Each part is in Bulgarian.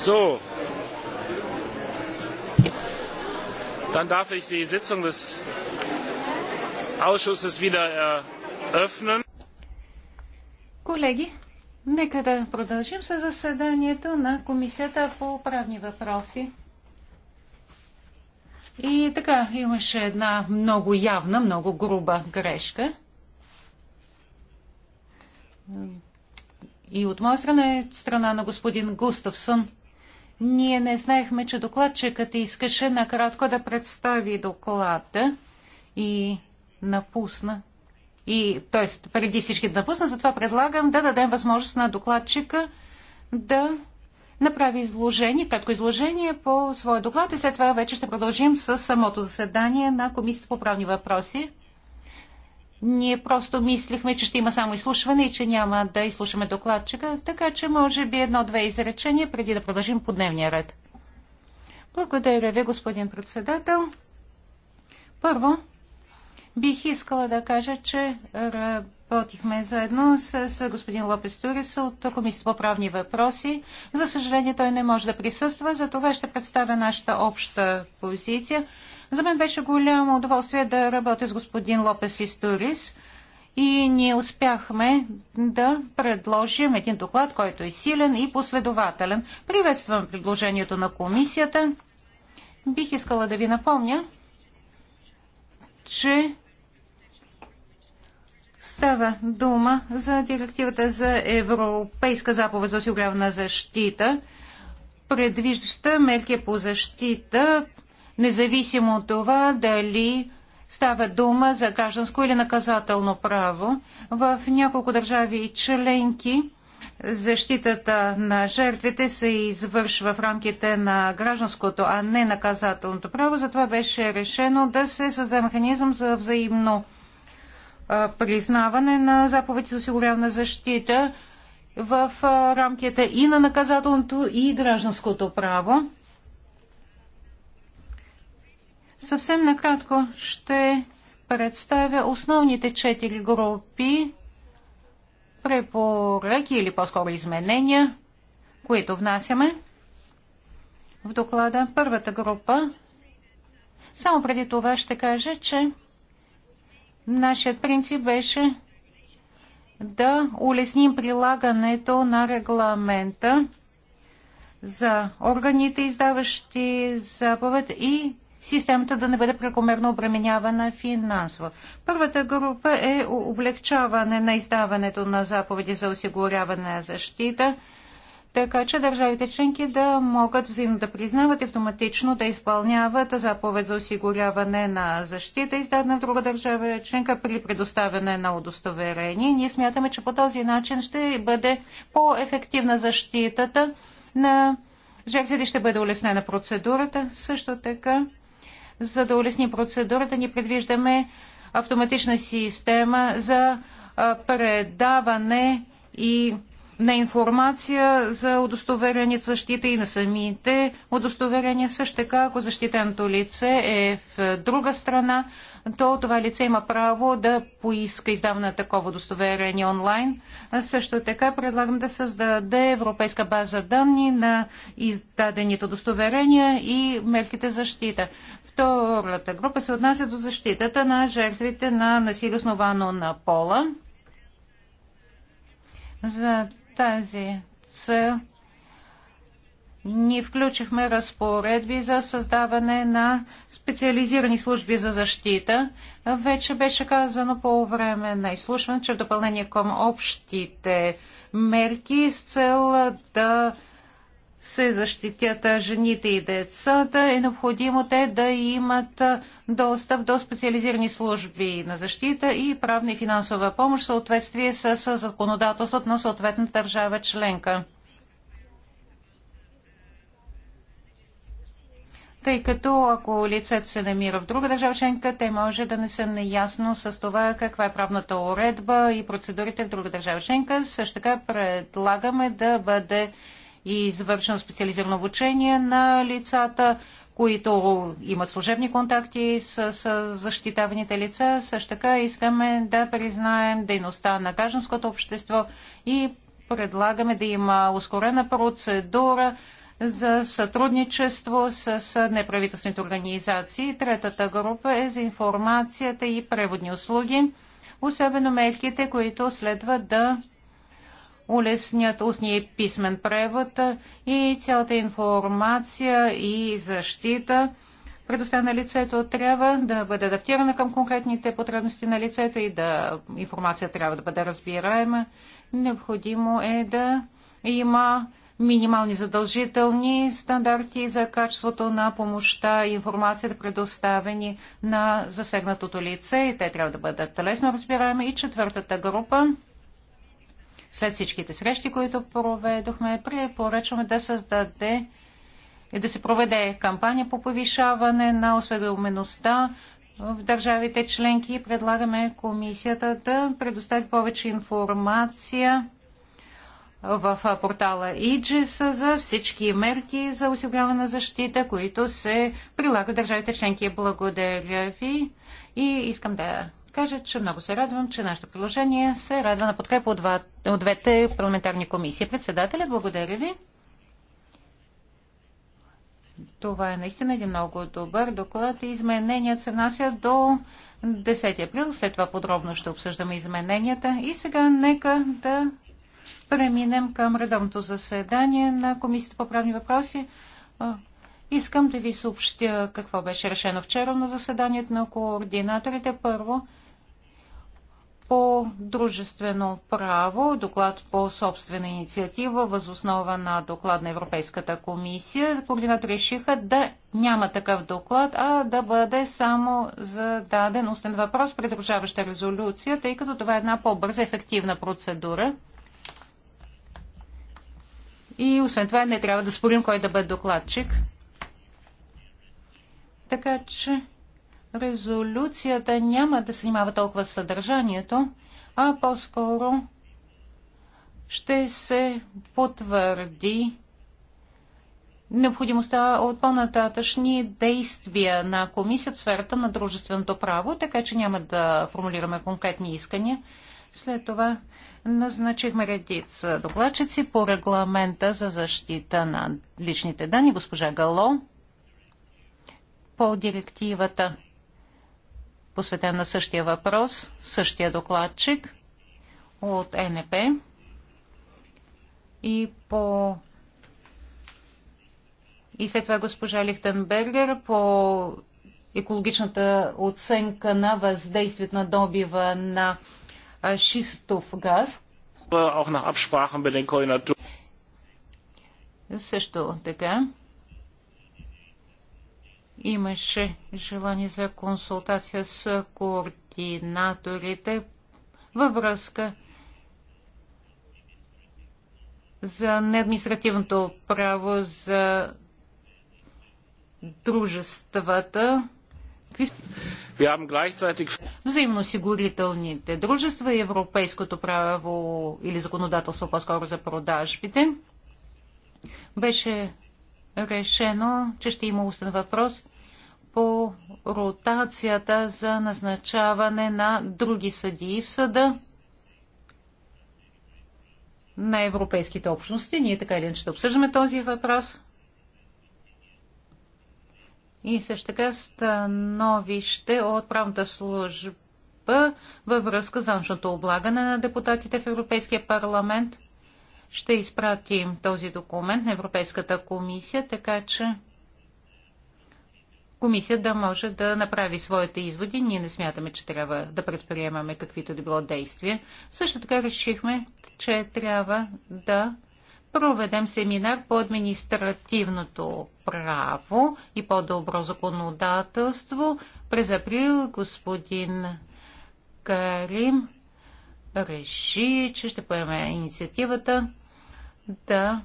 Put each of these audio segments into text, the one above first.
So. Dann darf ich die Sitzung des Ausschusses wieder eröffnen. Колеги, нека да продължим със заседанието на Комисията по правни въпроси. И така, имаше една много явна, много груба грешка. И от моя страна е страна на господин Густавсън. Ние не знаехме, че докладчикът искаше накратко да представи доклада и напусна. И, т.е. преди всички да напусна, затова предлагам да дадем възможност на докладчика да направи изложение, кратко изложение по своя доклад и след това вече ще продължим с самото заседание на Комисията по правни въпроси. Ние просто мислихме, че ще има само изслушване и че няма да изслушаме докладчика, така че може би едно-две изречения преди да продължим по дневния ред. Благодаря ви, господин председател. Първо, бих искала да кажа, че работихме заедно с господин Лопес Турис от Комисията по правни въпроси. За съжаление, той не може да присъства, за това ще представя нашата обща позиция. За мен беше голямо удоволствие да работя с господин Лопес Историс и ние успяхме да предложим един доклад, който е силен и последователен. Приветствам предложението на комисията. Бих искала да ви напомня, че Става дума за директивата за Европейска заповед за осигуряване на защита, предвиждаща мерки по защита независимо от това дали става дума за гражданско или наказателно право. В няколко държави и членки защитата на жертвите се извършва в рамките на гражданското, а не наказателното право. Затова беше решено да се създаде механизъм за взаимно признаване на заповеди за осигуряване защита в рамките и на наказателното и гражданското право. Съвсем накратко ще представя основните четири групи препоръки или по-скоро изменения, които внасяме в доклада. Първата група. Само преди това ще кажа, че нашият принцип беше да улесним прилагането на регламента за органите, издаващи заповед и системата да не бъде прекомерно обременявана финансово. Първата група е облегчаване на издаването на заповеди за осигуряване на защита, така че държавите членки да могат взаимно да признават и автоматично да изпълняват заповед за осигуряване на защита, издадена в друга държава членка при предоставяне на удостоверение. Ние смятаме, че по този начин ще бъде по-ефективна защитата на жертвите, ще бъде улеснена процедурата. Също така за да улесни процедурата, ни предвиждаме автоматична система за предаване и на информация за удостоверение защита и на самите удостоверения. Също така, ако защитеното лице е в друга страна, то това лице има право да поиска издаване на такова удостоверение онлайн. също така предлагам да създаде европейска база данни на издадените удостоверения и мерките защита. Втората група се отнася до защитата на жертвите на насилие основано на пола. За тази цел ние включихме разпоредби за създаване на специализирани служби за защита. Вече беше казано по време на изслушване, че в допълнение към общите мерки с цел да се защитят жените и децата, е необходимо те да имат достъп до специализирани служби на защита и правна и финансова помощ в съответствие с законодателството на съответната държава членка. Тъй като ако лицето се намира в друга държава членка, те може да не са неясно с това каква е правната уредба и процедурите в друга държава членка. Също така предлагаме да бъде и извършено специализирано обучение на лицата, които имат служебни контакти с, с защитаваните лица. Също така искаме да признаем дейността на гражданското общество и предлагаме да има ускорена процедура за сътрудничество с неправителствените организации. Третата група е за информацията и преводни услуги, особено мерките, които следва да улеснят устния и писмен превод и цялата информация и защита предоставя на лицето, трябва да бъде адаптирана към конкретните потребности на лицето и да информация трябва да бъде разбираема. Необходимо е да има минимални задължителни стандарти за качеството на помощта и информацията, предоставени на засегнатото лице и те трябва да бъдат лесно разбираеми. И четвъртата група след всичките срещи, които проведохме, препоръчваме да създаде и да се проведе кампания по повишаване на осведомеността в държавите членки предлагаме комисията да предостави повече информация в портала IGIS за всички мерки за осигуряване на защита, които се прилагат държавите членки. Благодаря ви и искам да кажа, че много се радвам, че нашето приложение се радва на подкрепа от, два, от двете парламентарни комисии. Председателя, благодаря ви. Това е наистина един много добър доклад и измененият се внася до 10 април. След това подробно ще обсъждаме измененията. И сега нека да преминем към редовното заседание на Комисията по правни въпроси. Искам да ви съобщя какво беше решено вчера на заседанието на координаторите. Първо, по дружествено право, доклад по собствена инициатива, възоснова на доклад на Европейската комисия. Координатор решиха да няма такъв доклад, а да бъде само зададен устен въпрос, придружаваща резолюция, тъй като това е една по-бърза, ефективна процедура. И освен това не трябва да спорим кой да бъде докладчик. Така че резолюцията няма да се занимава толкова с съдържанието, а по-скоро ще се потвърди необходимостта от по-нататъчни действия на комисията в сферата на дружественото право, така че няма да формулираме конкретни искания. След това назначихме редица докладчици по регламента за защита на личните данни, госпожа Гало, по директивата посветен на същия въпрос, същия докладчик от НП. И по и след това госпожа Лихтенбергер по екологичната оценка на въздействието на добива на шистов газ. Също така имаше желание за консултация с координаторите във връзка за неадминистративното право за дружествата, взаимоосигурителните дружества и европейското право или законодателство по-скоро за продажбите. Беше решено, че ще има устен въпрос по ротацията за назначаване на други съдии в съда на европейските общности. Ние така или иначе ще обсъждаме този въпрос. И също така становище от правната служба във връзка с външното облагане на депутатите в Европейския парламент. Ще изпратим този документ на Европейската комисия, така че комисията може да направи своите изводи. Ние не смятаме, че трябва да предприемаме каквито да било действия. Също така решихме, че трябва да проведем семинар по административното право и по-добро законодателство. През април господин Карим реши, че ще поеме инициативата да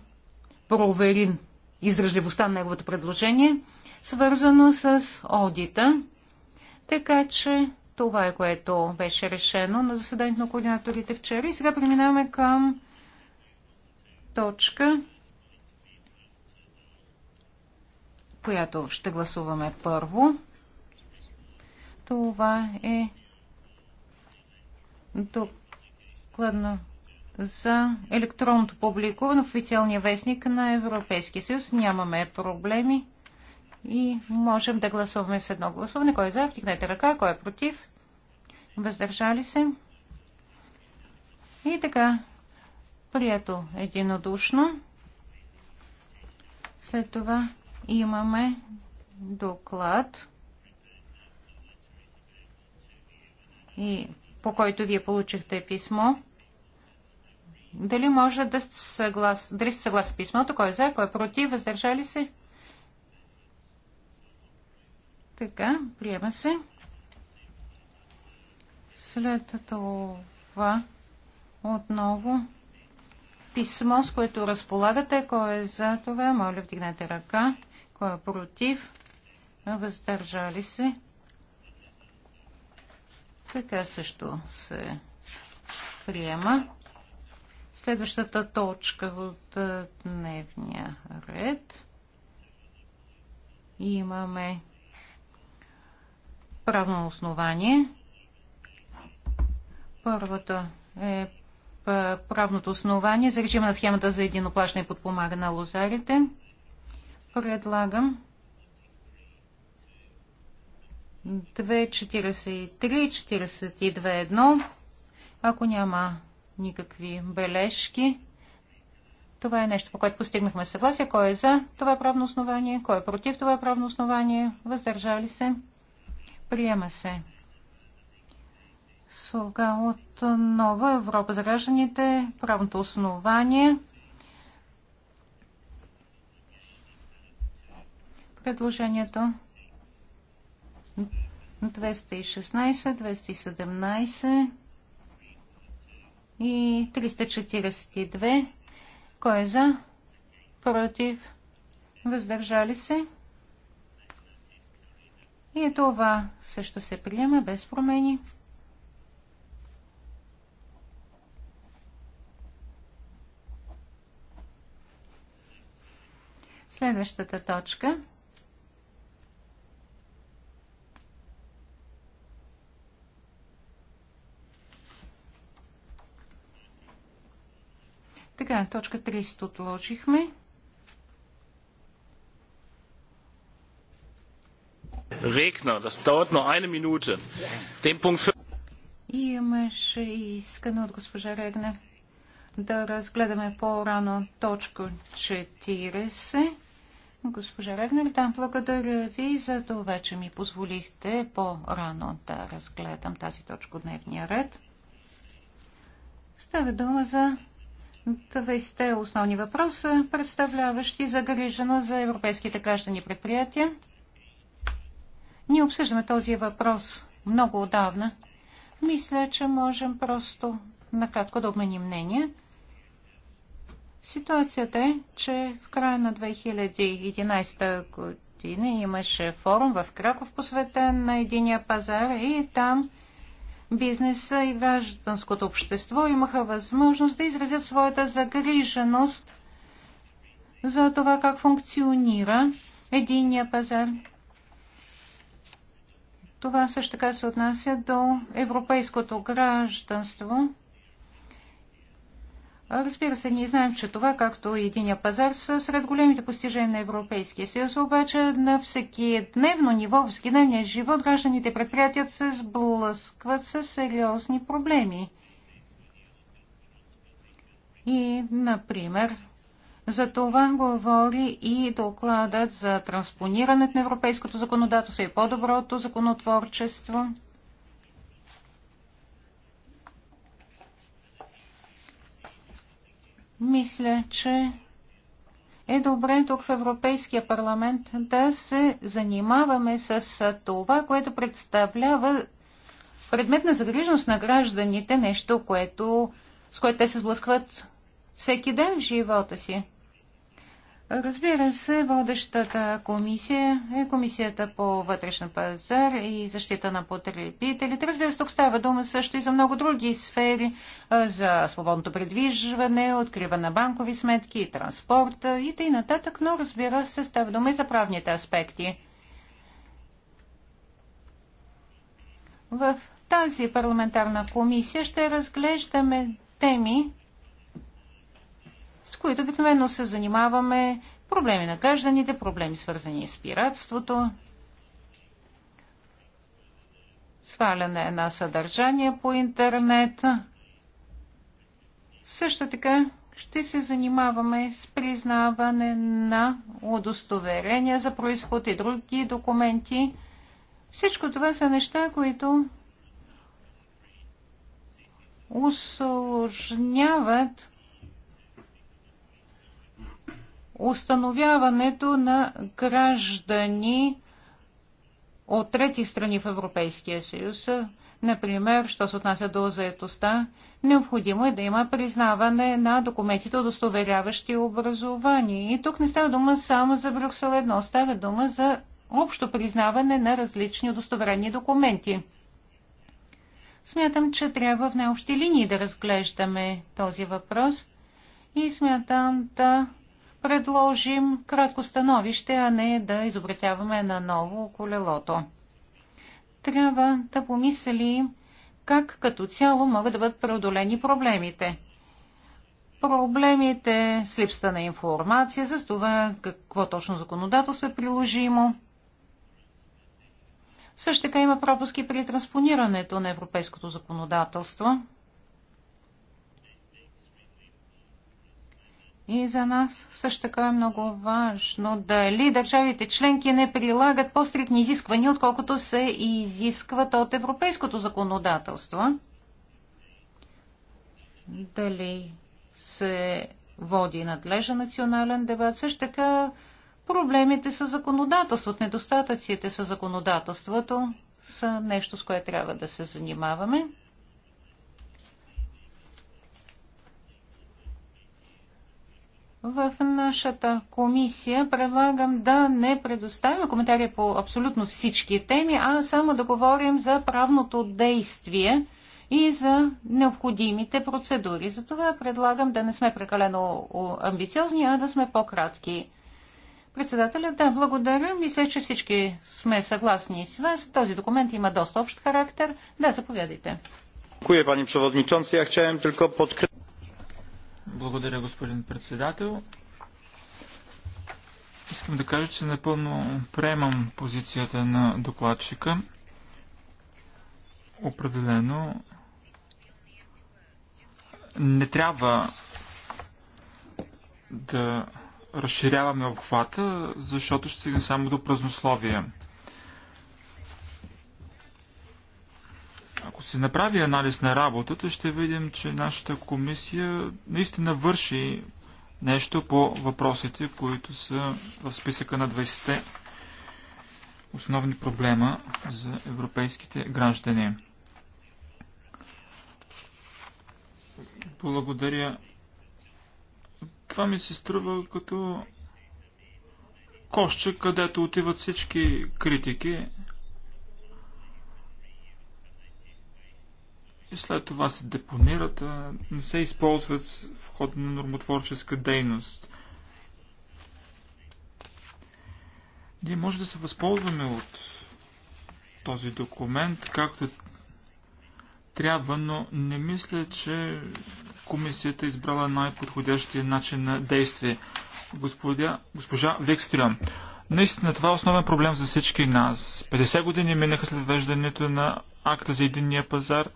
проверим издръжливостта на неговото предложение – свързано с одита. Така че това е което беше решено на заседанието на координаторите вчера. И сега преминаваме към точка, която ще гласуваме първо. Това е докладно за електронното публикуване в официалния вестник на Европейския съюз. Нямаме проблеми. И можем да гласуваме с едно гласуване. Кой е за? Вдигнете ръка. Кой е против? Въздържали се? И така, прието единодушно. След това имаме доклад. И по който вие получихте писмо. Дали може да съглас... Дали сте съгласни писмото? Кой е за? Кой е против? Въздържали се? Така, приема се. След това отново писмо, с което разполагате. Кой е за това? Моля, вдигнете ръка. Кой е против? Въздържали се. Така също се приема. Следващата точка от дневния ред. Имаме правно основание. Първото е, е правното основание за режима на схемата за единоплащане и подпомага на лозарите. Предлагам 2.43-42.1. Ако няма никакви бележки, това е нещо, по което постигнахме съгласие. Кой е за това правно основание, кой е против това правно основание, въздържали се. Приема се. Слуга от Нова Европа за гражданите, правното основание. Предложението 216-217 и 342. Кой е за? Против? Въздържали се? И това също се приема без промени. Следващата точка Така, точка 30 отложихме. Регнер, Имаше искане от госпожа Регнер да разгледаме по-рано точка 40. Госпожа Регнер, да, благодаря ви за това, че ми позволихте по-рано да разгледам тази точка от дневния ред. Става дума за 20 основни въпроса, представляващи загрижено за европейските граждани предприятия. Ние обсъждаме този въпрос много отдавна. Мисля, че можем просто накратко да обменим мнение. Ситуацията е, че в края на 2011 година имаше форум в Краков, посветен на единия пазар и там бизнеса и гражданското общество имаха възможност да изразят своята загриженост за това как функционира единия пазар това също така се отнася до европейското гражданство. Разбира се, ние знаем, че това, както и единия пазар, са сред големите постижения на Европейския съюз, обаче на всеки дневно ниво, в всекидневния живот, гражданите предприятият се сблъскват с сериозни проблеми. И, например, за това говори и докладът за транспонирането на европейското законодателство и по-доброто законотворчество. Мисля, че е добре тук в Европейския парламент да се занимаваме с това, което представлява предмет на загриженост на гражданите, нещо, което, с което те се сблъскват всеки ден в живота си. Разбира се, водещата комисия е комисията по вътрешна пазар и защита на потребителите. Разбира се, тук става дума също и за много други сфери, за свободното предвижване, откриване на банкови сметки, транспорт и т.н. Но разбира се, става дума и за правните аспекти. В тази парламентарна комисия ще разглеждаме теми, с които обикновено се занимаваме, проблеми на гражданите, проблеми свързани с пиратството, сваляне на съдържание по интернет. Също така ще се занимаваме с признаване на удостоверения за происход и други документи. Всичко това са неща, които усложняват установяването на граждани от трети страни в Европейския съюз. Например, що се отнася до заетостта, необходимо е да има признаване на документите, удостоверяващи образование. И тук не става дума само за Брюксел 1, става дума за общо признаване на различни удостоверени документи. Смятам, че трябва в най-общи линии да разглеждаме този въпрос и смятам да предложим кратко становище, а не да изобретяваме на ново колелото. Трябва да помислим как като цяло могат да бъдат преодолени проблемите. Проблемите с липста на информация, с това какво точно законодателство е приложимо. Също така има пропуски при транспонирането на европейското законодателство – И за нас също така е много важно дали държавите членки не прилагат по-стрикни изисквания, отколкото се изискват от европейското законодателство. Дали се води надлежен национален дебат. Също така проблемите с законодателството, недостатъците с законодателството са нещо, с което трябва да се занимаваме. в нашата комисия предлагам да не предоставяме коментари по абсолютно всички теми, а само да говорим за правното действие и за необходимите процедури. Затова предлагам да не сме прекалено амбициозни, а да сме по-кратки. Председателя, да, благодаря. Мисля, че всички сме съгласни с вас. Този документ има доста общ характер. Да, заповядайте. Dziękuję, пани przewodniczący. Я chciałem только подкрепить. Благодаря, господин председател. Искам да кажа, че напълно приемам позицията на докладчика. Определено не трябва да разширяваме обхвата, защото ще стигне само до празнословие. Ако се направи анализ на работата, ще видим, че нашата комисия наистина върши нещо по въпросите, които са в списъка на 20-те основни проблема за европейските граждани. Благодаря. Това ми се струва като кошче, където отиват всички критики, и след това се депонират, а не се използват в ход на нормотворческа дейност. Ние може да се възползваме от този документ, както е трябва, но не мисля, че комисията е избрала най-подходящия начин на действие. Господя, госпожа Викстрюм, наистина това е основен проблем за всички нас. 50 години минаха след веждането на акта за единния пазар –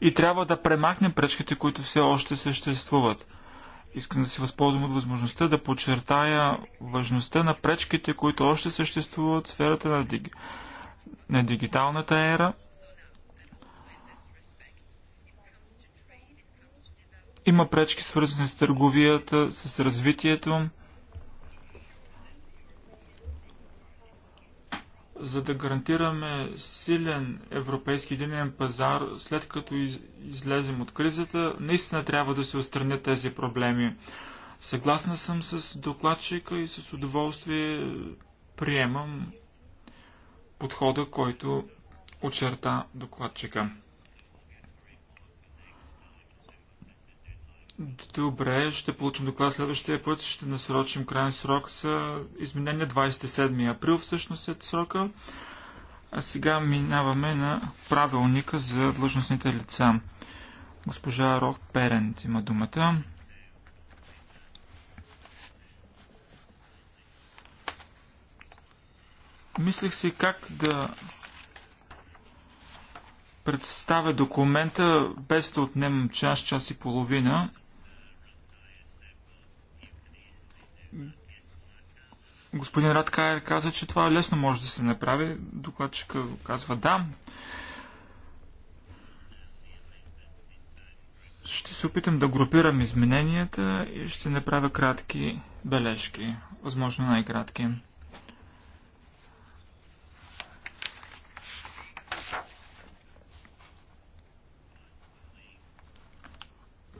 и трябва да премахнем пречките, които все още съществуват. Искам да се възползвам от възможността да подчертая важността на пречките, които още съществуват в сферата на, диг... на дигиталната ера. Има пречки свързани с търговията, с развитието за да гарантираме силен европейски единен пазар, след като из, излезем от кризата, наистина трябва да се отстранят тези проблеми. Съгласна съм с докладчика и с удоволствие приемам подхода, който очерта докладчика. Добре, ще получим доклад следващия път. Ще насрочим крайен срок за изменение 27 април, всъщност е срока. А сега минаваме на правилника за длъжностните лица. Госпожа Рок Перент има думата. Мислих си как да представя документа без да отнемам час, час и половина. Господин Радкайер каза, че това лесно може да се направи. Докладчика казва да. Ще се опитам да групирам измененията и ще направя кратки бележки, възможно най-кратки.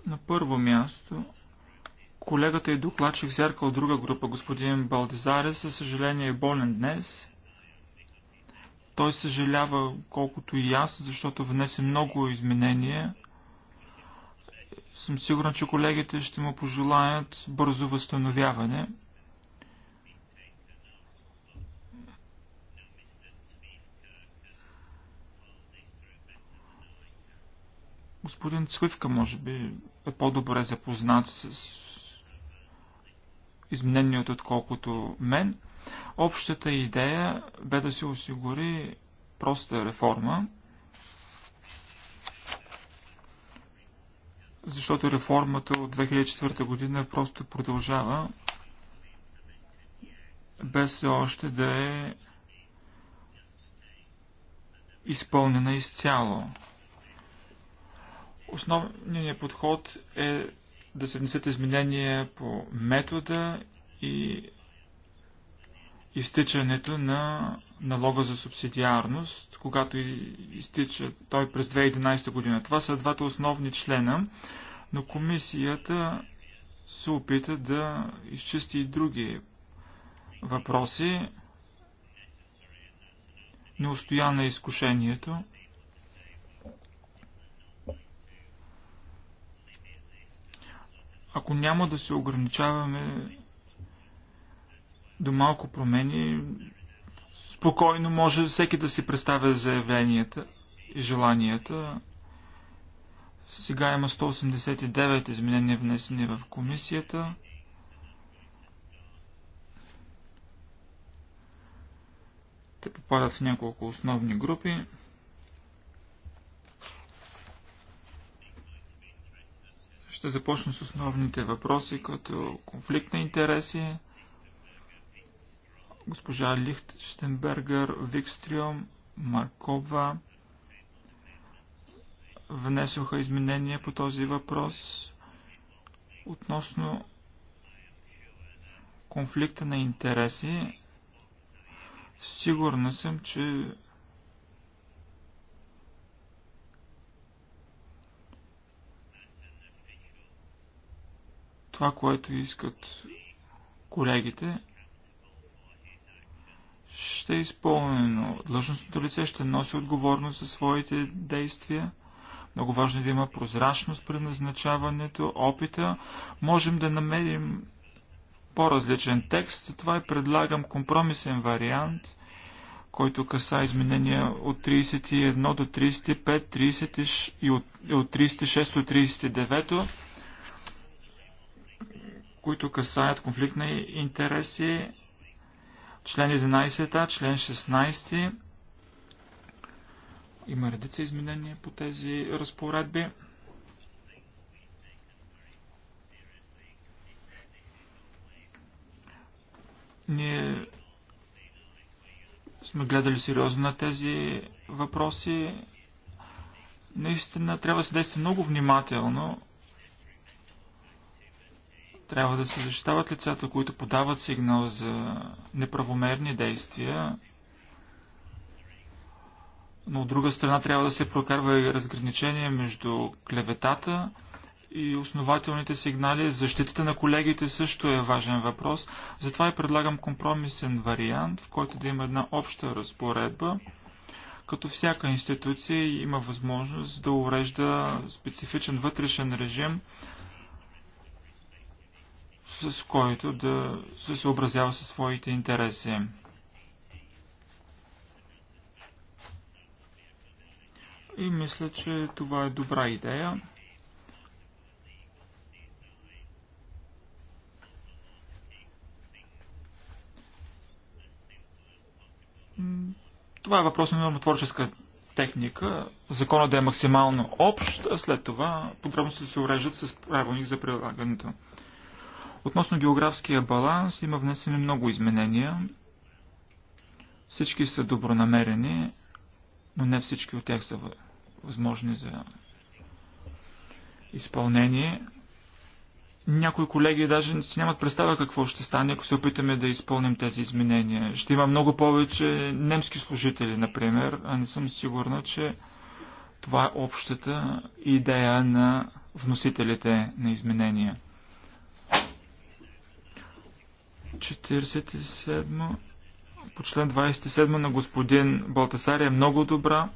На първо място Колегата и е докладчик зерка от друга група, господин Балдезаре, със съжаление е болен днес. Той съжалява колкото и аз, защото внесе много изменения. Съм сигурен, че колегите ще му пожелаят бързо възстановяване. Господин Цвивка, може би, е по-добре запознат с изменението, отколкото мен. Общата идея бе да се осигури проста реформа, защото реформата от 2004 година просто продължава без още да е изпълнена изцяло. Основният подход е да се внесат изменения по метода и изтичането на налога за субсидиарност, когато изтича той през 2011 година. Това са двата основни члена, но комисията се опита да изчисти и други въпроси. Неустояна е изкушението. Ако няма да се ограничаваме до малко промени, спокойно може всеки да си представя заявленията и желанията. Сега има 189 изменения внесени в комисията. Те попадат в няколко основни групи. Ще започна с основните въпроси, като конфликт на интереси. Госпожа Лихтенбергер, Викстриум, Маркова внесоха изменения по този въпрос относно конфликта на интереси. Сигурна съм, че Това, което искат колегите, ще е изпълнено. Длъжностното лице ще носи отговорност за своите действия. Много важно е да има прозрачност при назначаването, опита. Можем да намерим по-различен текст, затова и предлагам компромисен вариант, който каса изменения от 31 до 35, 30 и от, от 36 до 39 които касаят конфликт на интереси, член 11-та, член 16 Има редица изменения по тези разпоредби. Ние сме гледали сериозно на тези въпроси. Наистина трябва да се действа много внимателно, трябва да се защитават лицата, които подават сигнал за неправомерни действия, но от друга страна трябва да се прокарва и разграничение между клеветата и основателните сигнали. Защитата на колегите също е важен въпрос. Затова и предлагам компромисен вариант, в който да има една обща разпоредба, като всяка институция има възможност да урежда специфичен вътрешен режим с който да се съобразява със своите интереси. И мисля, че това е добра идея. Това е въпрос на нормотворческа техника. Закона да е максимално общ, а след това подробно се уреждат с правилник за прилагането. Относно географския баланс има внесени много изменения. Всички са добронамерени, но не всички от тях са възможни за изпълнение. Някои колеги даже си нямат представа какво ще стане, ако се опитаме да изпълним тези изменения. Ще има много повече немски служители, например, а не съм сигурна, че това е общата идея на вносителите на изменения. 47 по член 27 на господин Балтасари е много добра.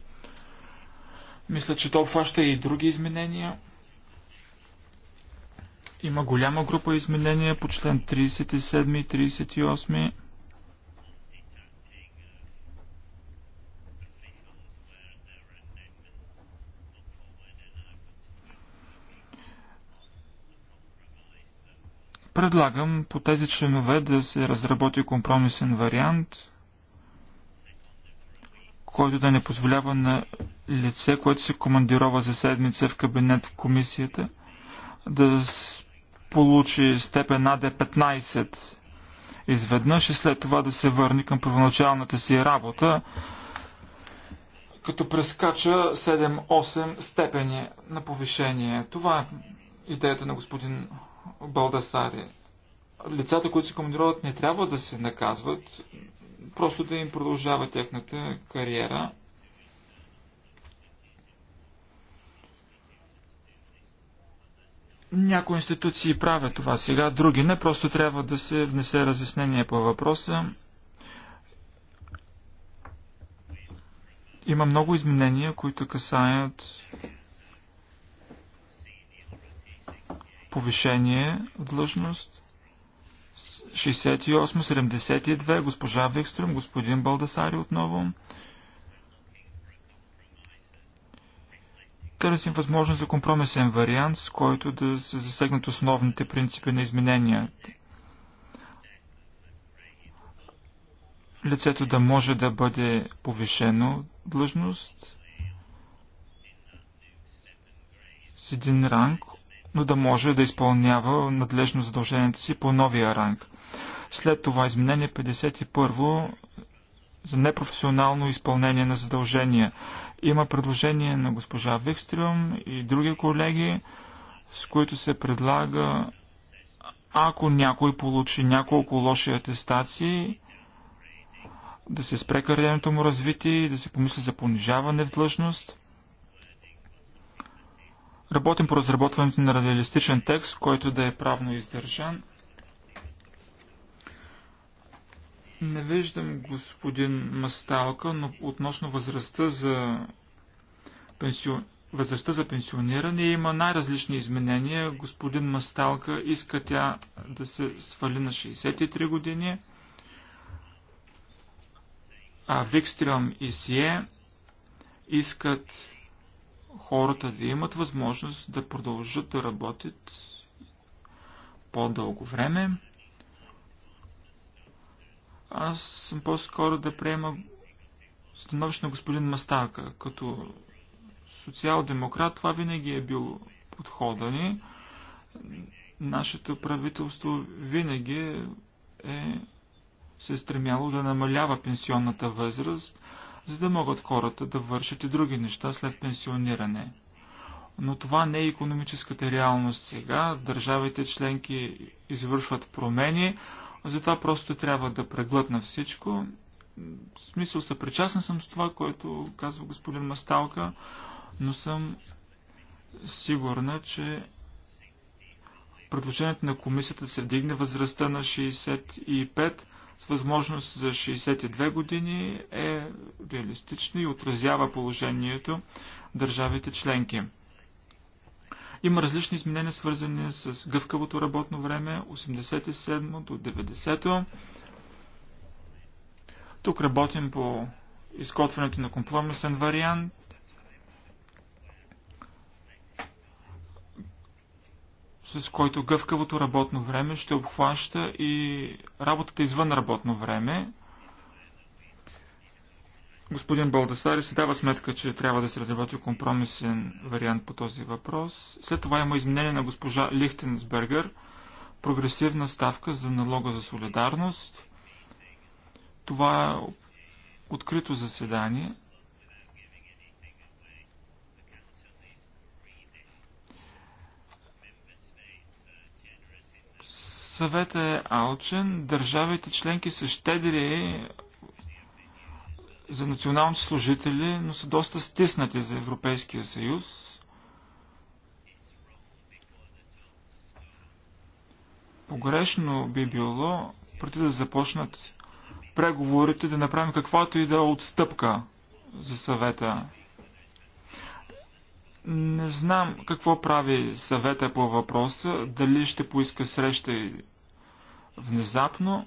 Мисля, че то обхваща и други изменения. Има голяма група изменения по член 37 и 38. Предлагам по тези членове да се разработи компромисен вариант, който да не позволява на лице, което се командирова за седмица в кабинет в комисията, да получи степен АД-15 изведнъж и след това да се върне към първоначалната си работа, като прескача 7-8 степени на повишение. Това е идеята на господин Балдасари. Лицата, които се командироват, не трябва да се наказват, просто да им продължава тяхната кариера. Някои институции правят това сега, други не. Просто трябва да се внесе разяснение по въпроса. Има много изменения, които касаят повишение в длъжност. 68-72, госпожа Викстрюм, господин Балдасари отново. Търсим възможност за компромисен вариант, с който да се засегнат основните принципи на измененията. Лицето да може да бъде повишено длъжност с един ранг но да може да изпълнява надлежно задълженията си по новия ранг. След това изменение 51 за непрофесионално изпълнение на задължения. Има предложение на госпожа Викстрюм и други колеги, с които се предлага, ако някой получи няколко лоши атестации, да се спре кариерното му развитие и да се помисли за понижаване в длъжност. Работим по разработването на реалистичен текст, който да е правно издържан. Не виждам господин Масталка, но относно възрастта за, пенсио... възрастта за пенсиониране има най-различни изменения. Господин Масталка иска тя да се свали на 63 години, а Викстрам и Сие искат хората да имат възможност да продължат да работят по-дълго време. Аз съм по-скоро да приема становище на господин Мастака. Като социал-демократ това винаги е било подхода ни. Нашето правителство винаги е се стремяло да намалява пенсионната възраст, за да могат хората да вършат и други неща след пенсиониране. Но това не е економическата реалност сега. Държавите членки извършват промени, затова просто трябва да преглътна всичко. В смисъл съпричастен съм с това, което казва господин Масталка, но съм сигурна, че предложението на комисията да се вдигне възрастта на 65 с възможност за 62 години е реалистична и отразява положението в държавите членки. Има различни изменения, свързани с гъвкавото работно време, 87 до 90. Тук работим по изготвянето на компромисен вариант, с който гъвкавото работно време ще обхваща и работата извън работно време. Господин Балдасари се дава сметка, че трябва да се разработи компромисен вариант по този въпрос. След това има изменение на госпожа Лихтенсбергер, прогресивна ставка за налога за солидарност. Това е открито заседание. Съветът е алчен, държавите членки са щедри за националните служители, но са доста стиснати за Европейския съюз. Погрешно би било, преди да започнат преговорите, да направим каквато и да е отстъпка за съвета. Не знам какво прави съвета по въпроса, дали ще поиска среща внезапно.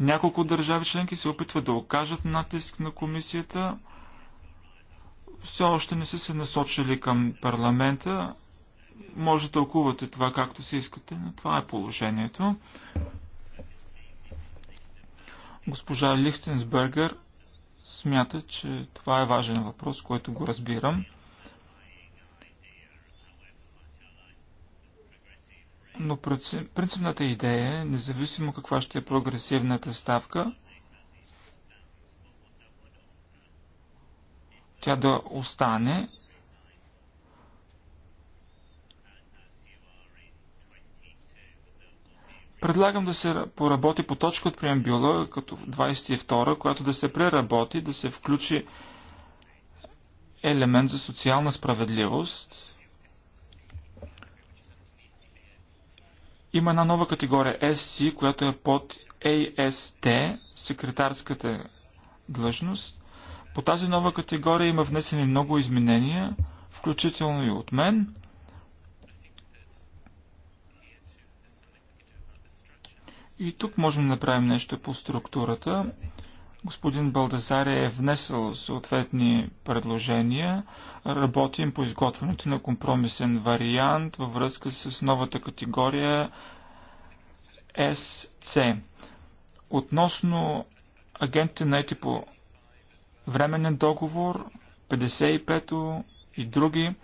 Няколко държави членки се опитват да окажат натиск на комисията. Все още не са се насочили към парламента. Може да тълкувате това както си искате, но това е положението. Госпожа Лихтенсбергер смята, че това е важен въпрос, който го разбирам. Но принципната идея е, независимо каква ще е прогресивната ставка, тя да остане Предлагам да се поработи по точка от преамбюла, като 22, която да се преработи, да се включи елемент за социална справедливост Има една нова категория SC, която е под AST, секретарската длъжност. По тази нова категория има внесени много изменения, включително и от мен. И тук можем да направим нещо по структурата. Господин Балдазар е внесъл съответни предложения. Работим по изготвянето на компромисен вариант във връзка с новата категория SC. Относно агентите на ети по временен договор, 55-то и други.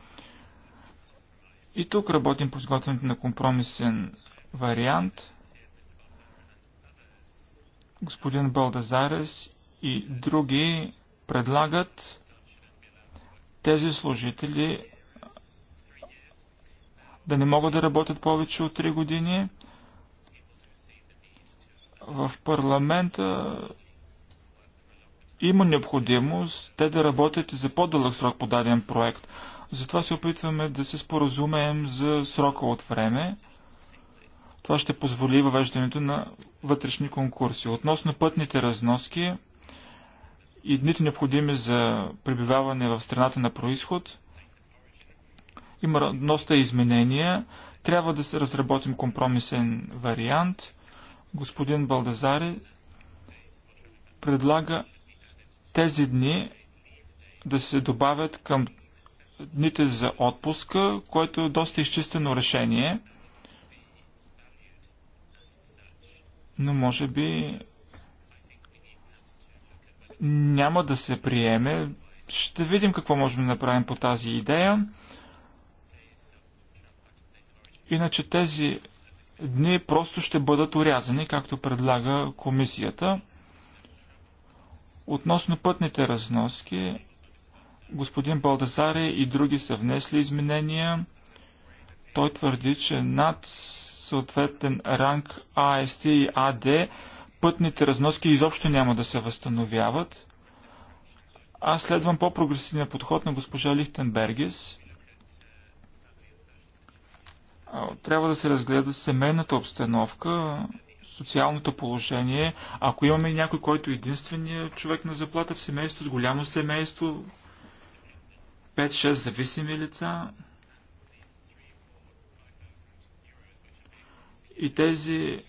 И тук работим по изготвянето на компромисен вариант – господин Балдазарес и други предлагат тези служители да не могат да работят повече от 3 години. В парламента има необходимост те да работят и за по-дълъг срок по даден проект. Затова се опитваме да се споразумеем за срока от време. Това ще позволи въвеждането на вътрешни конкурси. Относно пътните разноски и дните необходими за пребиваване в страната на происход, има доста изменения. Трябва да се разработим компромисен вариант. Господин Балдазари предлага тези дни да се добавят към дните за отпуска, което е доста изчистено решение – но може би няма да се приеме. Ще видим какво можем да направим по тази идея. Иначе тези дни просто ще бъдат урязани, както предлага комисията. Относно пътните разноски, господин Балдазаре и други са внесли изменения. Той твърди, че над съответен ранг АСТ и АД, пътните разноски изобщо няма да се възстановяват. Аз следвам по-прогресивния подход на госпожа Лихтенбергес. Трябва да се разгледа семейната обстановка, социалното положение. Ако имаме някой, който е единствения човек на заплата в семейство, с голямо семейство, 5-6 зависими лица, И тези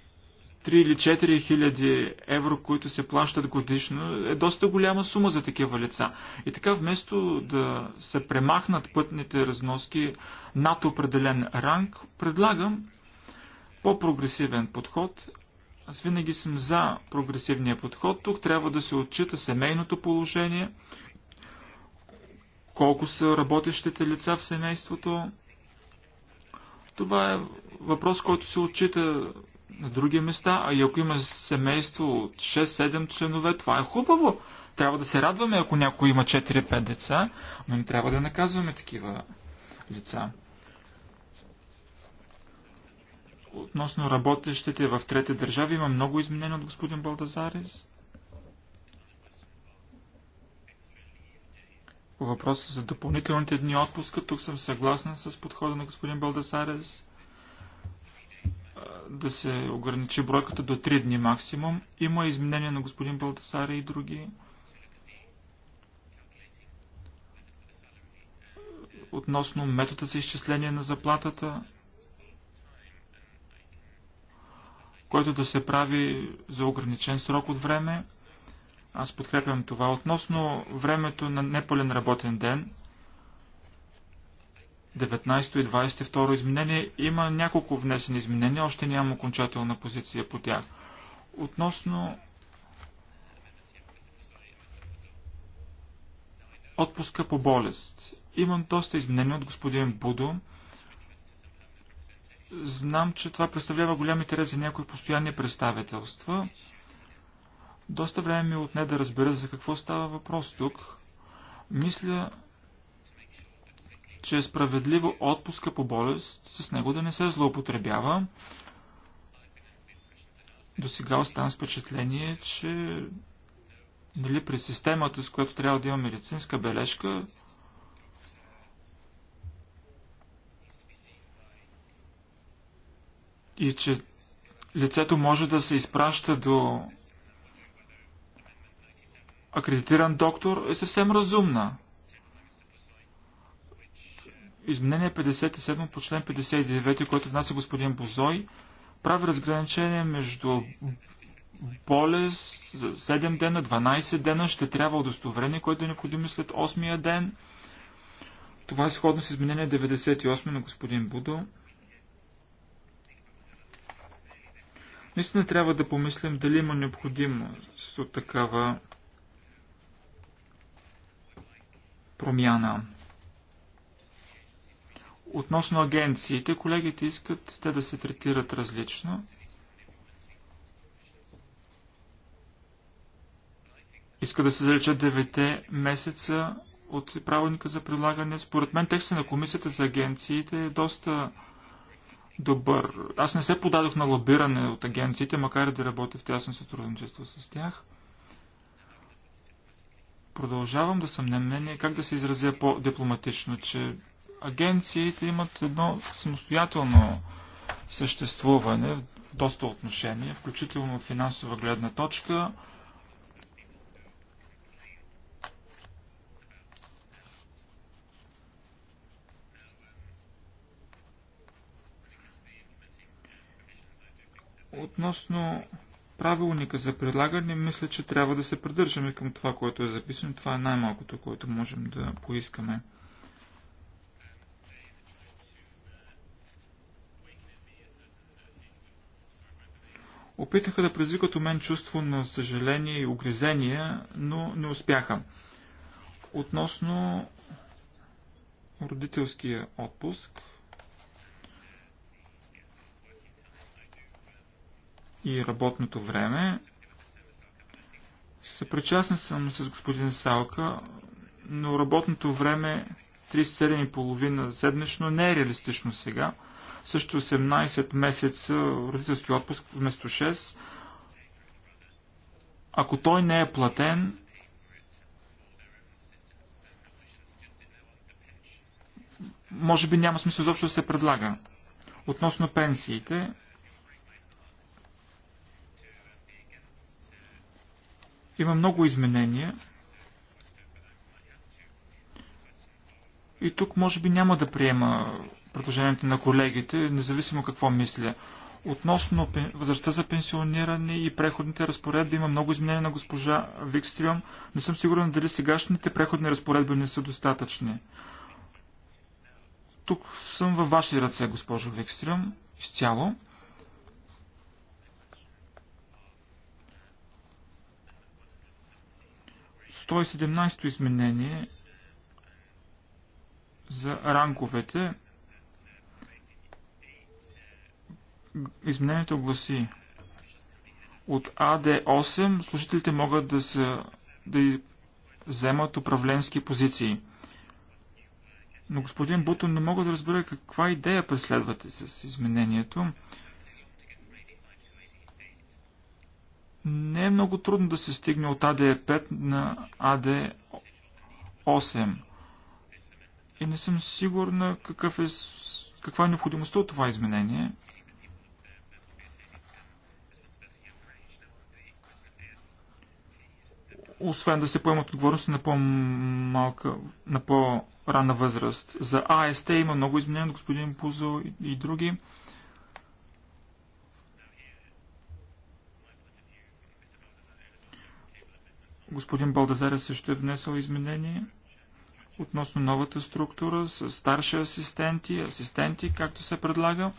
3 или 4 хиляди евро, които се плащат годишно, е доста голяма сума за такива лица. И така, вместо да се премахнат пътните разноски над определен ранг, предлагам по-прогресивен подход. Аз винаги съм за прогресивния подход. Тук трябва да се отчита семейното положение, колко са работещите лица в семейството. Това е въпрос, който се отчита на други места, а и ако има семейство от 6-7 членове, това е хубаво. Трябва да се радваме, ако някой има 4-5 деца, но не трябва да наказваме такива лица. Относно работещите в трети държави, има много изменения от господин Балдазарис. По въпроса за допълнителните дни отпуска, тук съм съгласен с подхода на господин Балдасарес да се ограничи бройката до 3 дни максимум. Има изменения на господин Балтасаре и други. Относно метода за изчисление на заплатата, който да се прави за ограничен срок от време. Аз подкрепям това. Относно времето на непълен работен ден – 19 и 22 изменение има няколко внесени изменения, още няма окончателна позиция по тях. Относно отпуска по болест. Имам доста изменения от господин Будо. Знам, че това представлява голям интерес за някои постоянни представителства. Доста време ми е отне да разбера за какво става въпрос тук. Мисля, че е справедливо отпуска по болест, с него да не се злоупотребява. До сега оставам с впечатление, че нали, при системата, с която трябва да има медицинска бележка, и че лицето може да се изпраща до акредитиран доктор е съвсем разумна. Изменение 57 по член 59, което внася господин Бозой, прави разграничение между болест за 7 дена, 12 дена, ще трябва удостоверение, което е необходимо след 8-я ден. Това е сходно с изменение 98 на господин Будо. Наистина трябва да помислим дали има необходимост от такава промяна. Относно агенциите, колегите искат те да се третират различно. Иска да се заличат 9 месеца от правилника за прилагане. Според мен текста на комисията за агенциите е доста добър. Аз не се подадох на лобиране от агенциите, макар и да работя в тясно сътрудничество с тях. Продължавам да съм на мнение как да се изразя по-дипломатично, че агенциите имат едно самостоятелно съществуване в доста отношения, включително от финансова гледна точка. Относно правилника за предлагане, мисля, че трябва да се придържаме към това, което е записано. Това е най-малкото, което можем да поискаме. опитаха да предизвикат у мен чувство на съжаление и огрезение, но не успяха. Относно родителския отпуск и работното време, съпричастен съм с господин Салка, но работното време 37,5 седмично не е реалистично сега – също 18 месеца родителски отпуск вместо 6. Ако той не е платен, може би няма смисъл изобщо да се предлага. Относно пенсиите, има много изменения. И тук може би няма да приема предложението на колегите, независимо какво мисля. Относно възрастта за пенсиониране и преходните разпоредби има много изменения на госпожа Викстрюм. Не съм сигурен дали сегашните преходни разпоредби не са достатъчни. Тук съм във ваши ръце, госпожо Викстрюм, изцяло. 117-то изменение за ранговете – Изменението гласи от АД8 служителите могат да, са, да вземат управленски позиции. Но господин Бутон не мога да разбера каква идея преследвате с изменението. Не е много трудно да се стигне от АД5 на АД8. И не съм сигурна какъв е, каква е необходимостта от това изменение. освен да се поемат отговорности на по-малка, на по-ранна възраст. За АСТ има много изменения господин Пузо и, и други. Господин Балдазаря също е внесъл изменения относно новата структура с старши асистенти, асистенти, както се предлага.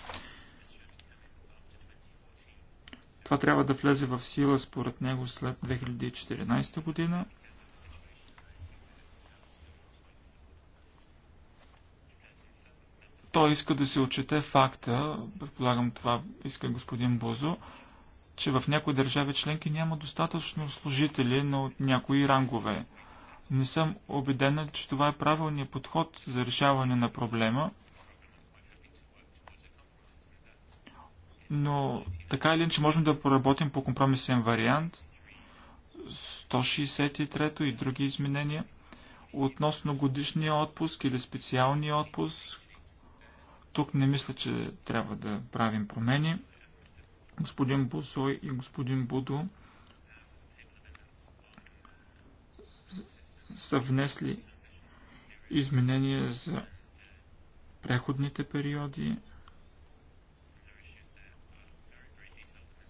Това трябва да влезе в сила според него след 2014 година. Той иска да се отчете факта, предполагам това иска господин Бозо, че в някои държави членки няма достатъчно служители на някои рангове. Не съм убедена, че това е правилният подход за решаване на проблема – Но така или иначе можем да поработим по компромисен вариант. 163 и други изменения относно годишния отпуск или специалния отпуск. Тук не мисля, че трябва да правим промени. Господин Бусой и господин Будо са внесли изменения за преходните периоди,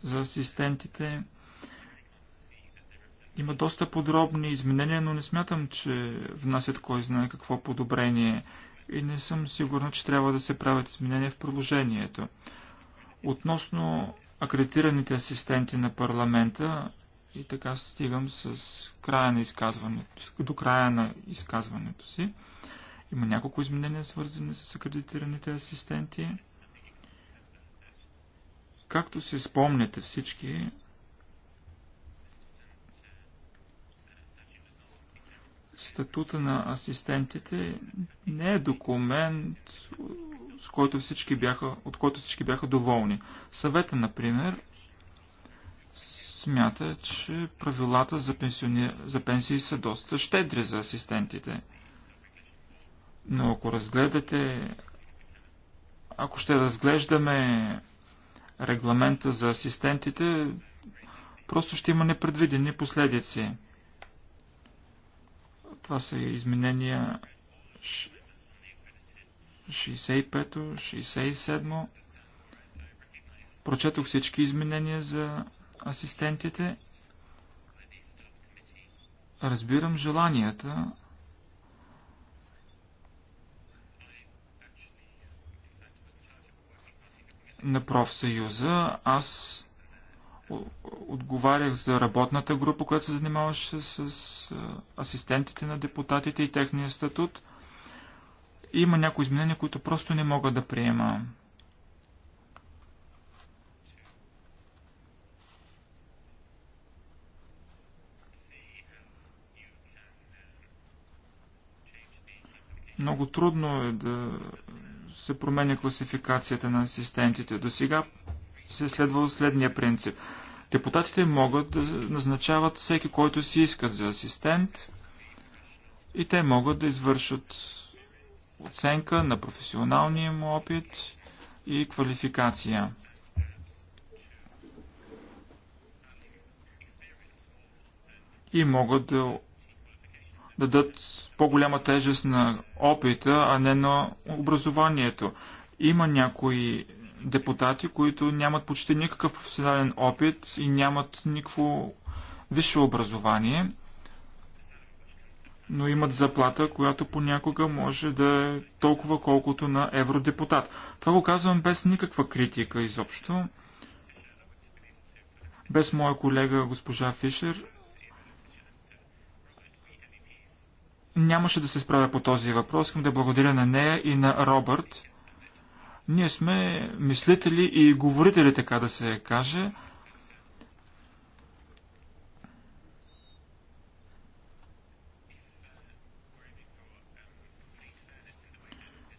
за асистентите. Има доста подробни изменения, но не смятам, че внасят кой знае какво подобрение и не съм сигурна, че трябва да се правят изменения в продължението. Относно акредитираните асистенти на парламента, и така стигам с края на изказването, до края на изказването си. Има няколко изменения, свързани с акредитираните асистенти. Както си спомняте всички, статута на асистентите не е документ, с който всички бяха, от който всички бяха доволни. Съвета, например, смята, че правилата за, пенсиони... за пенсии са доста щедри за асистентите. Но ако разгледате, ако ще разглеждаме регламента за асистентите, просто ще има непредвидени последици. Това са изменения 65 67 Прочетох всички изменения за асистентите. Разбирам желанията на профсъюза. Аз отговарях за работната група, която се занимаваше с асистентите на депутатите и техния статут. Има някои изменения, които просто не мога да приема. Много трудно е да се променя класификацията на асистентите. До сега се следва следвал следния принцип. Депутатите могат да назначават всеки, който си искат за асистент и те могат да извършат оценка на професионалния му опит и квалификация. И могат да дадат по-голяма тежест на опита, а не на образованието. Има някои депутати, които нямат почти никакъв професионален опит и нямат никакво висше образование, но имат заплата, която понякога може да е толкова колкото на евродепутат. Това го казвам без никаква критика изобщо. Без моя колега госпожа Фишер нямаше да се справя по този въпрос. Искам да благодаря на нея и на Робърт. Ние сме мислители и говорители, така да се каже.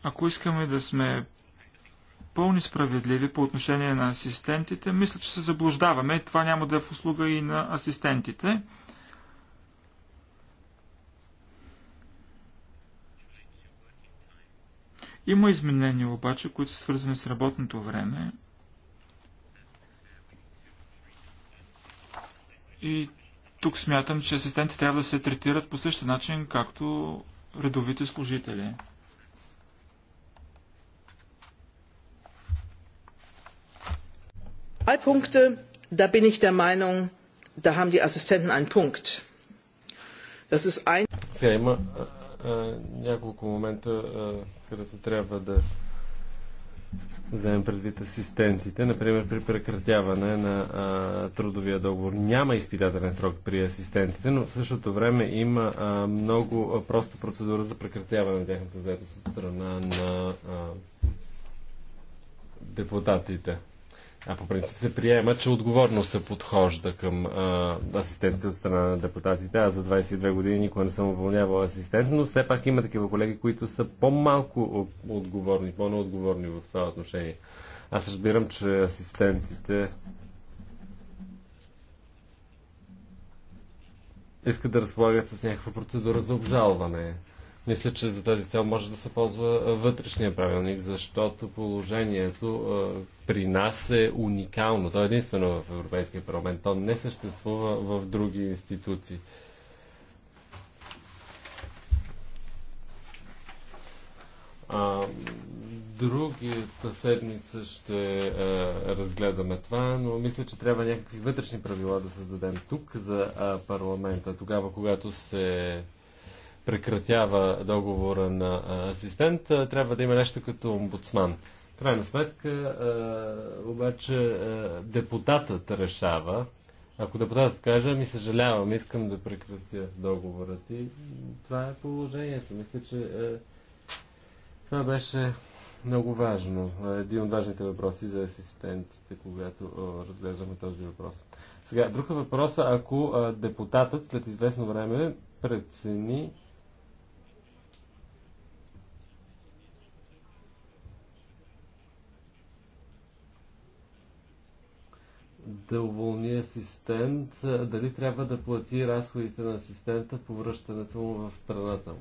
Ако искаме да сме пълни справедливи по отношение на асистентите, мисля, че се заблуждаваме. Това няма да е в услуга и на асистентите. Има изменения обаче, които са свързани с работното време. И тук смятам, че асистенти трябва да се третират по същия начин, както редовите служители. Drei Punkte, да bin ich der Meinung, da haben die Assistenten einen Punkt. Das ist ein... Сега има а, няколко момента, а, където трябва да вземем предвид асистентите, например при прекратяване на а, трудовия договор. Няма изпитателен срок при асистентите, но в същото време има а, много а, проста процедура за прекратяване на тяхната заедост от страна на а, депутатите а по принцип се приема, че отговорно се подхожда към а, асистентите от страна на депутатите. Аз за 22 години никога не съм уволнявал асистент, но все пак има такива колеги, които са по-малко отговорни, по-неотговорни в това отношение. Аз разбирам, че асистентите искат да разполагат с някаква процедура за обжалване. Мисля, че за тази цел може да се ползва вътрешния правилник, защото положението при нас е уникално. То е единствено в Европейския парламент. То не съществува в други институции. А, другата седмица ще а, разгледаме това, но мисля, че трябва някакви вътрешни правила да създадем тук за а, парламента, тогава когато се прекратява договора на асистент, трябва да има нещо като омбудсман. Крайна сметка, обаче, депутатът решава, ако депутатът каже, ми съжалявам, искам да прекратя договора ти, това е положението. Мисля, че това беше много важно. Един от важните въпроси за асистентите, когато разглеждаме този въпрос. Сега, друга е въпрос ако депутатът след известно време прецени, да уволни асистент, дали трябва да плати разходите на асистента по връщането му в страната му.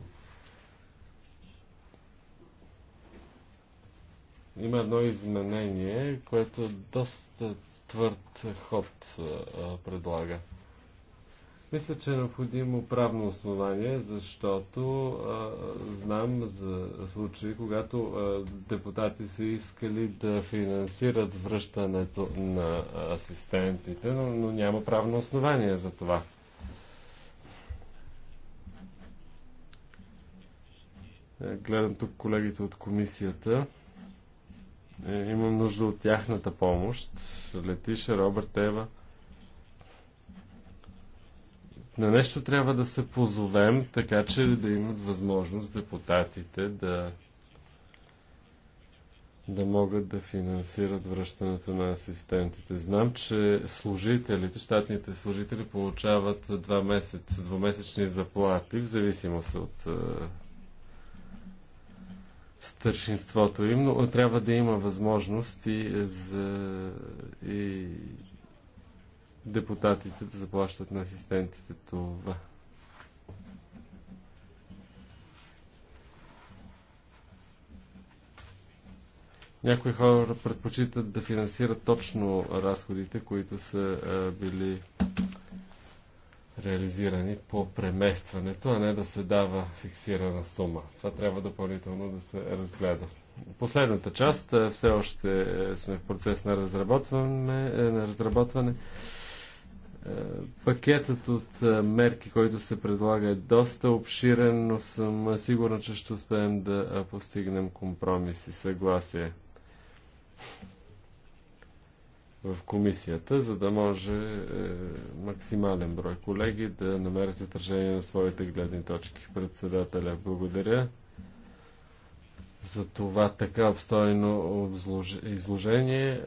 Има едно изменение, което доста твърд ход предлага. Мисля, че е необходимо правно основание, защото а, знам за случаи, когато а, депутати са искали да финансират връщането на асистентите, но, но няма правно основание за това. Е, гледам тук колегите от комисията. Е, имам нужда от тяхната помощ. Летиша, Робърт, Ева – на нещо трябва да се позовем, така че да имат възможност депутатите да да могат да финансират връщането на асистентите. Знам, че служителите, щатните служители получават два месец, двумесечни заплати, в зависимост от е, старшинството им, но трябва да има възможности за и депутатите да заплащат на асистентите това. Някои хора предпочитат да финансират точно разходите, които са а, били реализирани по преместването, а не да се дава фиксирана сума. Това трябва допълнително да се разгледа. Последната част все още сме в процес на разработване. На разработване. Е, пакетът от е, мерки, който се предлага е доста обширен, но съм е, сигурен, че ще успеем да постигнем компромис и съгласие в комисията, за да може максимален брой колеги да намерят отражение на своите гледни точки. Председателя, благодаря за това така обстойно изложение.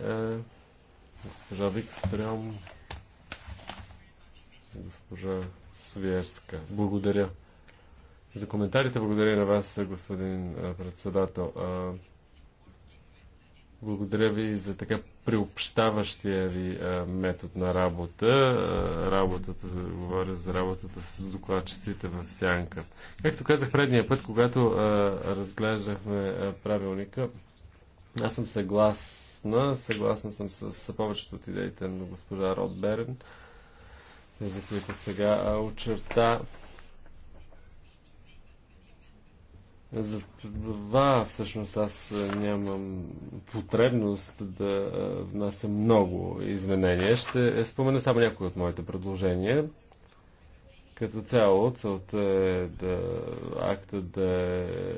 госпожа Викстрем госпожа Свиерска. Благодаря за коментарите. Благодаря на вас, господин председател. Благодаря ви за така приобщаващия ви метод на работа. Работата, говоря за работата с докладчиците в сянка. Както казах предния път, когато разглеждахме правилника, аз съм съгласна, съгласна съм с повечето от идеите на госпожа Род Берен тези, които сега очерта. За това всъщност аз нямам потребност да внася много изменения. Ще е, спомена само някои от моите предложения. Като цяло целта е да акта да е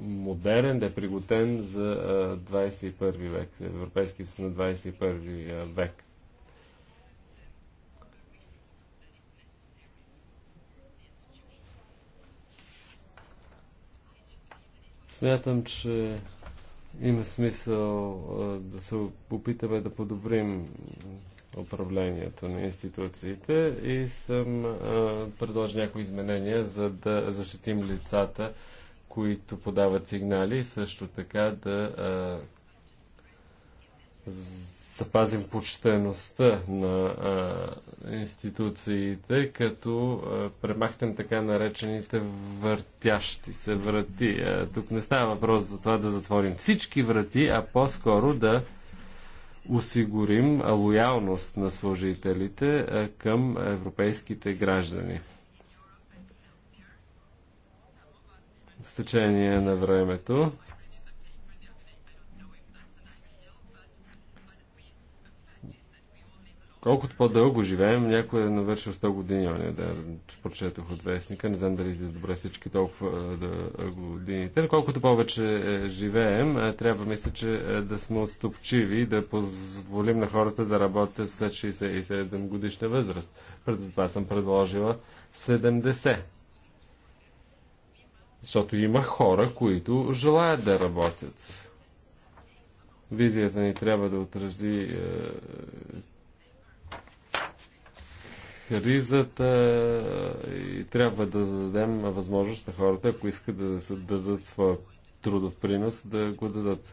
модерен, да е приготен за 21 век, Европейски съюз на 21 век. Смятам, че има смисъл да се опитаме да подобрим управлението на институциите и съм предложил някои изменения, за да защитим лицата, които подават сигнали и също така да запазим почтеността на а, институциите, като а, премахнем така наречените въртящи се врати. А, тук не става въпрос за това да затворим всички врати, а по-скоро да осигурим лоялност на служителите а, към европейските граждани. С течение на времето колкото по-дълго живеем, някой е навършил 100 години, оня да прочетох от вестника, не знам дали е добре всички толкова да, годините, но колкото повече е, живеем, е, трябва мисля, че е, да сме отступчиви и да позволим на хората да работят след 67 годишна възраст. Преди това съм предложила 70. Защото има хора, които желаят да работят. Визията ни трябва да отрази е, ризата е, и трябва да дадем възможност на хората, ако искат да дадат своя трудов принос, да го дадат.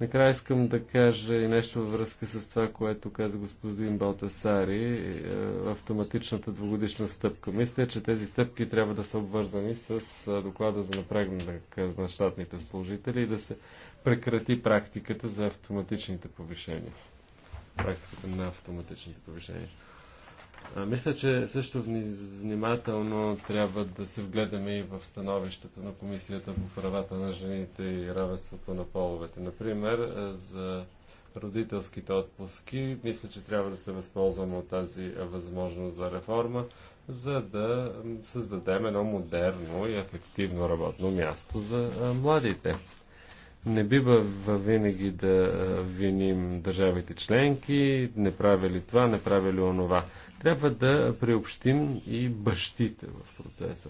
Накрая искам да кажа и нещо във връзка с това, което каза господин Балтасари, е, автоматичната двогодишна стъпка. Мисля, че тези стъпки трябва да са обвързани с е, доклада за напрегнатък на щатните служители и да се прекрати практиката за автоматичните повишения. Практиката на автоматичните повишения. А, мисля, че също внимателно трябва да се вгледаме и в становището на Комисията по правата на жените и равенството на половете. Например, за родителските отпуски, мисля, че трябва да се възползваме от тази възможност за реформа, за да създадем едно модерно и ефективно работно място за младите. Не бива винаги да виним държавите членки, не правили това, не правили онова. Трябва да приобщим и бащите в процеса.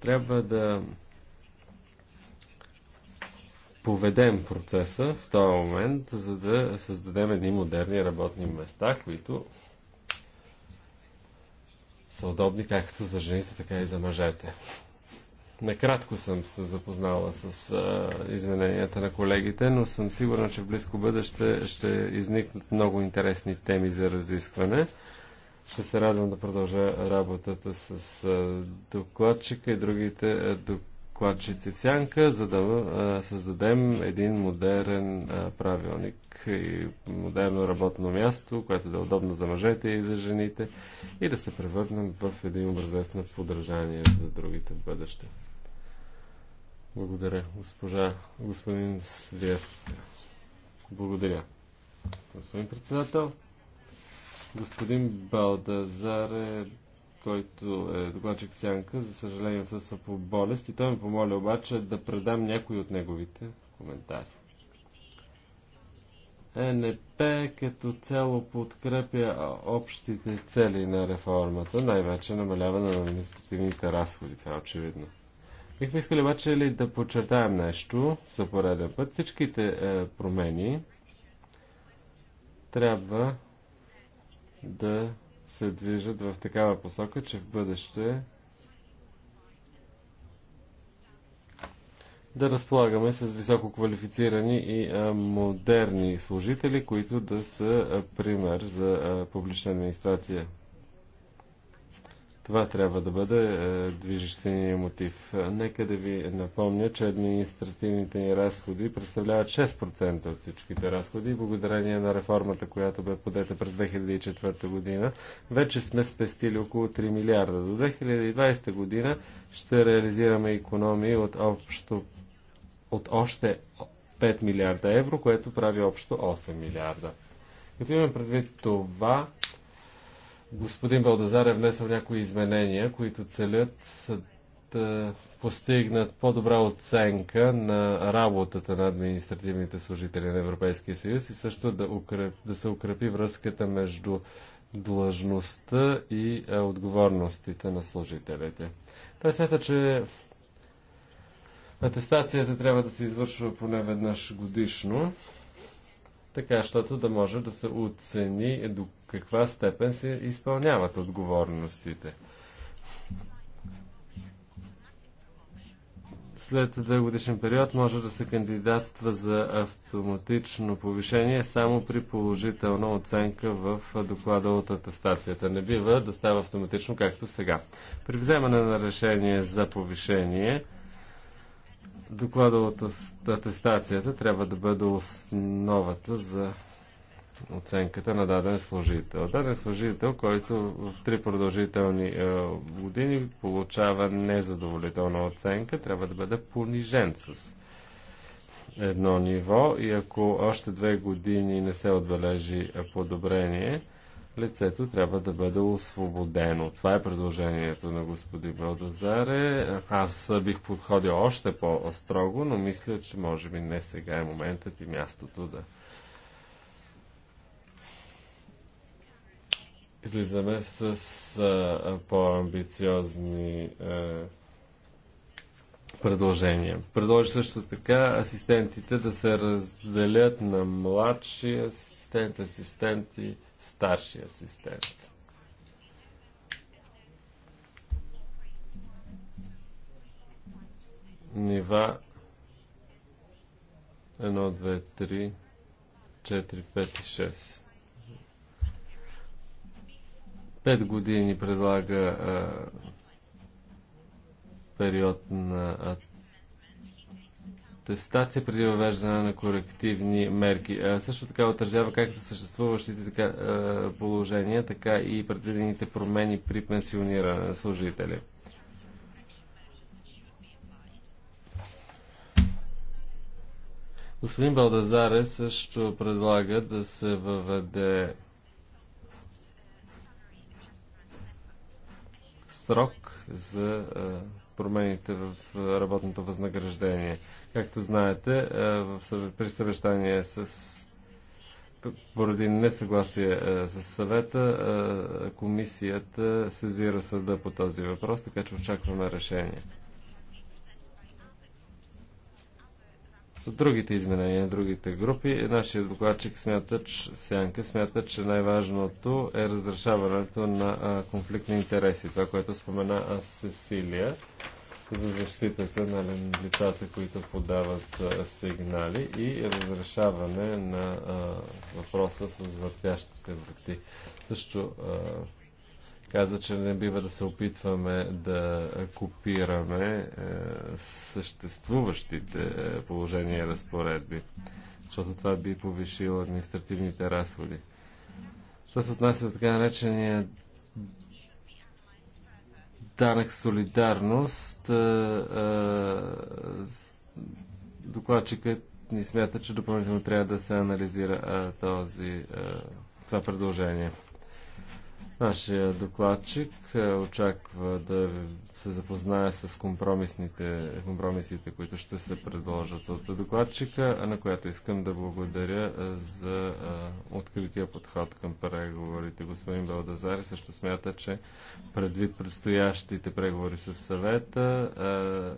Трябва да поведем процеса в този момент, за да създадем едни модерни работни места, които са удобни както за жените, така и за мъжете. Накратко съм се запознала с а, измененията на колегите, но съм сигурна, че в близко бъдеще ще изникнат много интересни теми за разискване. Ще се радвам да продължа работата с а, докладчика и другите а, докладчици в сянка, за да а, създадем един модерен а, правилник и модерно работно място, което да е удобно за мъжете и за жените и да се превърнем в един образец на подражание за другите в бъдеще. Благодаря, госпожа, господин Свиест. Благодаря. Господин председател, господин Балдазар е който е докладчик в сянка, за съжаление отсъства по болест и той ми помоля обаче да предам някои от неговите коментари. Е, НП като цяло подкрепя общите цели на реформата, най-вече намаляване на административните разходи, това е очевидно. Бихме искали обаче ли да подчертаем нещо за пореден път. Всичките е, промени трябва да се движат в такава посока, че в бъдеще да разполагаме с високо квалифицирани и е, модерни служители, които да са е, пример за е, публична администрация това трябва да бъде е, движещия мотив. Нека да ви напомня, че административните ни разходи представляват 6% от всичките разходи. Благодарение на реформата, която бе подета през 2004 година, вече сме спестили около 3 милиарда. До 2020 година ще реализираме економии от, общо, от още 5 милиарда евро, което прави общо 8 милиарда. Като имаме предвид това, господин Балдазар е внесъл някои изменения, които целят да постигнат по-добра оценка на работата на административните служители на Европейския съюз и също да, укреп, да се укрепи връзката между длъжността и отговорностите на служителите. Той смята, че атестацията трябва да се извършва поне веднъж годишно, така, щото да може да се оцени до каква степен се изпълняват отговорностите. След две годишен период може да се кандидатства за автоматично повишение само при положителна оценка в доклада от атестацията. Не бива да става автоматично както сега. При вземане на решение за повишение, доклада от атестацията трябва да бъде основата за оценката на даден служител. Даден служител, който в три продължителни е, години получава незадоволителна оценка, трябва да бъде понижен с едно ниво и ако още две години не се отбележи подобрение, лицето трябва да бъде освободено. Това е предложението на господин Балдазаре. Аз бих подходил още по-строго, но мисля, че може би не сега е моментът и мястото да излизаме с по-амбициозни предложения. Предложи също така асистентите да се разделят на младши асистент, асистент и старши асистент. Нива 1, 2, 3, 4, 5 и 6. Пет години предлага а, период на тестация преди въвеждане на корективни мерки. А, също така отразява както съществуващите така, а, положения, така и предвидените промени при пенсиониране на служители. Господин Балдазаре също предлага да се въведе срок за промените в работното възнаграждение. Както знаете, при съвещание с поради несъгласие с съвета, комисията сезира съда по този въпрос, така че очакваме решение. другите изменения, другите групи, нашия докладчик смята, че, в сянка смята, че най-важното е разрешаването на а, конфликт на интереси. Това, което спомена аз Сесилия за защитата на лицата, които подават а, сигнали и разрешаване на а, въпроса с въртящите врати. Също а, каза, че не бива да се опитваме да копираме е, съществуващите е, положения и разпоредби, защото това би повишило административните разходи. Що се отнася до така наречения данък солидарност, е, докладчикът ни смята, че допълнително трябва да се анализира този, това предложение. Нашия докладчик е, очаква да се запознае с компромисните, компромисите, които ще се предложат от докладчика, на която искам да благодаря е, за е, открития подход към преговорите. Господин Белдазари също смята, че предвид предстоящите преговори с съвета,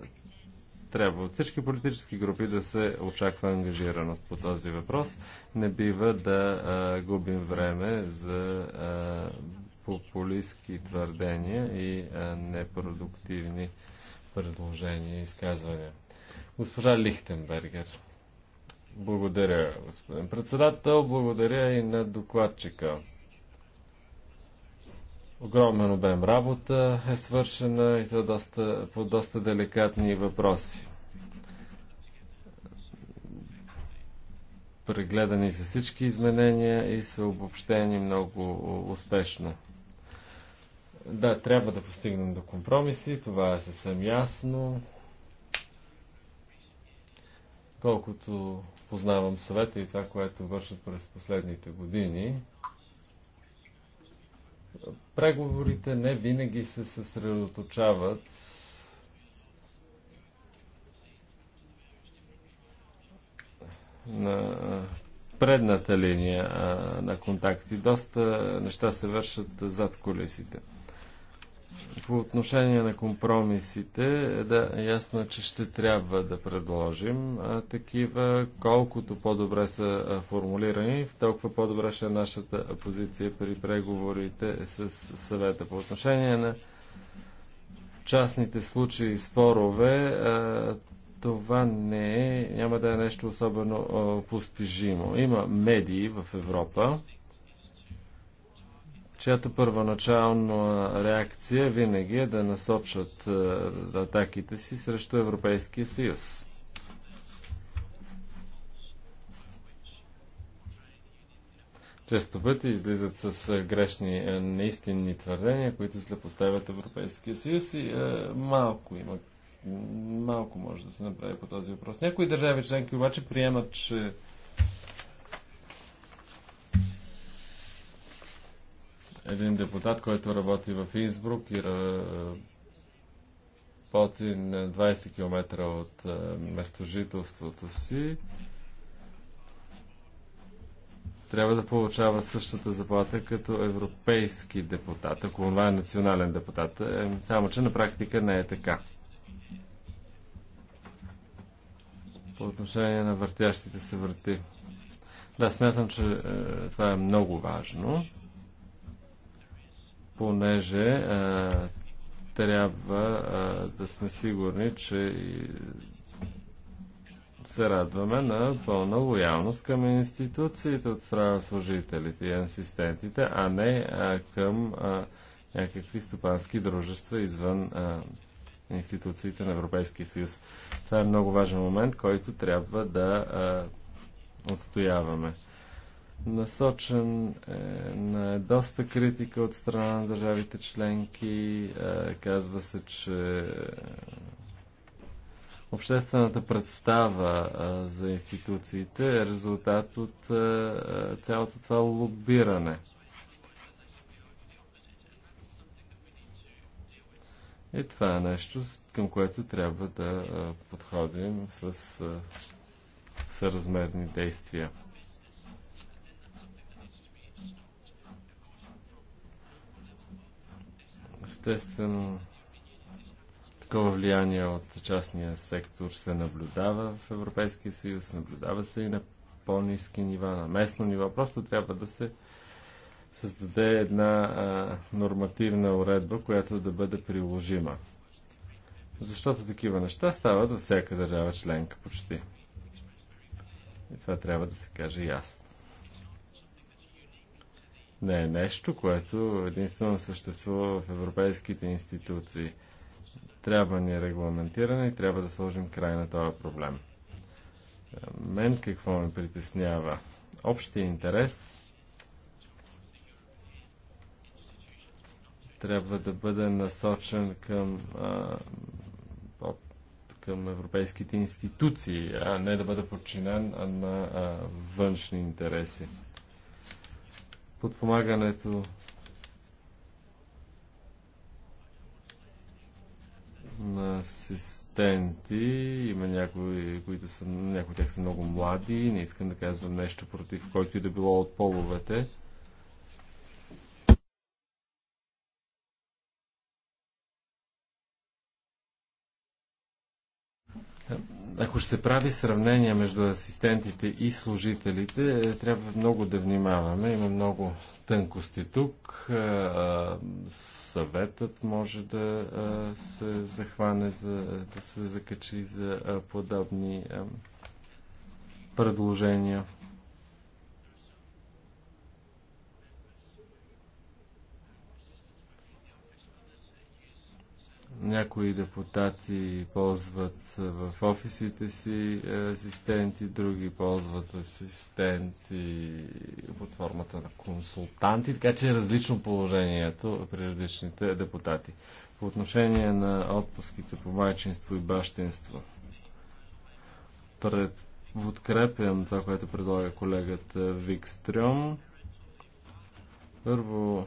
трябва от всички политически групи да се очаква ангажираност по този въпрос. Не бива да а, губим време за а, популистски твърдения и непродуктивни предложения и изказвания. Госпожа Лихтенбергер. Благодаря, господин председател. Благодаря и на докладчика. Огромен обем работа е свършена и това доста, по доста деликатни въпроси. Прегледани са всички изменения и са обобщени много успешно. Да, трябва да постигнем до компромиси, това е съвсем ясно. Колкото познавам съвета и това, което вършат през последните години, преговорите не винаги се съсредоточават на предната линия на контакти. Доста неща се вършат зад колесите по отношение на компромисите, е да, ясно, е, че ще трябва да предложим а, такива. Колкото по-добре са а, формулирани, толкова по-добре ще е нашата позиция при преговорите с съвета. По отношение на частните случаи спорове, а, това не е, няма да е нещо особено а, постижимо. Има медии в Европа, чиято първоначална реакция винаги е да насочат е, атаките си срещу Европейския съюз. Често пъти излизат с е, грешни, е, неистинни твърдения, които слепоставят Европейския съюз и е, малко има, малко може да се направи по този въпрос. Някои държави членки обаче приемат, че един депутат, който работи в Инсбрук и работи на 20 км от местожителството си, трябва да получава същата заплата като европейски депутат, ако това е национален депутат. Е, само, че на практика не е така. По отношение на въртящите се върти. Да, смятам, че е, това е много важно понеже а, е, трябва а, е, да сме сигурни, че се радваме на пълна лоялност към институциите от страна на служителите и асистентите, а не а, е, към а, някакви стопански дружества извън а, институциите на Европейския съюз. Това е много важен момент, който трябва да а, отстояваме насочен е на доста критика от страна на държавите членки. Е, казва се, че е, обществената представа е, за институциите е резултат от е, е цялото това лобиране. И това е нещо, към което трябва да е, подходим с съразмерни действия. Естествено, такова влияние от частния сектор се наблюдава в Европейския съюз, наблюдава се и на по-низки нива, на местно ниво. Просто трябва да се създаде една а, нормативна уредба, която да бъде приложима. Защото такива неща стават във всяка държава членка почти. И това трябва да се каже ясно не е нещо, което единствено съществува в европейските институции. Трябва ни регламентиране и трябва да сложим край на този проблем. Мен какво ме притеснява? Общия интерес трябва да бъде насочен към, а, към европейските институции, а не да бъде подчинен на а, външни интереси подпомагането на асистенти. Има някои, които са, някои от тях са много млади. Не искам да казвам нещо против който и да било от половете. ако ще се прави сравнение между асистентите и служителите, е, трябва много да внимаваме. Има много тънкости тук. Е, съветът може да се захване, за, да се закачи за подобни предложения. Някои депутати ползват е, в офисите си е, асистенти, други ползват асистенти под формата на консултанти, така че е различно положението при различните депутати. По отношение на отпуските по майчинство и бащинство, пред... подкрепям това, което предлага колегата Викстрем. Първо,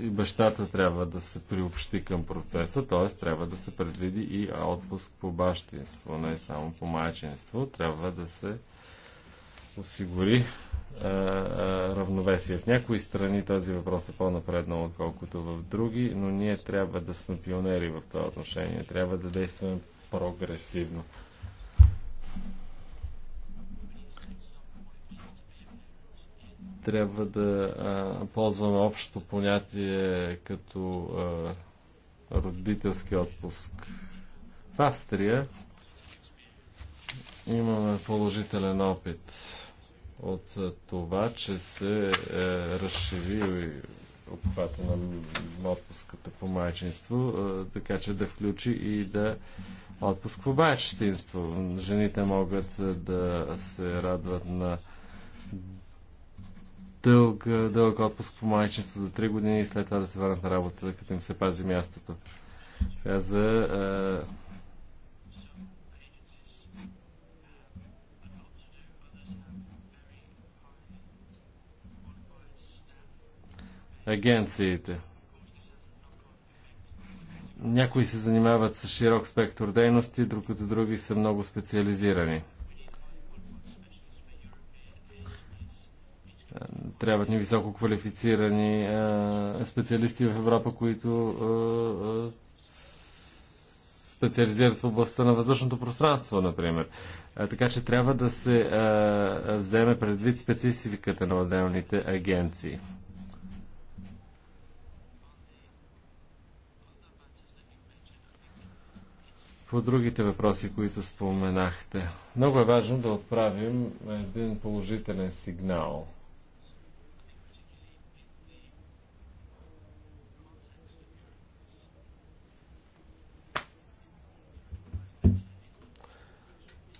и бащата трябва да се приобщи към процеса, т.е. трябва да се предвиди и отпуск по бащинство, не само по майчинство. Трябва да се осигури а, е, а, е, равновесие. В някои страни този въпрос е по-напреднал, отколкото в други, но ние трябва да сме пионери в това отношение. Трябва да действаме прогресивно. трябва да а, ползваме общо понятие като а, родителски отпуск. В Австрия имаме положителен опит от това, че се е, разшири обхвата на отпуската по майчинство, а, така че да включи и да отпуск по майчинство. Жените могат да се радват на дълъг, дълъг отпуск по майчинство до 3 години и след това да се върнат на работа, като им се пази мястото. Сега за е, агенциите. Някои се занимават с широк спектър дейности, докато други са много специализирани. трябват ни високо квалифицирани е, специалисти в Европа, които е, е, специализират в областта на въздушното пространство, например. Така че трябва да се вземе предвид спецификата на отделните агенции. по другите въпроси, които споменахте. Много е важно да отправим един положителен сигнал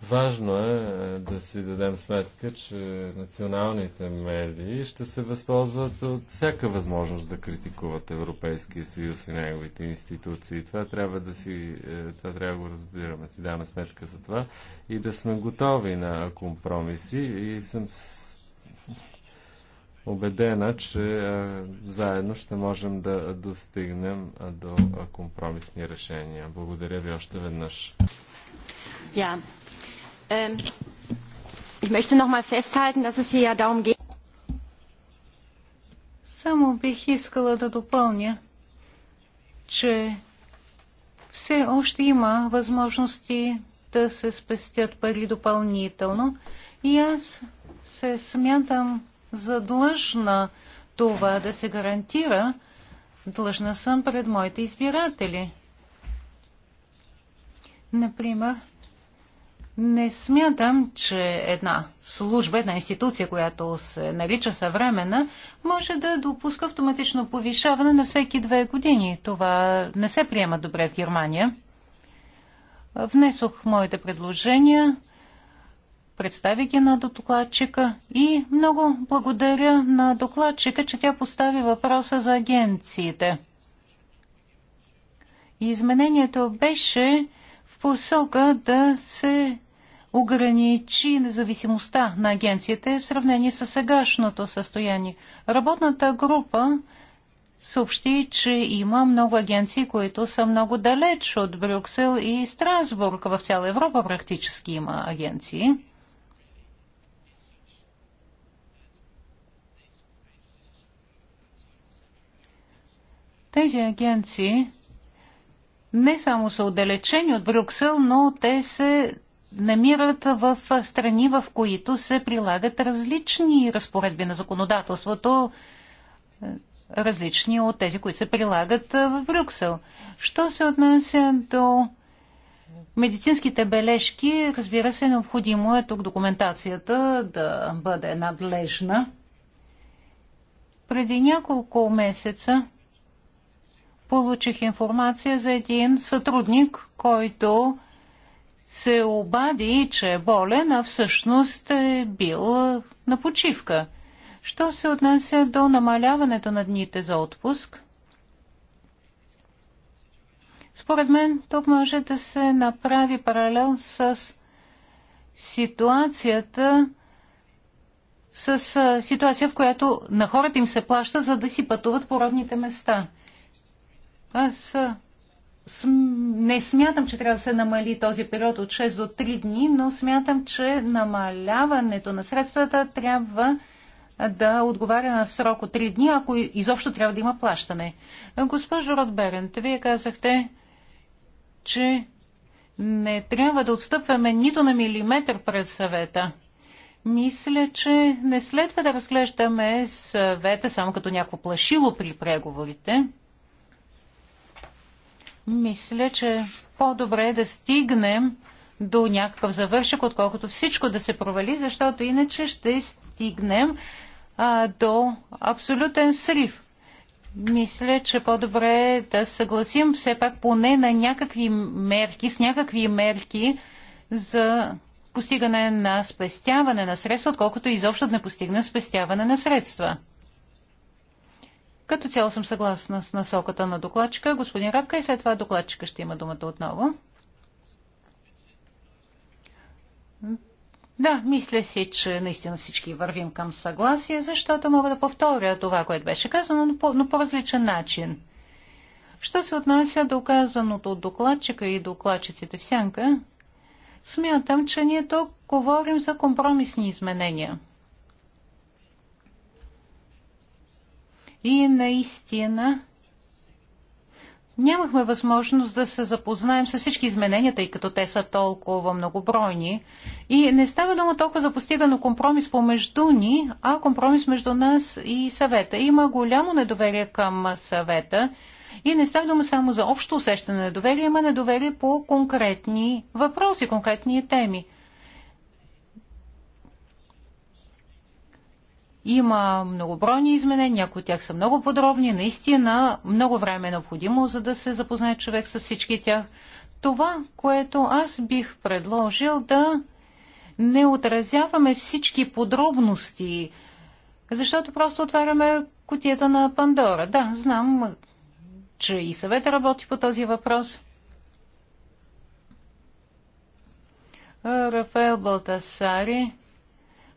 Важно е, е да си дадем сметка, че националните медии ще се възползват от всяка възможност да критикуват Европейския съюз и неговите институции. Това трябва да си, е, това трябва да го разбираме, си даваме сметка за това и да сме готови на компромиси и съм убедена, че е, заедно ще можем да достигнем до компромисни решения. Благодаря ви още веднъж. Yeah. Ähm, ich möchte noch einmal festhalten, dass es hier ja darum geht. Само бих искала да допълня, че все още има възможности да се спестят пари допълнително и аз се смятам задлъжна това да се гарантира, длъжна съм пред моите избиратели. Например, не смятам, че една служба, една институция, която се нарича съвременна, може да допуска автоматично повишаване на всеки две години. Това не се приема добре в Германия. Внесох моите предложения, представих ги на докладчика и много благодаря на докладчика, че тя постави въпроса за агенциите. Изменението беше в посока да се ограничи независимостта на агенциите в сравнение с сегашното състояние. Работната група съобщи, че има много агенции, които са много далеч от Брюксел и Страсбург. В цяла Европа практически има агенции. Тези агенции не само са отдалечени от Брюксел, но те се намират в страни, в които се прилагат различни разпоредби на законодателството, различни от тези, които се прилагат в Брюксел. Що се отнася до медицинските бележки, разбира се, необходимо е тук документацията да бъде надлежна. Преди няколко месеца получих информация за един сътрудник, който се обади, че е болен, а всъщност е бил на почивка. Що се отнася до намаляването на дните за отпуск? Според мен, тук може да се направи паралел с ситуацията, с ситуация, в която на хората им се плаща, за да си пътуват по родните места. Аз не смятам, че трябва да се намали този период от 6 до 3 дни, но смятам, че намаляването на средствата трябва да отговаря на срок от 3 дни, ако изобщо трябва да има плащане. Госпожо Ротберент, вие казахте, че не трябва да отстъпваме нито на милиметър пред съвета. Мисля, че не следва да разглеждаме съвета само като някакво плашило при преговорите. Мисля, че по-добре е да стигнем до някакъв завършък, отколкото всичко да се провали, защото иначе ще стигнем а, до абсолютен срив. Мисля, че по-добре е да съгласим все пак поне на някакви мерки, с някакви мерки за постигане на спестяване на средства, отколкото изобщо да не постигне спестяване на средства. Като цяло съм съгласна с насоката на докладчика. Господин Рапка и след това докладчика ще има думата отново. Да, мисля си, че наистина всички вървим към съгласие, защото мога да повторя това, което беше казано, но по, но по различен начин. Що се отнася до казаното от докладчика и докладчиците в сянка, смятам, че ние тук говорим за компромисни изменения – И наистина нямахме възможност да се запознаем с всички изменения, тъй като те са толкова многобройни. И не става дума толкова за постигано компромис помежду ни, а компромис между нас и съвета. Има голямо недоверие към съвета. И не става дума само за общо усещане на недоверие, има недоверие по конкретни въпроси, конкретни теми. Има многобройни изменения, някои от тях са много подробни. Наистина много време е необходимо, за да се запознае човек с всички тях. Това, което аз бих предложил да не отразяваме всички подробности, защото просто отваряме котията на Пандора. Да, знам, че и съвет работи по този въпрос. Рафаел Балтасари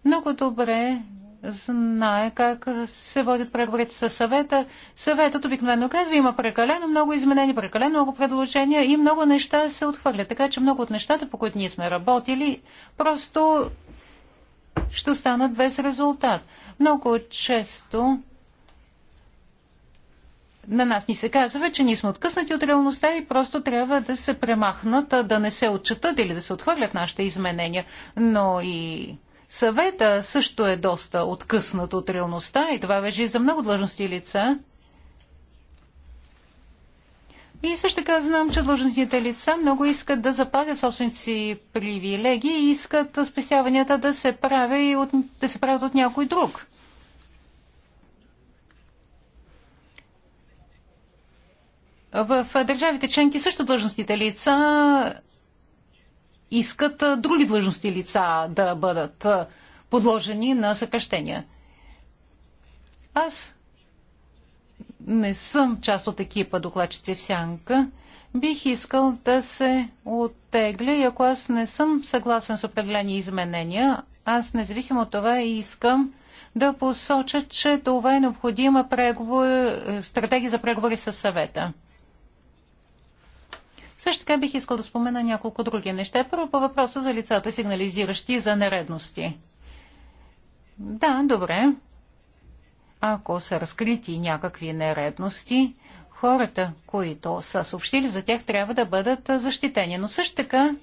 много добре знае как се водят преговорите със съвета. Съветът обикновено казва, има прекалено много изменения, прекалено много предложения и много неща се отхвърлят. Така че много от нещата, по които ние сме работили, просто ще останат без резултат. Много често на нас ни се казва, че ние сме откъснати от реалността и просто трябва да се премахнат, да не се отчетат или да се отхвърлят нашите изменения. Но и Съвета също е доста откъснат от реалността и това вежи за много длъжности лица. И също така знам, че длъжностните лица много искат да запазят собствените си привилегии и искат спестяванията да се, прави от, да се правят от някой друг. В държавите членки също длъжностните лица искат други длъжности лица да бъдат подложени на съкръщения. Аз не съм част от екипа докладчици в Сянка. Бих искал да се оттегля и ако аз не съм съгласен с определени изменения, аз независимо от това искам да посоча, че това е необходима преговор... стратегия за преговори с съвета. Също така бих искал да спомена няколко други неща. Първо по въпроса за лицата, сигнализиращи за нередности. Да, добре. Ако са разкрити някакви нередности, хората, които са съобщили за тях, трябва да бъдат защитени. Но също така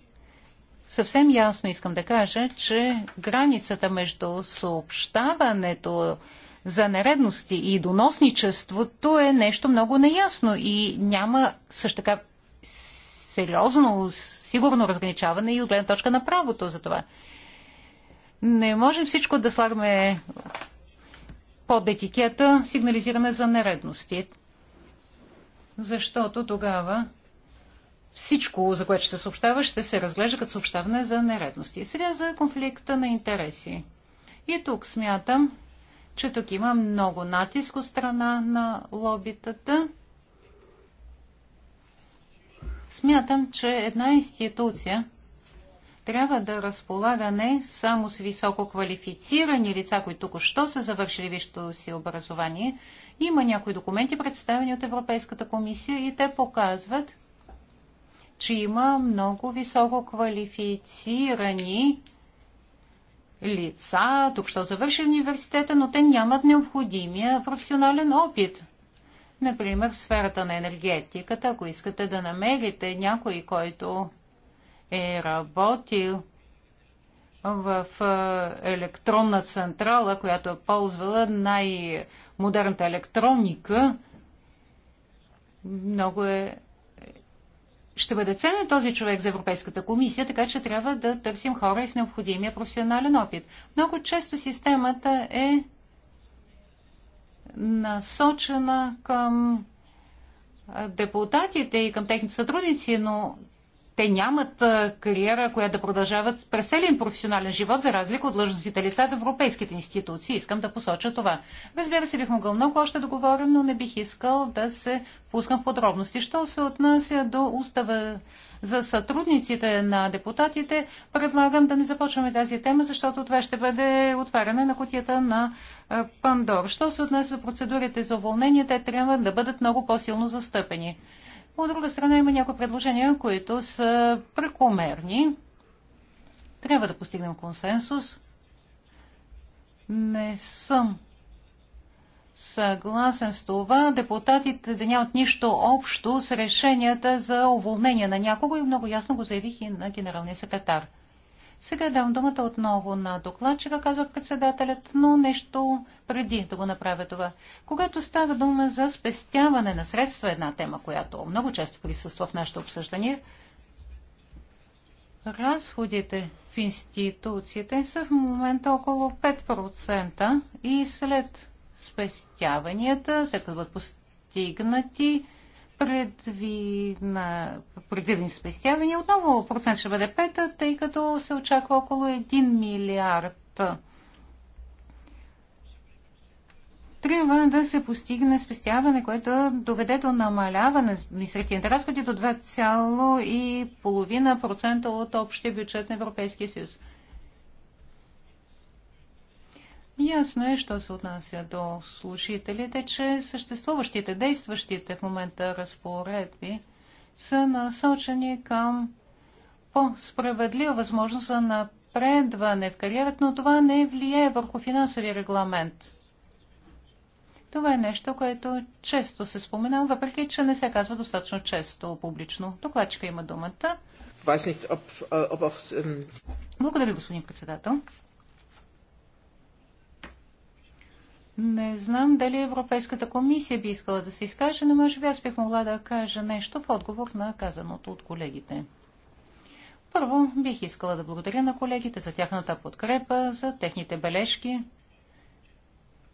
съвсем ясно искам да кажа, че границата между съобщаването за нередности и доносничеството е нещо много неясно и няма също така сериозно, сигурно разграничаване и от гледна точка на правото за това. Не можем всичко да слагаме под етикета, сигнализираме за нередности. Защото тогава всичко, за което ще се съобщава, ще се разглежда като съобщаване за нередности. Сега за конфликта на интереси. И тук смятам, че тук има много натиск от страна на лобитата. Смятам, че една институция трябва да разполага не само с високо квалифицирани лица, които току-що са завършили висшето си образование. Има някои документи, представени от Европейската комисия, и те показват, че има много високо квалифицирани лица, тук що завършили университета, но те нямат необходимия професионален опит. Например, в сферата на енергетиката, ако искате да намерите някой, който е работил в електронна централа, която е ползвала най-модерната електроника, много е ще бъде ценен този човек за Европейската комисия, така че трябва да търсим хора с необходимия професионален опит. Много често системата е насочена към депутатите и към техните сътрудници, но те нямат кариера, която да продължават през целия професионален живот, за разлика от длъжностите лица в европейските институции. Искам да посоча това. Разбира се, бих могъл много още да говорим, но не бих искал да се пускам в подробности. Що се отнася до устава за сътрудниците на депутатите, предлагам да не започваме тази тема, защото това ще бъде отваряне на котията на е, Пандор. Що се отнесе до процедурите за уволнение, те трябва да бъдат много по-силно застъпени. От друга страна има някои предложения, които са прекомерни. Трябва да постигнем консенсус. Не съм съгласен с това депутатите да нямат нищо общо с решенията за уволнение на някого и много ясно го заявих и на генералния секретар. Сега дам думата отново на докладчика, казва председателят, но нещо преди да го направя това. Когато става дума за спестяване на средства, една тема, която много често присъства в нашето обсъждане, разходите в институциите са в момента около 5% и след спестяванията, след като бъдат постигнати предвидна, предвидени спестявания, отново процент ще бъде 5, тъй като се очаква около 1 милиард. Трябва да се постигне спестяване, което доведе до намаляване на административните разходи до 2,5% от общия бюджет на Европейския съюз. Ясно е, що се отнася до слушателите, че съществуващите, действащите в момента разпоредби са насочени към по-справедлива възможност за напредване в кариерата, но това не влияе върху финансовия регламент. Това е нещо, което често се споменава, въпреки че не се казва достатъчно често публично. Докладчика има думата. Э, Благодаря, господин председател. Не знам дали Европейската комисия би искала да се изкаже, но може би аз бих могла да кажа нещо в отговор на казаното от колегите. Първо, бих искала да благодаря на колегите за тяхната подкрепа, за техните бележки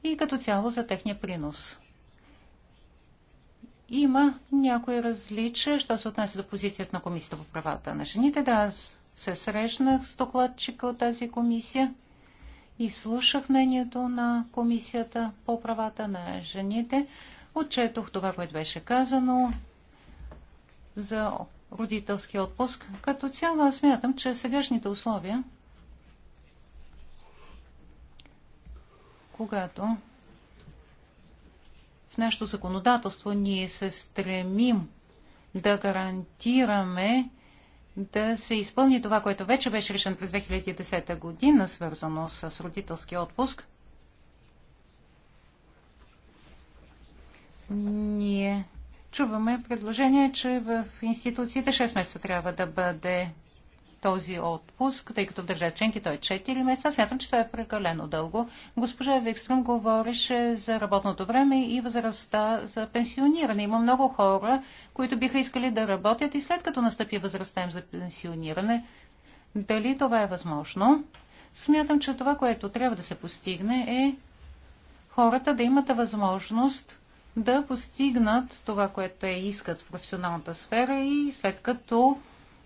и като цяло за техния принос. Има някои различия, що се отнася до позицията на Комисията по правата на жените. Да, аз се срещнах с докладчика от тази комисия – изслушах мнението на Комисията по правата на жените. Отчетох това, което беше казано за родителски отпуск. Като цяло аз смятам, че сегашните условия, когато в нашето законодателство ние се стремим да гарантираме да се изпълни това, което вече беше решено през 2010 година, свързано с родителски отпуск. Ние чуваме предложение, че в институциите 6 месеца трябва да бъде този отпуск, тъй като в държава членки той е 4 месеца. Смятам, че това е прекалено дълго. Госпожа Викструм говореше за работното време и възрастта за пенсиониране. Има много хора, които биха искали да работят и след като настъпи възрастта им за пенсиониране. Дали това е възможно? Смятам, че това, което трябва да се постигне е хората да имат възможност да постигнат това, което е искат в професионалната сфера и след като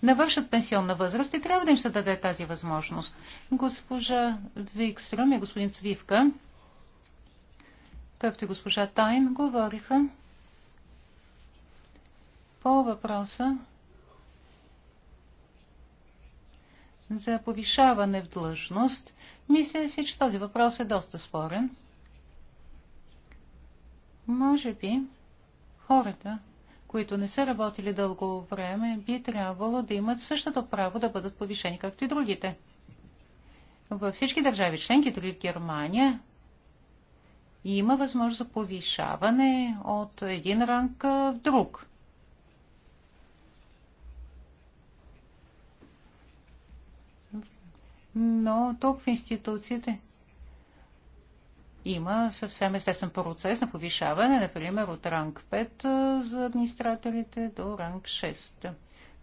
навършат пенсионна възраст и трябва да им се даде тази възможност. Госпожа Викстрюм и господин Цвивка, както и госпожа Тайн, говориха по въпроса за повишаване в длъжност. Мисля си, че този въпрос е доста спорен. Може би хората, които не са работили дълго време, би трябвало да имат същото право да бъдат повишени, както и другите. Във всички държави членки, дори в Германия, има възможност за повишаване от един ранг в друг. Но тук в институциите има съвсем естествен процес на повишаване, например, от ранг 5 за администраторите до ранг 6.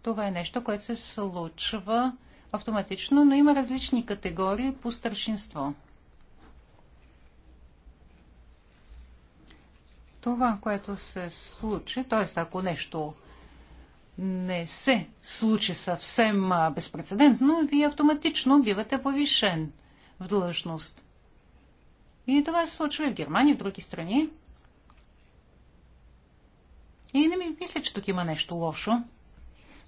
Това е нещо, което се случва автоматично, но има различни категории по старшинство. Това, което се случи, т.е. ако нещо не се случи съвсем безпредседентно, вие автоматично бивате повишен в длъжност. И това се случва и в Германия, и в други страни. И не ми мисля, че тук има нещо лошо.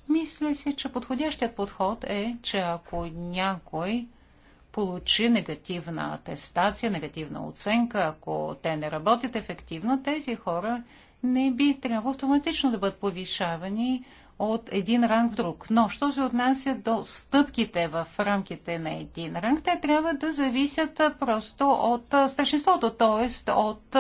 Мисля си, че подходящият подход е, че ако някой получи негативна атестация, негативна оценка, ако те не работят ефективно, тези хора не би трябвало автоматично да бъдат повишавани от един ранг в друг. Но, що се отнася до стъпките в рамките на един ранг, те трябва да зависят просто от старшинството, т.е. от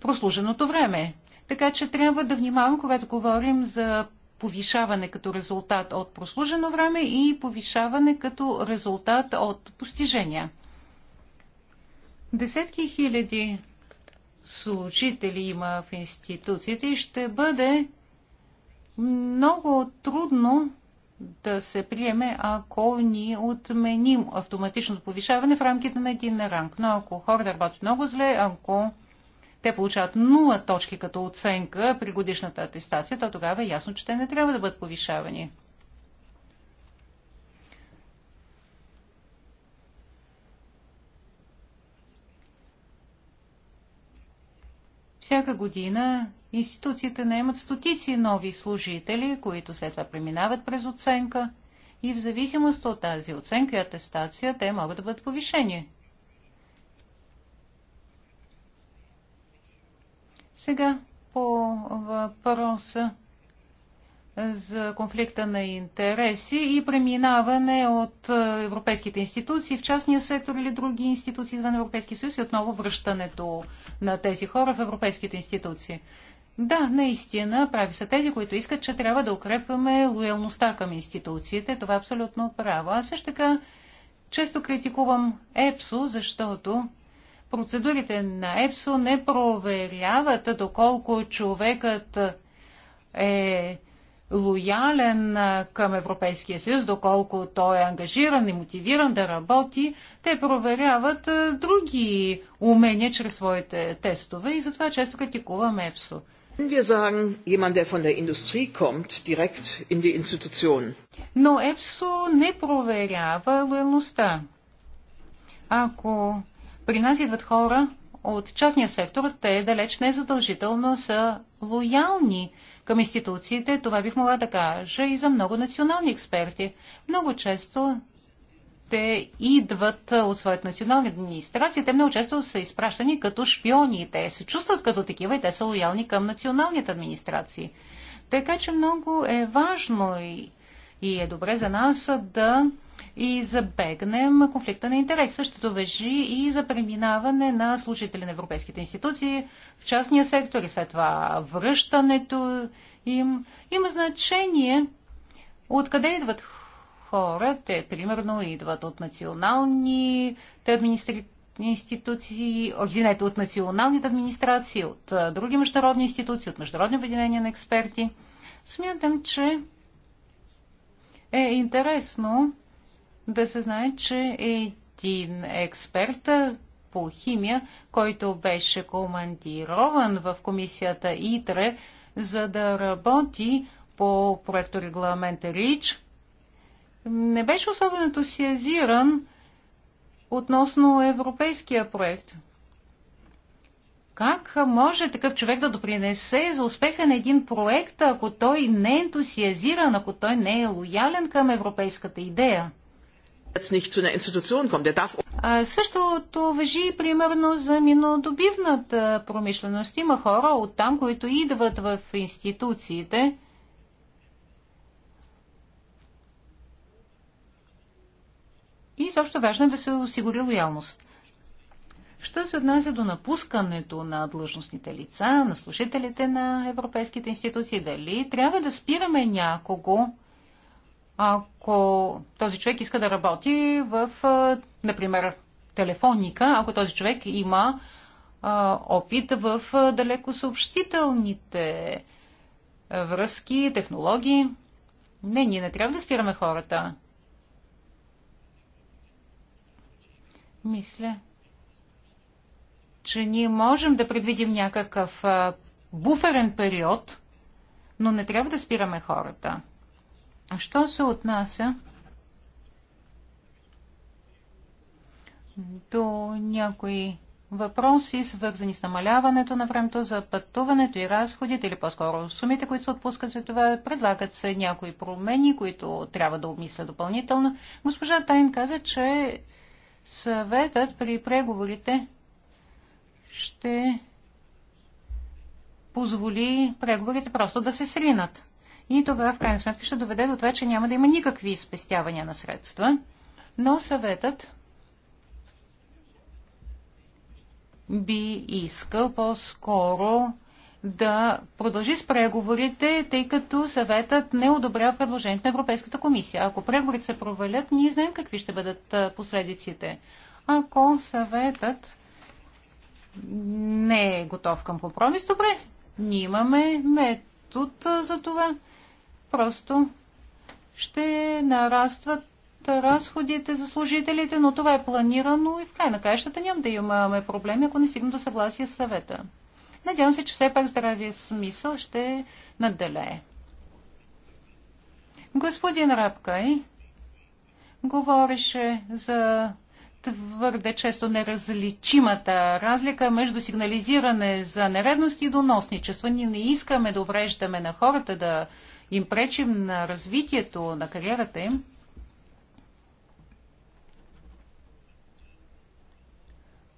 прослуженото време. Така че трябва да внимавам, когато говорим за повишаване като резултат от прослужено време и повишаване като резултат от постижения. Десетки хиляди служители има в институциите и ще бъде много трудно да се приеме, ако ни отменим автоматичното повишаване в рамките на един ранг. Но ако хората работят много зле, ако те получават нула точки като оценка при годишната атестация, то тогава е ясно, че те не трябва да бъдат повишавани. Всяка година институциите наемат стотици нови служители, които след това преминават през оценка и в зависимост от тази оценка и атестация те могат да бъдат повишени. Сега по въпроса за конфликта на интереси и преминаване от е, европейските институции в частния сектор или други институции извън Европейския съюз и отново връщането на тези хора в европейските институции. Да, наистина, прави са тези, които искат, че трябва да укрепваме лоялността към институциите. Това е абсолютно право. Аз също така често критикувам ЕПСО, защото процедурите на ЕПСО не проверяват доколко човекът е лоялен към Европейския съюз, доколко той е ангажиран и мотивиран да работи, те проверяват други умения чрез своите тестове и затова често критикуваме ЕПСО. Но ЕПСО не проверява лоялността. Ако при нас идват хора от частния сектор, те далеч не задължително са лоялни към институциите, това бих могла да кажа и за много национални експерти. Много често те идват от своята национална администрация, те много често са изпращани като шпиони. Те се чувстват като такива и те са лоялни към националните администрации. Така че много е важно и, и е добре за нас да и забегнем конфликта на интерес. Същото въжи и за преминаване на служители на европейските институции в частния сектор и след това връщането им. Има значение откъде идват хора. Те, примерно, идват от национални администрации институции, извинете, от националните администрации, от други международни институции, от Международни обединения на експерти. Смятам, че е интересно да се знае, че един експерт по химия, който беше командирован в комисията ИТРЕ, за да работи по проекто регламента РИЧ, не беше особено ентусиазиран относно европейския проект. Как може такъв човек да допринесе за успеха на един проект, ако той не е ентусиазиран, ако той не е лоялен към европейската идея? същото въжи примерно за минодобивната промишленост. Има хора от там, които идват в институциите. И също важно е да се осигури лоялност. Що се отнася до напускането на длъжностните лица, на служителите на европейските институции, дали трябва да спираме някого, ако този човек иска да работи в, например, телефоника, ако този човек има опит в далекосъобщителните връзки, технологии. Не, ние не трябва да спираме хората. Мисля, че ние можем да предвидим някакъв буферен период, но не трябва да спираме хората. А що се отнася до някои въпроси, свързани с намаляването на времето за пътуването и разходите, или по-скоро сумите, които се отпускат за това, предлагат се някои промени, които трябва да обмисля допълнително. Госпожа Тайн каза, че съветът при преговорите ще позволи преговорите просто да се сринат. И това в крайна сметка ще доведе до това, че няма да има никакви спестявания на средства. Но съветът би искал по-скоро да продължи с преговорите, тъй като съветът не одобрява предложението на Европейската комисия. Ако преговорите се провалят, ние знаем какви ще бъдат последиците. Ако съветът не е готов към компромис, добре, ние имаме метод за това просто ще нарастват разходите за служителите, но това е планирано и в край на краищата няма да имаме проблеми, ако не стигнем до съгласие с съвета. Надявам се, че все пак здравия смисъл ще надделее. Господин Рапкай говореше за твърде често неразличимата разлика между сигнализиране за нередности и доносничество. Ние не искаме да увреждаме на хората да им пречим на развитието на кариерата им,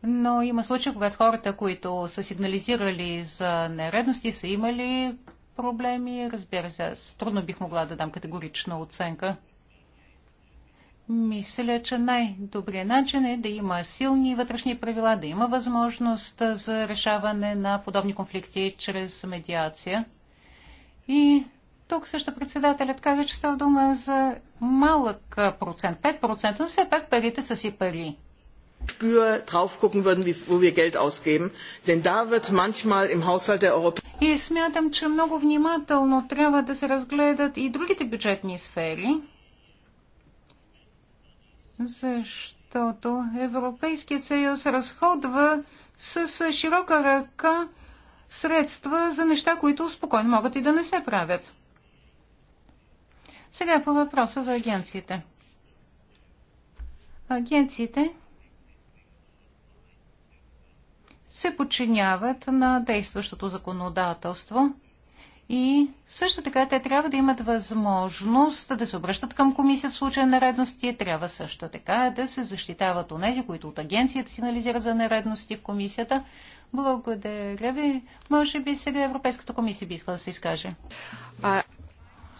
Но има случаи, когато хората, които са сигнализирали за нередности, са имали проблеми. Разбира се, аз трудно бих могла да дам категорична оценка. Мисля, че най-добрият начин е да има силни вътрешни правила, да има възможност за решаване на подобни конфликти чрез медиация. И тук също председателят каза, че става дума за малък процент, 5%, но все пак парите са си пари. И смятам, че много внимателно трябва да се разгледат и другите бюджетни сфери, защото Европейският съюз разходва с широка ръка средства за неща, които спокойно могат и да не се правят. Сега по въпроса за агенциите. Агенциите се подчиняват на действащото законодателство и също така те трябва да имат възможност да се обръщат към комисията в случай на нередности. Трябва също така да се защитават тези, които от агенцията сигнализират за нередности в комисията. Благодаря ви. Може би сега Европейската комисия би искала да се изкаже.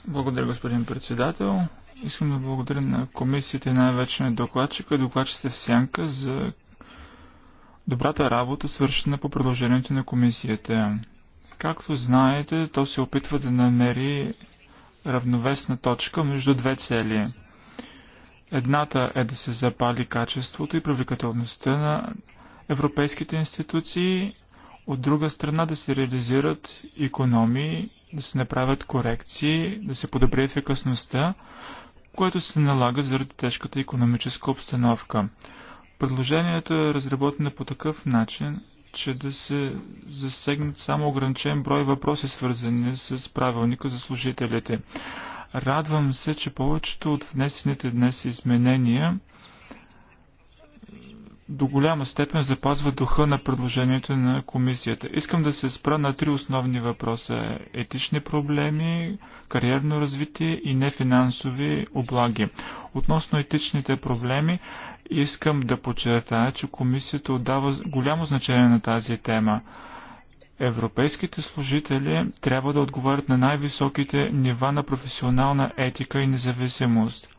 Благодаря, господин председател. Искам да благодаря на комисията и най-вече на докладчика, докладчица в Сянка за добрата работа, свършена по предложението на комисията. Както знаете, то се опитва да намери равновесна точка между две цели. Едната е да се запали качеството и привлекателността на европейските институции – от друга страна да се реализират економии, да се направят корекции, да се подобри ефикасността, което се налага заради тежката економическа обстановка. Предложението е разработено по такъв начин, че да се засегнат само ограничен брой въпроси, свързани с правилника за служителите. Радвам се, че повечето от внесените днес изменения до голяма степен запазва духа на предложението на комисията. Искам да се спра на три основни въпроса – етични проблеми, кариерно развитие и нефинансови облаги. Относно етичните проблеми, искам да подчертая, че комисията отдава голямо значение на тази тема. Европейските служители трябва да отговарят на най-високите нива на професионална етика и независимост –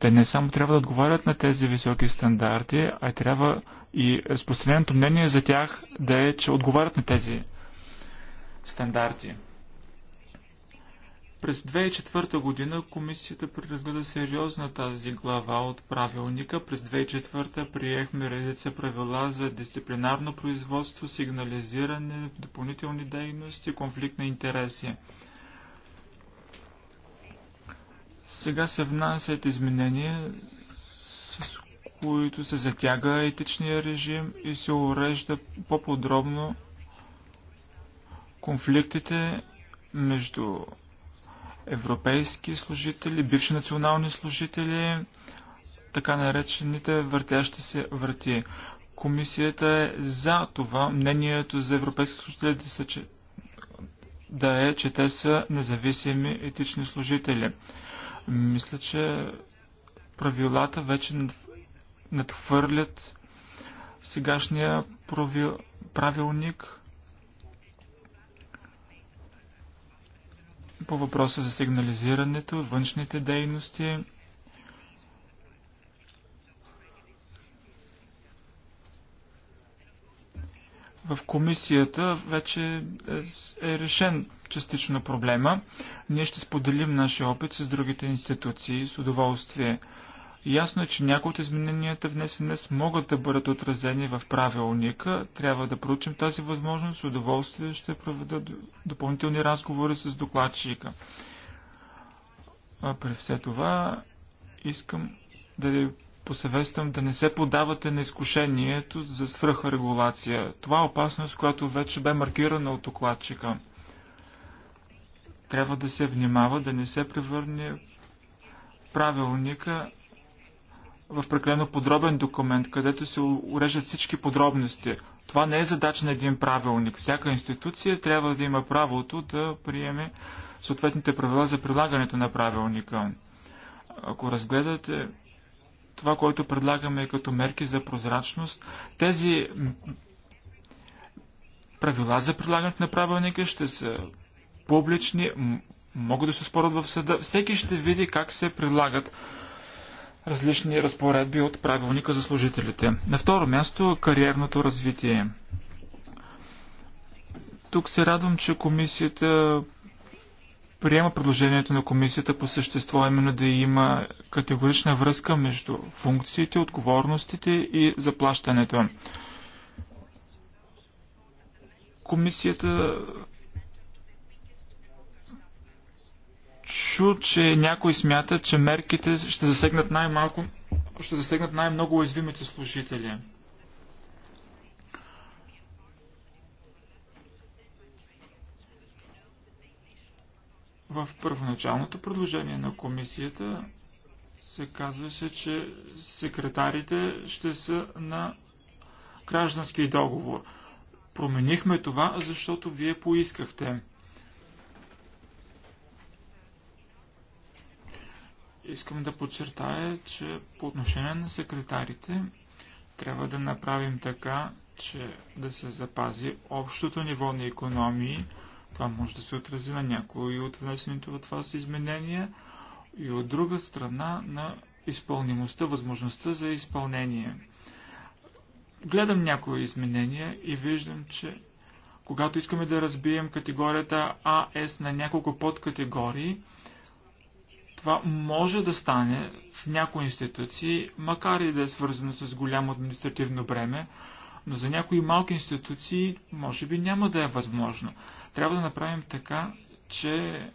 те не само трябва да отговарят на тези високи стандарти, а трябва и разпространеното мнение за тях да е, че отговарят на тези стандарти. През 2004 година комисията преразгледа сериозно тази глава от правилника. През 2004 приехме редица правила за дисциплинарно производство, сигнализиране, допълнителни дейности, конфликт на интереси. Сега се внасят изменения, с които се затяга етичния режим и се урежда по-подробно конфликтите между европейски служители, бивши национални служители, така наречените въртящи се врати. Комисията е за това мнението за европейски служители да, са, че, да е, че те са независими етични служители. Мисля, че правилата вече надхвърлят сегашния правил... правилник по въпроса за сигнализирането, външните дейности. В комисията вече е, е решен частично проблема. Ние ще споделим нашия опит с другите институции с удоволствие. Ясно е, че някои от измененията внесени днес могат да бъдат отразени в правилника. Трябва да проучим тази възможност. С удоволствие ще проведа допълнителни разговори с докладчика. А при все това искам да ви посъветствам да не се подавате на изкушението за свръхрегулация. Това е опасност, която вече бе маркирана от докладчика. Трябва да се внимава да не се превърне правилника в прекалено подробен документ, където се урежат всички подробности. Това не е задача на един правилник. Всяка институция трябва да има правото да приеме съответните правила за прилагането на правилника. Ако разгледате това, което предлагаме като мерки за прозрачност, тези правила за прилагането на правилника ще са публични, могат да се спорят в съда. Всеки ще види как се прилагат различни разпоредби от правилника за служителите. На второ място кариерното развитие. Тук се радвам, че комисията приема предложението на комисията по същество, именно да има категорична връзка между функциите, отговорностите и заплащането. Комисията чу, че някой смята, че мерките ще засегнат най-малко, ще засегнат най-много уязвимите служители. В първоначалното предложение на комисията се казваше, че секретарите ще са на граждански договор. Променихме това, защото вие поискахте. Искам да подчертая, че по отношение на секретарите трябва да направим така, че да се запази общото ниво на економии. Това може да се отрази на някои от внесените от вас изменения и от друга страна на изпълнимостта, възможността за изпълнение. Гледам някои изменения и виждам, че когато искаме да разбием категорията АС на няколко подкатегории, това може да стане в някои институции, макар и да е свързано с голямо административно бреме, но за някои малки институции може би няма да е възможно. Трябва да направим така, че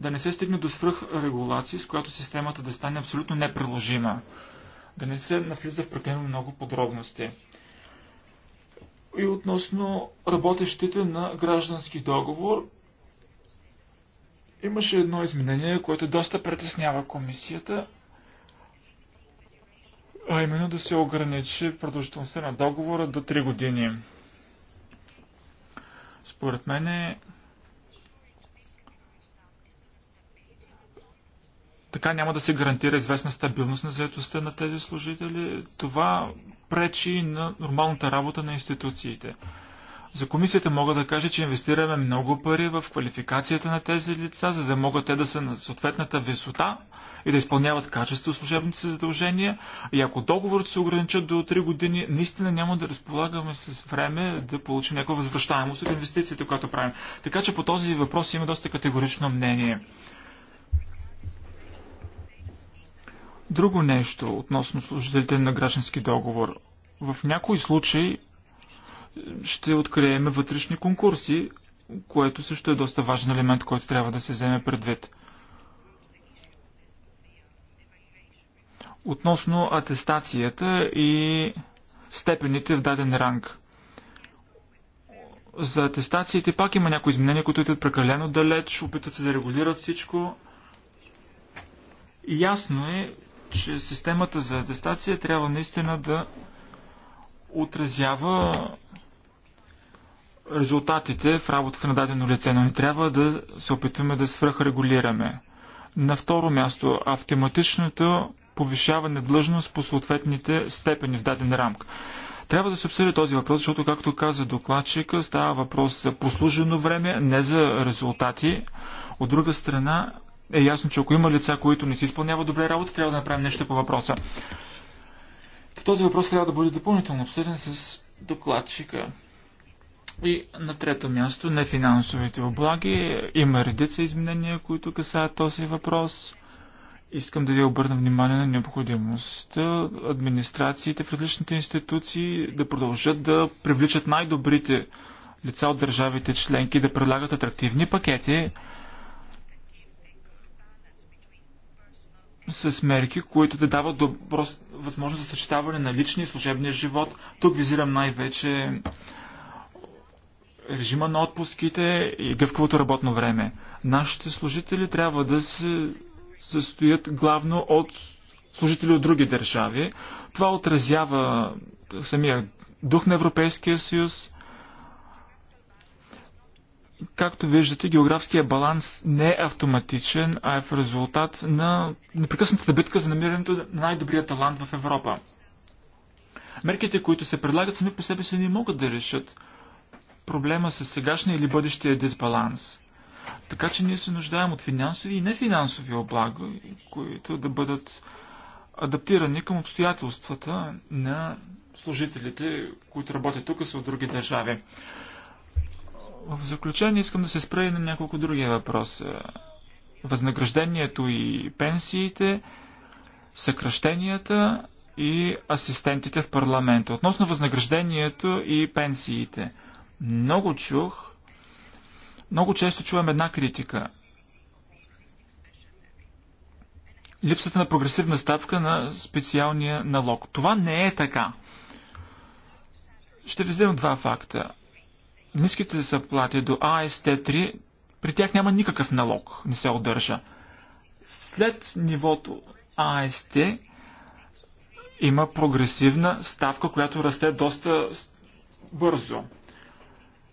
да не се стигне до свръхрегулации, с която системата да стане абсолютно неприложима. Да не се навлиза в прекалено много подробности. И относно работещите на граждански договор, Имаше едно изменение, което доста притеснява комисията, а именно да се ограничи продължителността на договора до 3 години. Според мен е... така няма да се гарантира известна стабилност на заедостта на тези служители. Това пречи на нормалната работа на институциите. За комисията мога да кажа, че инвестираме много пари в квалификацията на тези лица, за да могат те да са на съответната висота и да изпълняват качество служебните си задължения. И ако договорът се ограничат до 3 години, наистина няма да разполагаме с време да получим някаква възвръщаемост от инвестицията, която правим. Така че по този въпрос има доста категорично мнение. Друго нещо относно служителите на граждански договор. В някои случаи ще открием вътрешни конкурси, което също е доста важен елемент, който трябва да се вземе предвид. Относно атестацията и степените в даден ранг. За атестациите пак има някои изменения, които идват прекалено далеч, опитват се да регулират всичко. И ясно е, че системата за атестация трябва наистина да отразява резултатите в работата на дадено лице, но не трябва да се опитваме да свръхрегулираме. На второ място, автоматичното повишаване длъжност по съответните степени в дадена рамка. Трябва да се обсъди този въпрос, защото, както каза докладчика, става въпрос за послужено време, не за резултати. От друга страна, е ясно, че ако има лица, които не си изпълняват добре работа, трябва да направим нещо по въпроса. Този въпрос трябва да бъде допълнително обсъден с докладчика. И на трето място, на финансовите облаги. Има редица изменения, които касаят този въпрос. Искам да ви обърна внимание на необходимостта администрациите в различните институции да продължат да привличат най-добрите лица от държавите членки, да предлагат атрактивни пакети с мерки, които да дават добро възможност за съчетаване на личния и служебния живот. Тук визирам най-вече режима на отпуските и гъвкавото работно време. Нашите служители трябва да се състоят главно от служители от други държави. Това отразява самия дух на Европейския съюз. Както виждате, географския баланс не е автоматичен, а е в резултат на непрекъснатата битка за намирането на най-добрия талант в Европа. Мерките, които се предлагат сами по себе си не могат да решат проблема с сегашния или бъдещия дисбаланс. Така че ние се нуждаем от финансови и нефинансови облага, които да бъдат адаптирани към обстоятелствата на служителите, които работят тук са от други държави. В заключение искам да се спра и на няколко други въпрос. Възнаграждението и пенсиите, съкръщенията и асистентите в парламента. Относно възнаграждението и пенсиите – много чух, много често чувам една критика. Липсата на прогресивна ставка на специалния налог. Това не е така. Ще ви вземем два факта. Ниските заплати до АСТ-3, при тях няма никакъв налог, не се удържа. След нивото АСТ има прогресивна ставка, която расте доста бързо.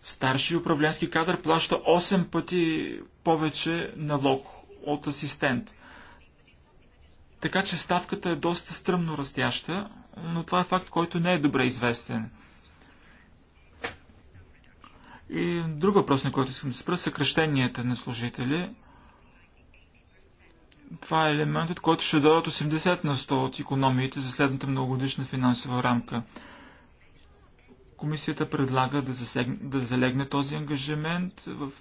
Старши управленски кадър плаща 8 пъти повече налог от асистент. Така че ставката е доста стръмно растяща, но това е факт, който не е добре известен. И друг въпрос, на който искам да спра, съкръщенията на служители. Това е елементът, който ще дадат 80 на 100 от економиите за следната многогодишна финансова рамка. Комисията предлага да, засегне, да залегне този ангажимент в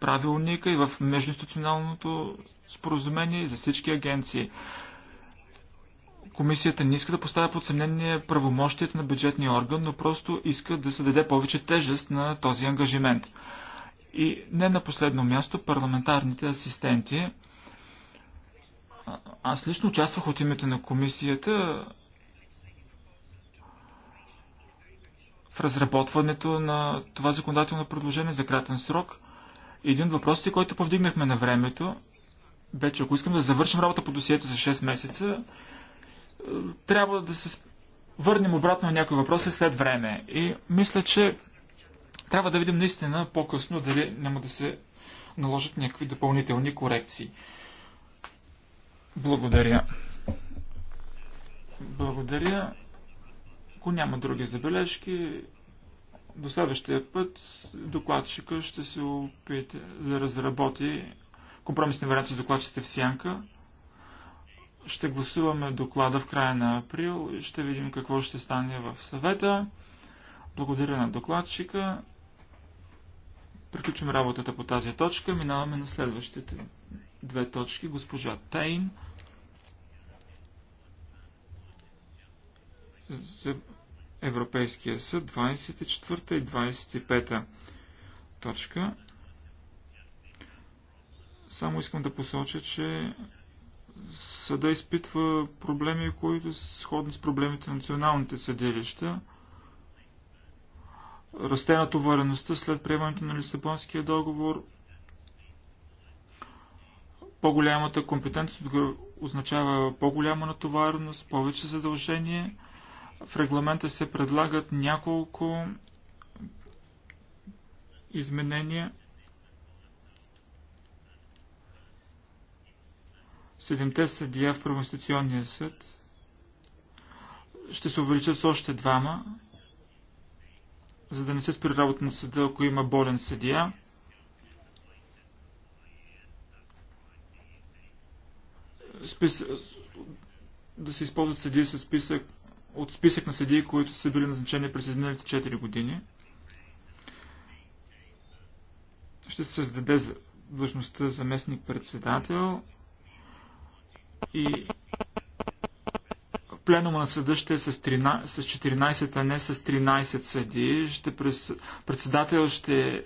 правилника и в междуинституционалното споразумение за всички агенции. Комисията не иска да поставя под съмнение правомощията на бюджетния орган, но просто иска да се даде повече тежест на този ангажимент. И не на последно място парламентарните асистенти. Аз лично участвах от името на комисията в разработването на това законодателно предложение за кратен срок. Един от въпросите, който повдигнахме на времето, бе, че ако искам да завършим работа по досието за 6 месеца, е, трябва да се върнем обратно на някои въпроси след време. И мисля, че трябва да видим наистина по-късно дали няма да се наложат някакви допълнителни корекции. Благодаря. Благодаря. Ако няма други забележки, до следващия път докладчика ще се опита да разработи компромисни варианти с докладчите в сянка. Ще гласуваме доклада в края на април и ще видим какво ще стане в съвета. Благодаря на докладчика. Приключим работата по тази точка. Минаваме на следващите две точки. Госпожа Тейн. Европейския съд 24 и 25 точка. Само искам да посоча, че съда изпитва проблеми, които са сходни с проблемите на националните съдилища. Расте натовареността след приемането на Лисабонския договор. По-голямата компетентност означава по-голяма натовареност, повече задължение – в регламента се предлагат няколко изменения. Седемте съдия в Правонституционния съд ще се увеличат с още двама, за да не се спри работа на съда, ако има болен съдия. Спис... Да се използват съдии с списък от списък на съдии, които са били назначени през изминалите 4 години. Ще се създаде длъжността заместник-председател и пленума на съда ще е с, 13, с 14, а не с 13 съдии. Ще през, председател ще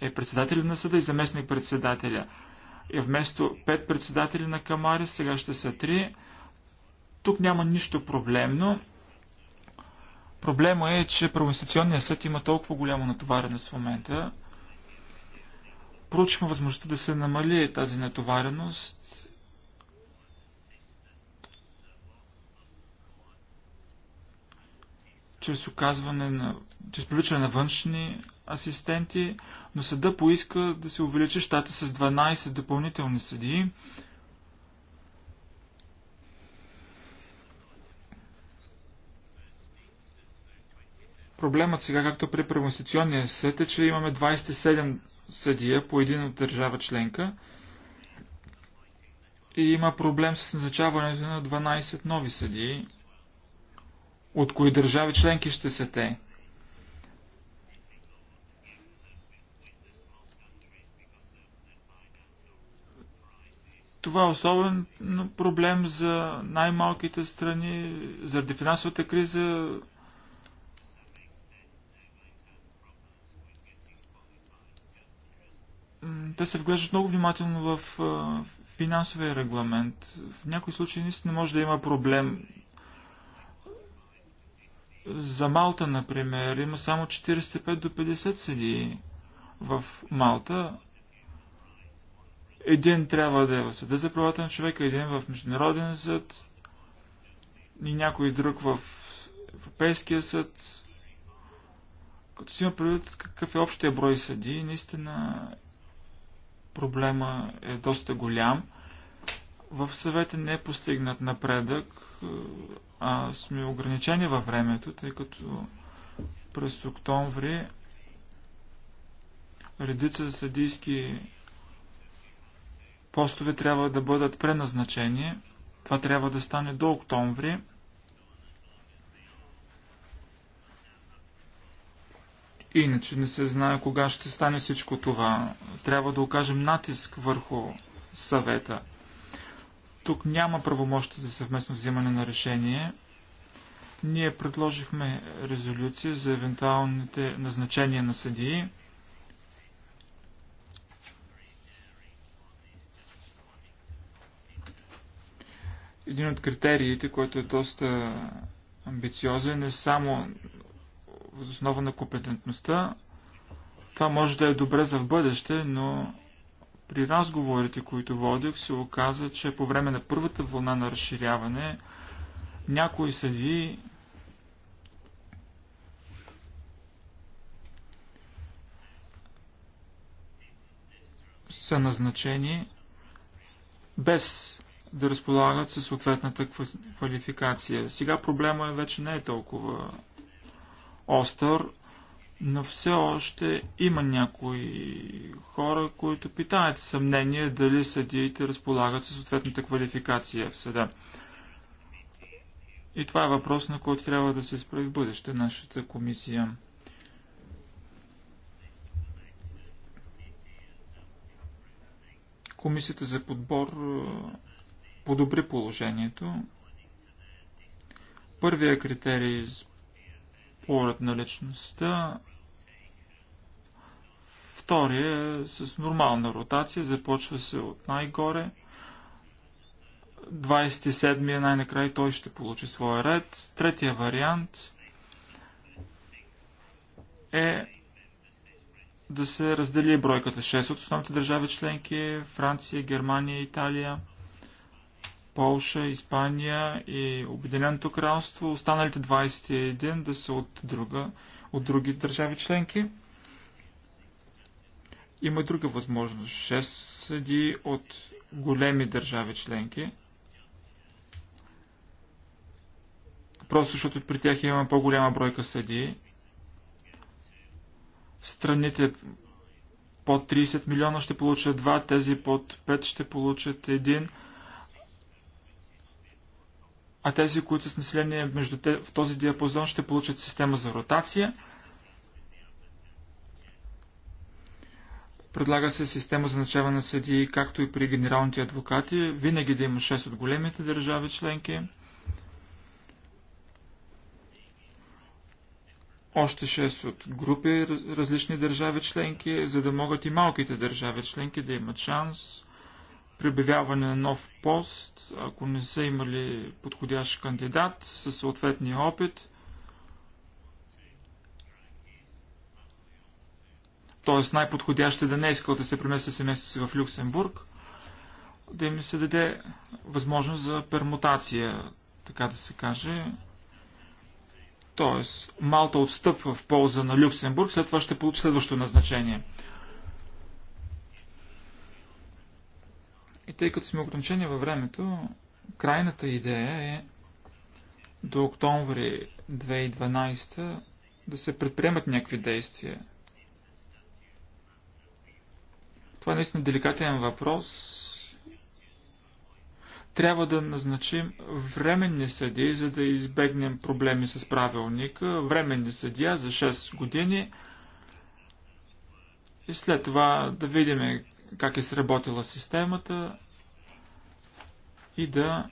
е председателя на съда и заместник председателя. И вместо 5 председатели на камари, сега ще са 3. Тук няма нищо проблемно. Проблема е, че правоинституционният съд има толкова голяма натовареност в момента. Проучихме възможността да се намали тази натовареност. чрез оказване на, чрез привличане на външни асистенти, но съда поиска да се увеличи щата с 12 допълнителни съдии. Проблемът сега, както при Правонституционния съд, е, че имаме 27 съдия по един от държава членка и има проблем с назначаването на 12 нови съдии. От кои държави членки ще са те? Това е особен проблем за най-малките страни. Заради финансовата криза те се вглеждат много внимателно в финансовия регламент. В някои случаи наистина може да има проблем. За Малта, например, има само 45 до 50 съдии в Малта. Един трябва да е в съда за правата на човека, един в Международен съд и някой друг в Европейския съд. Като си има предвид какъв е общия брой съди, наистина Проблема е доста голям. В съвета не е постигнат напредък, а сме ограничени във времето, тъй като през октомври редица съдийски постове трябва да бъдат преназначени. Това трябва да стане до октомври. Иначе не се знае кога ще стане всичко това. Трябва да окажем натиск върху съвета. Тук няма правомощи за съвместно взимане на решение. Ние предложихме резолюция за евентуалните назначения на съдии. Един от критериите, който е доста амбициозен, е само въз основа на компетентността. Това може да е добре за в бъдеще, но при разговорите, които водих, се оказа, че по време на първата вълна на разширяване някои съди са назначени без да разполагат със съответната квалификация. Сега проблема е, вече не е толкова остър, но все още има някои хора, които питаят съмнение дали съдиите разполагат със съответната квалификация в съда. И това е въпрос, на който трябва да се справи в бъдеще нашата комисия. Комисията за подбор подобри положението. Първия критерий, според на личността. Втория е с нормална ротация, започва се от най-горе. 27 я най-накрая той ще получи своя ред. Третия вариант е да се раздели бройката 6 от основните държави членки Франция, Германия, Италия. Полша, Испания и Обединеното кралство, останалите 21 да са от, друга, от други държави членки. Има друга възможност. 6 съди от големи държави членки. Просто защото при тях има по-голяма бройка съдии. Страните под 30 милиона ще получат 2, тези под 5 ще получат 1 а тези, които са с население между те, в този диапазон, ще получат система за ротация. Предлага се система за начава на съдии, както и при генералните адвокати, винаги да има 6 от големите държави членки. Още 6 от групи различни държави членки, за да могат и малките държави членки да имат шанс при обявяване на нов пост, ако не са имали подходящ кандидат със съответния опит, т.е. най-подходящ е да не е искал да се премести семейство си в Люксембург, да им се даде възможност за пермутация, така да се каже. Т.е. Малта отстъпва в полза на Люксембург, след това ще получи следващото назначение – И тъй като сме ограничени във времето, крайната идея е до октомври 2012 да се предприемат някакви действия. Това е наистина деликатен въпрос. Трябва да назначим временни съдии, за да избегнем проблеми с правилника. Временни съдия за 6 години. И след това да видим как е сработила системата и да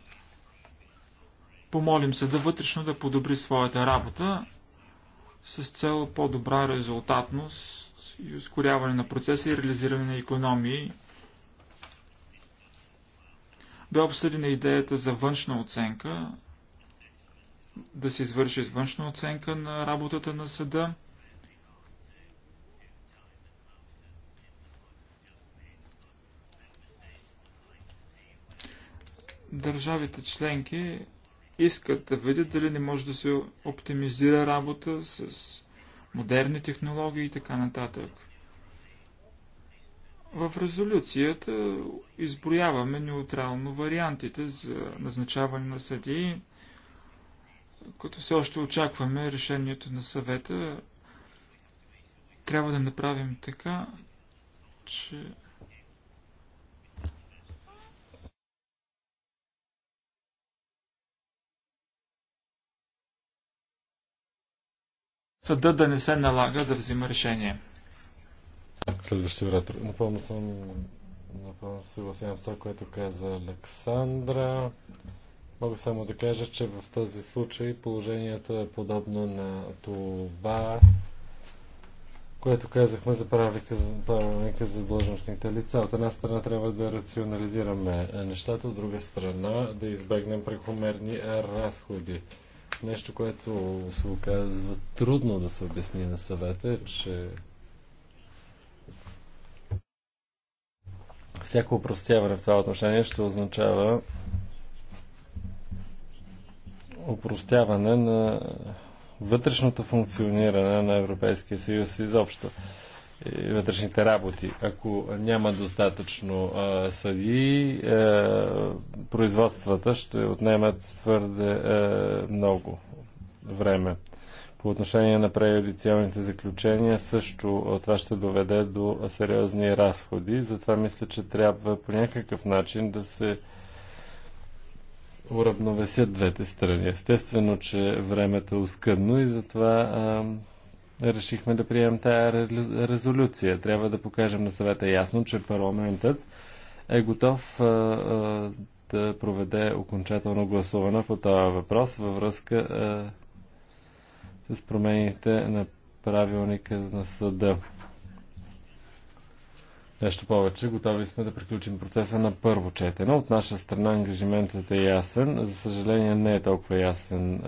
помолим се да вътрешно да подобри своята работа с цел по-добра резултатност и ускоряване на процеса и реализиране на економии. Бе обсъдена идеята за външна оценка, да се извърши външна оценка на работата на съда – Държавите членки искат да видят дали не може да се оптимизира работа с модерни технологии и така нататък. В резолюцията изброяваме неутрално вариантите за назначаване на съдии, като все още очакваме решението на съвета. Трябва да направим така, че съда да не се налага да взима решение. Следващия оратор. Напълно съм напълно съгласявам с това, което каза Александра. Мога само да кажа, че в този случай положението е подобно на това, което казахме за правилника, правилника за длъжностните лица. От една страна трябва да рационализираме нещата, от друга страна да избегнем прекомерни разходи. Нещо, което се оказва трудно да се обясни на съвета, е, че всяко упростяване в това отношение ще означава упростяване на вътрешното функциониране на Европейския съюз изобщо. Е, вътрешните работи. Ако няма достатъчно а, съдии, а, е, производствата ще отнемат твърде а, е, много време. По отношение на преюдициалните заключения, също това ще доведе до сериозни разходи. Затова мисля, че трябва по някакъв начин да се уравновесят двете страни. Естествено, че времето е оскъдно и затова а, решихме да приемем тая резолюция. Трябва да покажем на съвета ясно, че парламентът е готов да проведе окончателно гласуване по този въпрос във връзка с промените на правилника на съда. Нещо повече, готови сме да приключим процеса на първо четене. От наша страна ангажиментът е ясен. За съжаление не е толкова ясен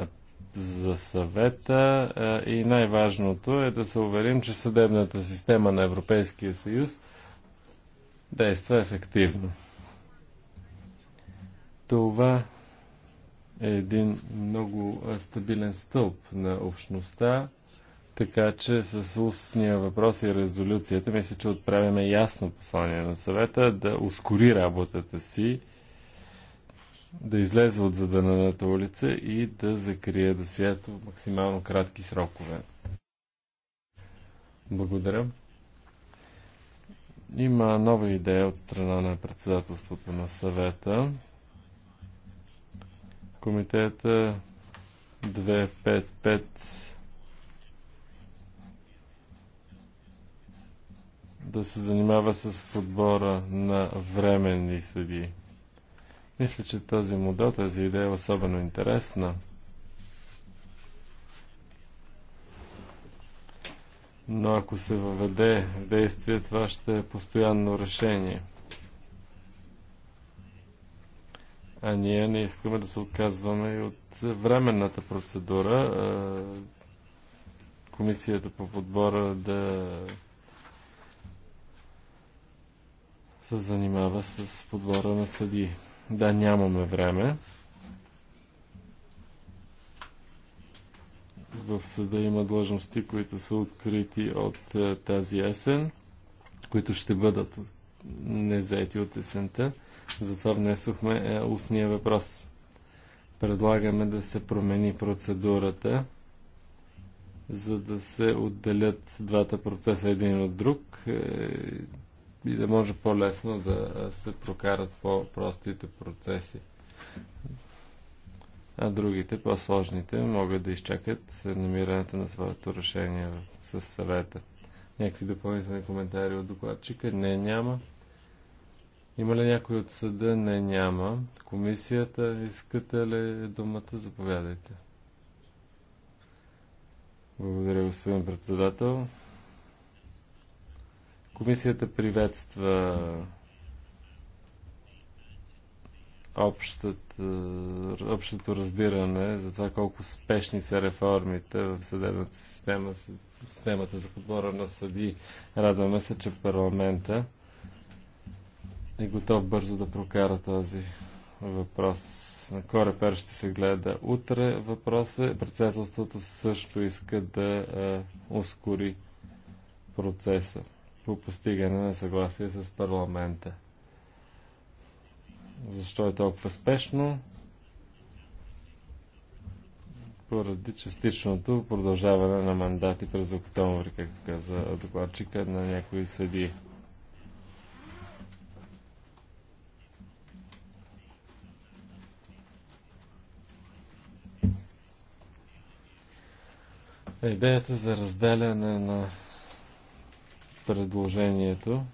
за съвета и най-важното е да се уверим, че съдебната система на Европейския съюз действа ефективно. Това е един много стабилен стълб на общността, така че с устния въпрос и резолюцията мисля, че отправяме ясно послание на съвета да ускори работата си да излезе от задънената улица и да закрие досието в максимално кратки срокове. Благодаря. Има нова идея от страна на председателството на съвета. Комитета 255 да се занимава с подбора на временни съди. Мисля, че този модел, тази идея е особено интересна. Но ако се въведе в действие, това ще е постоянно решение. А ние не искаме да се отказваме и от временната процедура. Комисията по подбора да се занимава с подбора на съдии. Да, нямаме време. В съда има длъжности, които са открити от е, тази есен, които ще бъдат не заети от есента. Затова внесохме е, устния въпрос. Предлагаме да се промени процедурата, за да се отделят двата процеса един от друг. Е, и да може по-лесно да се прокарат по-простите процеси. А другите, по-сложните, могат да изчакат намирането на своето решение с съвета. Някакви допълнителни коментари от докладчика? Не, няма. Има ли някой от съда? Не, няма. Комисията, искате ли думата? Заповядайте. Благодаря, господин председател. Комисията приветства общата, общото разбиране за това колко спешни са реформите в съдебната система, системата за подбора на съди. Радваме се, че парламента е готов бързо да прокара този въпрос. На Корепер ще се гледа утре. въпроса. Е, председателството също иска да е, ускори процеса по постигане на съгласие с парламента. Защо е толкова спешно? Поради частичното продължаване на мандати през октомври, както каза докладчика на някои съдии. Идеята за разделяне на предложението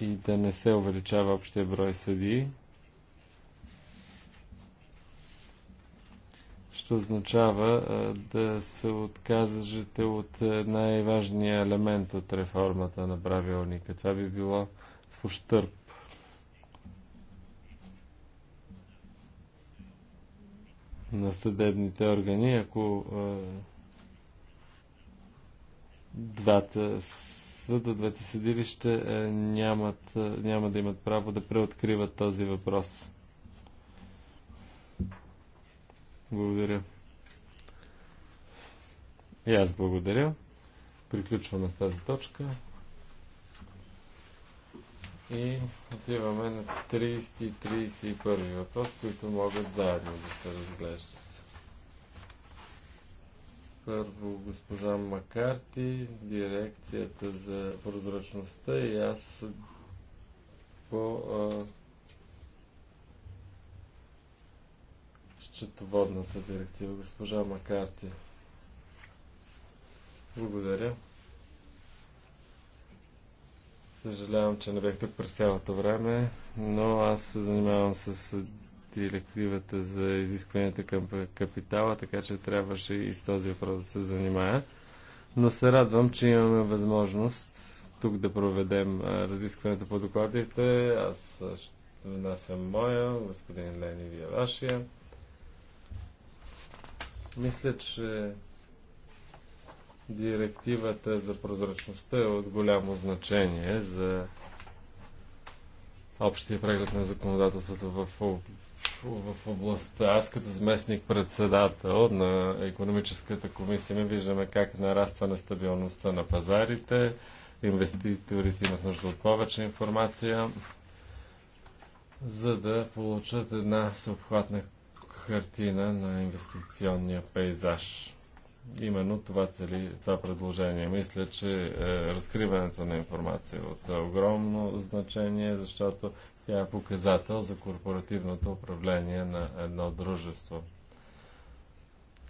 и да не се увеличава общия брой съдии, ще означава да се отказажете от най-важния елемент от реформата на правилника. Това би било в ущърп на съдебните органи, ако двата съда, двете съдилища е, нямат, е, няма да имат право да преоткриват този въпрос. Благодаря. И аз благодаря. Приключваме с тази точка. И отиваме на 30 и 31 въпрос, които могат заедно да се разглеждат. Първо госпожа Макарти, дирекцията за прозрачността и аз по а, счетоводната директива. Госпожа Макарти. Благодаря. Съжалявам, че не бяхте през цялото време, но аз се занимавам с директивата за изискванията към капитала, така че трябваше и с този въпрос да се занимая. Но се радвам, че имаме възможност тук да проведем разискването по докладите. Аз ще внасям моя, господин Лени, вие вашия. Мисля, че директивата за прозрачността е от голямо значение за общия преглед на законодателството в в областта. Аз като заместник председател на економическата комисия ми виждаме как нараства нестабилността на пазарите. Инвеститорите имат нужда от повече информация, за да получат една всеобхватна картина на инвестиционния пейзаж именно това цели това предложение. Мисля, че е, разкриването на информация е от е, огромно значение, защото тя е показател за корпоративното управление на едно дружество.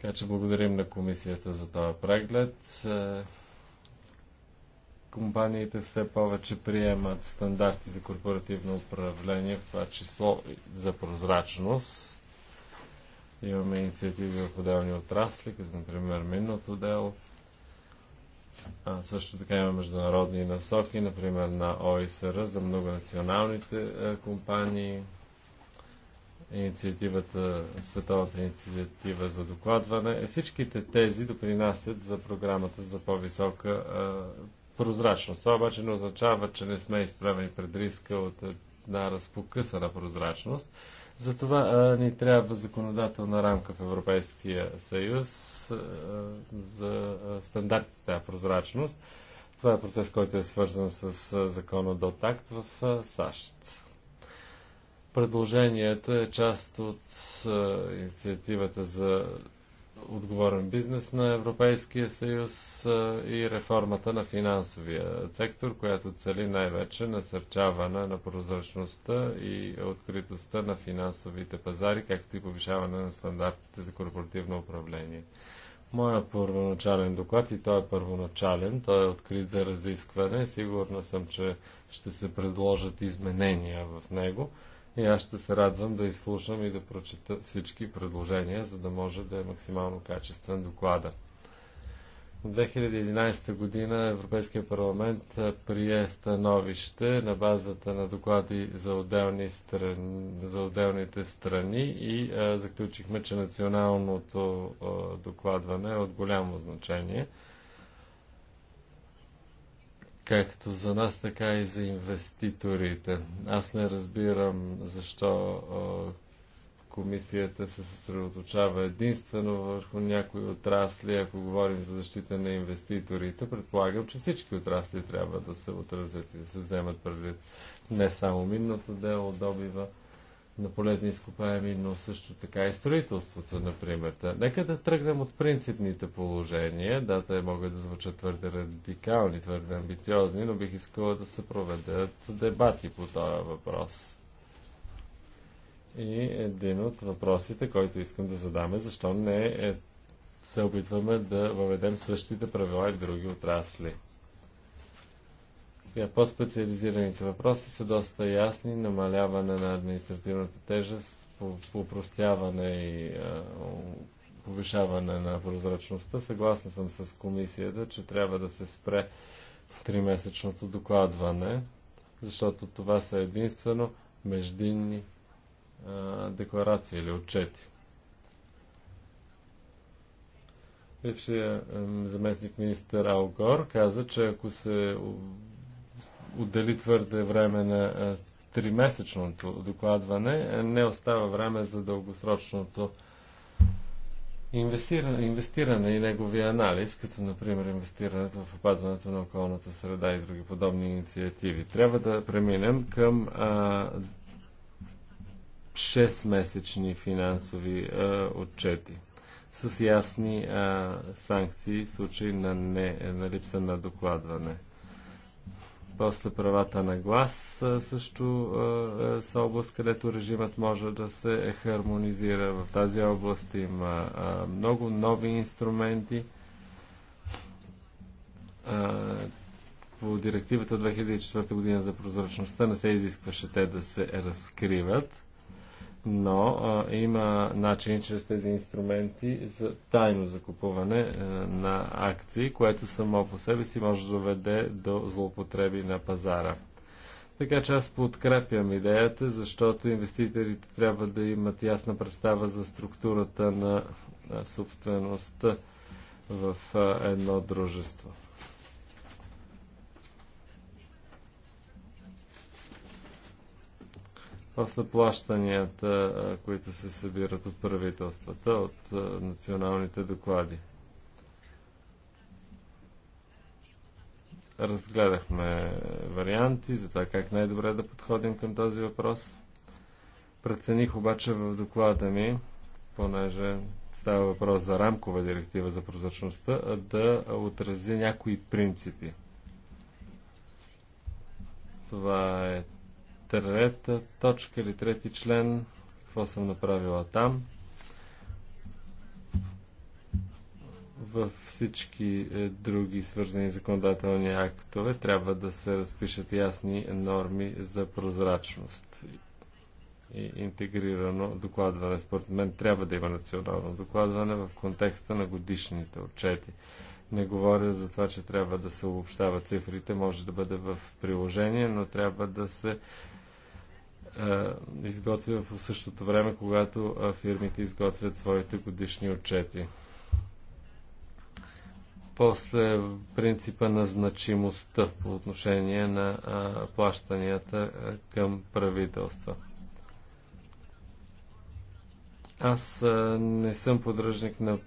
Така че благодарим на комисията за това преглед. Е, компаниите все повече приемат стандарти за корпоративно управление, в това число за прозрачност Имаме инициативи в отделни отрасли, като например минното дело. А също така има международни насоки, например на ОИСР за многонационалните е, компании. Инициативата, Световната инициатива за докладване. Е, всичките тези допринасят за програмата за по-висока е, прозрачност. Това обаче не означава, че не сме изправени пред риска от една разпокъсана прозрачност затова ни трябва законодателна рамка в Европейския съюз а, за стандартите на прозрачност. Това е процес, който е свързан с а, закона до такт в а, САЩ. Предложението е част от а, инициативата за отговорен бизнес на Европейския съюз и реформата на финансовия сектор, която цели най-вече насърчаване на прозрачността и откритостта на финансовите пазари, както и повишаване на стандартите за корпоративно управление. Моя първоначален доклад и той е първоначален, той е открит за разискване. Сигурна съм, че ще се предложат изменения в него. И аз ще се радвам да изслушам и да прочета всички предложения, за да може да е максимално качествен доклада. В 2011 година Европейския парламент прие становище на базата на доклади за, отделни страни, за отделните страни и а, заключихме, че националното а, докладване е от голямо значение – както за нас, така и за инвеститорите. Аз не разбирам защо комисията се съсредоточава единствено върху някои отрасли, ако говорим за защита на инвеститорите. Предполагам, че всички отрасли трябва да се отразят и да се вземат предвид. Не само минното дело, добива, на полезни изкопаеми, но също така и строителството, например. Да, нека да тръгнем от принципните положения. Да, те могат да звучат твърде радикални, твърде амбициозни, но бих искала да се проведат дебати по този въпрос. И един от въпросите, който искам да задаме, защо не е, се опитваме да въведем същите правила и други отрасли. Сега по-специализираните въпроси са доста ясни. Намаляване на административната тежест, попростяване и а, повишаване на прозрачността. Съгласна съм с комисията, че трябва да се спре в тримесечното докладване, защото това са единствено междинни а, декларации или отчети. Бившия заместник министър Алгор каза, че ако се отдели твърде време на тримесечното докладване, не остава време за дългосрочното инвестиране, инвестиране и неговия анализ, като например инвестирането в опазването на околната среда и други подобни инициативи. Трябва да преминем към а, 6-месечни финансови а, отчети с ясни а, санкции в случай на, не, на липса на докладване. После правата на глас също е, са област, където режимът може да се хармонизира. В тази област има много нови инструменти по директивата 2004 година за прозрачността не се изискваше те да се разкриват но а, има начин чрез тези инструменти за тайно закупуване а, е, на акции, което само по себе си може да доведе до злоупотреби на пазара. Така че аз подкрепям идеята, защото инвеститорите трябва да имат ясна представа за структурата на собствеността в едно дружество. После плащанията, които се събират от правителствата, от националните доклади. Разгледахме варианти за това как най-добре да подходим към този въпрос. Прецених обаче в доклада ми, понеже става въпрос за рамкова директива за прозрачността, да отрази някои принципи. Това е трета точка или трети член. Какво съм направила там? във всички е, други свързани законодателни актове трябва да се разпишат ясни норми за прозрачност и интегрирано докладване. Според мен трябва да има национално докладване в контекста на годишните отчети. Не говоря за това, че трябва да се обобщават цифрите, може да бъде в приложение, но трябва да се изготвя в същото време, когато фирмите изготвят своите годишни отчети. После принципа на значимостта по отношение на плащанията към правителства. Аз не съм поддръжник на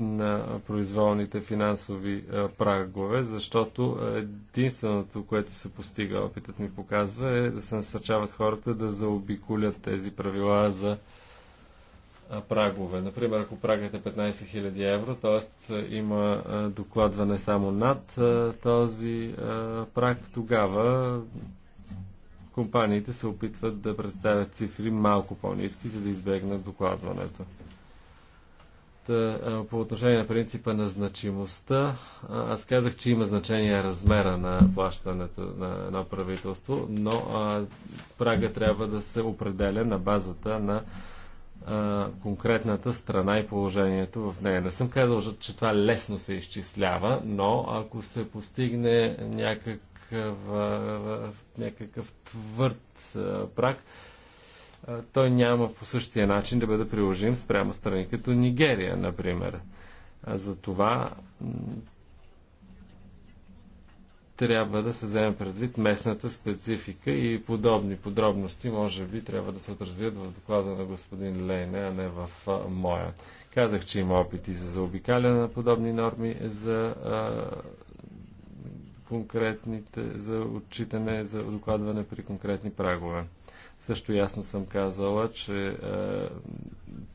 на произволните финансови прагове, защото единственото, което се постига, опитът ми показва, е да се насърчават хората да заобиколят тези правила за прагове. Например, ако прагът е 15 000 евро, т.е. има докладване само над този праг, тогава компаниите се опитват да представят цифри малко по-низки, за да избегнат докладването по отношение на принципа на значимостта, аз казах, че има значение размера на плащането на едно правителство, но прага трябва да се определя на базата на конкретната страна и положението в нея. Не съм казал, че това лесно се изчислява, но ако се постигне някакъв, някакъв твърд прак, праг, той няма по същия начин да бъде приложим спрямо страни като Нигерия, например. А за това трябва да се вземе предвид местната специфика и подобни подробности може би трябва да се отразят в доклада на господин Лейне, а не в моя. Казах, че има опити за заобикаляне на подобни норми, за а, конкретните, за отчитане, за докладване при конкретни прагове. Също ясно съм казала, че е,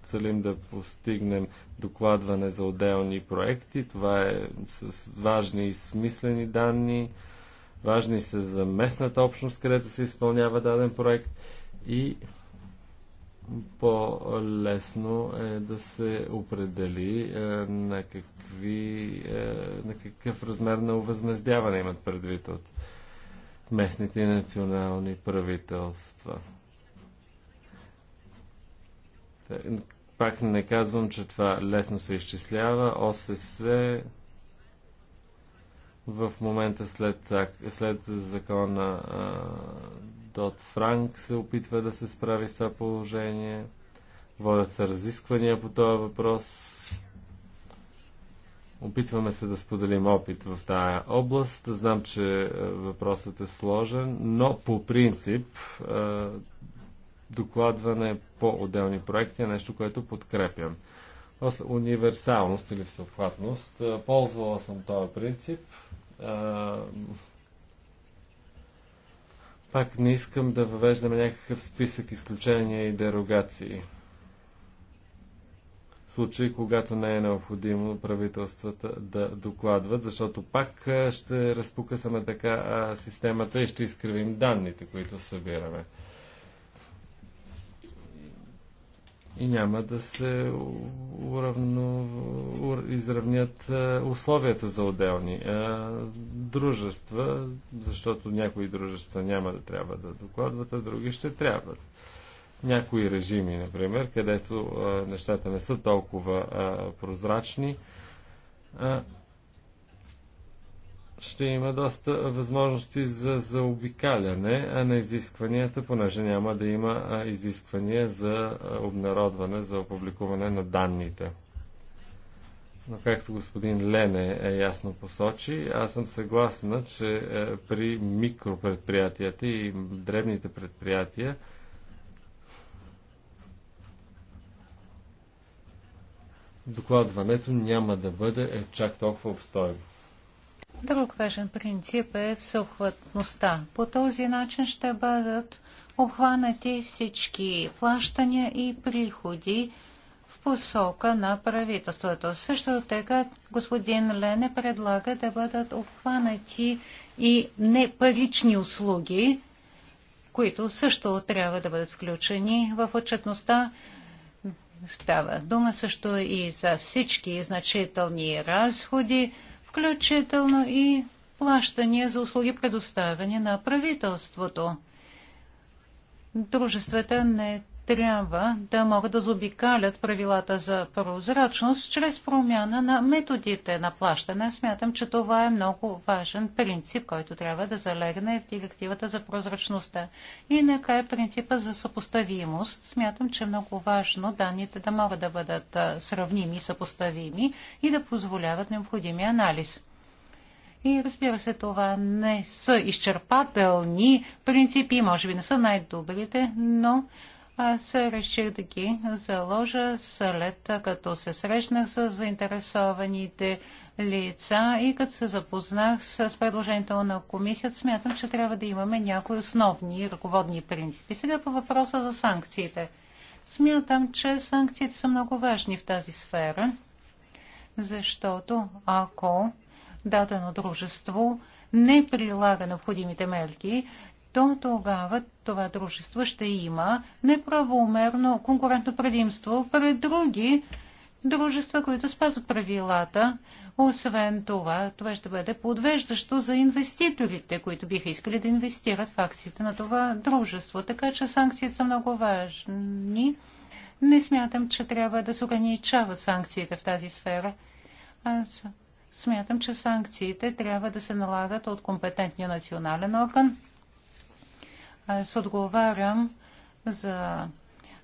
целим да постигнем докладване за отделни проекти. Това е с важни и смислени данни. Важни са за местната общност, където се изпълнява даден проект и по-лесно е да се определи е, на, какви, е, на какъв размер на увъзмездяване имат предвид от местните и национални правителства. Пак не казвам, че това лесно се изчислява. ОСС в момента след, след закона Дот Франк се опитва да се справи с това положение. Водят се разисквания по този въпрос Опитваме се да споделим опит в тая област. Знам, че е, въпросът е сложен, но по принцип е, докладване по отделни проекти е нещо, което подкрепям. После универсалност или всеобхватност. Е, ползвала съм този принцип. Пак не искам да въвеждаме някакъв списък изключения и дерогации случаи, когато не е необходимо правителствата да докладват, защото пак ще разпокъсаме така системата и ще изкривим данните, които събираме. И няма да се уравно, изравнят условията за отделни дружества, защото някои дружества няма да трябва да докладват, а други ще трябват някои режими, например, където а, нещата не са толкова а, прозрачни, а, ще има доста възможности за заобикаляне на изискванията, понеже няма да има а, изисквания за обнародване, за опубликуване на данните. Но както господин Лене е ясно посочи, аз съм съгласна, че е, при микропредприятията и древните предприятия докладването няма да бъде е, чак толкова обстойно. Друг важен принцип е всеобхватността. По този начин ще бъдат обхванати всички плащания и приходи в посока на правителството. Също така господин Лене предлага да бъдат обхванати и непарични услуги, които също трябва да бъдат включени в отчетността. Става дума също и за всички значителни разходи, включително и плащания за услуги предоставени на правителството. Дружествата не трябва да могат да заобикалят правилата за прозрачност чрез промяна на методите на плащане. Смятам, че това е много важен принцип, който трябва да залегне в директивата за прозрачността. И нека е принципа за съпоставимост. Смятам, че е много важно данните да могат да бъдат сравними и съпоставими и да позволяват необходимия анализ. И разбира се, това не са изчерпателни принципи, може би не са най-добрите, но аз реших да ги заложа след като се срещнах с заинтересованите лица и като се запознах с предложението на комисията, смятам, че трябва да имаме някои основни ръководни принципи. Сега по въпроса за санкциите. Смятам, че санкциите са много важни в тази сфера, защото ако дадено дружество не прилага необходимите мерки то тогава това дружество ще има неправомерно конкурентно предимство пред други дружества, които спазват правилата. Освен това, това ще бъде подвеждащо за инвеститорите, които биха искали да инвестират в акциите на това дружество. Така че санкциите са много важни. Не смятам, че трябва да се ограничават санкциите в тази сфера. Аз смятам, че санкциите трябва да се налагат от компетентния национален орган аз отговарям за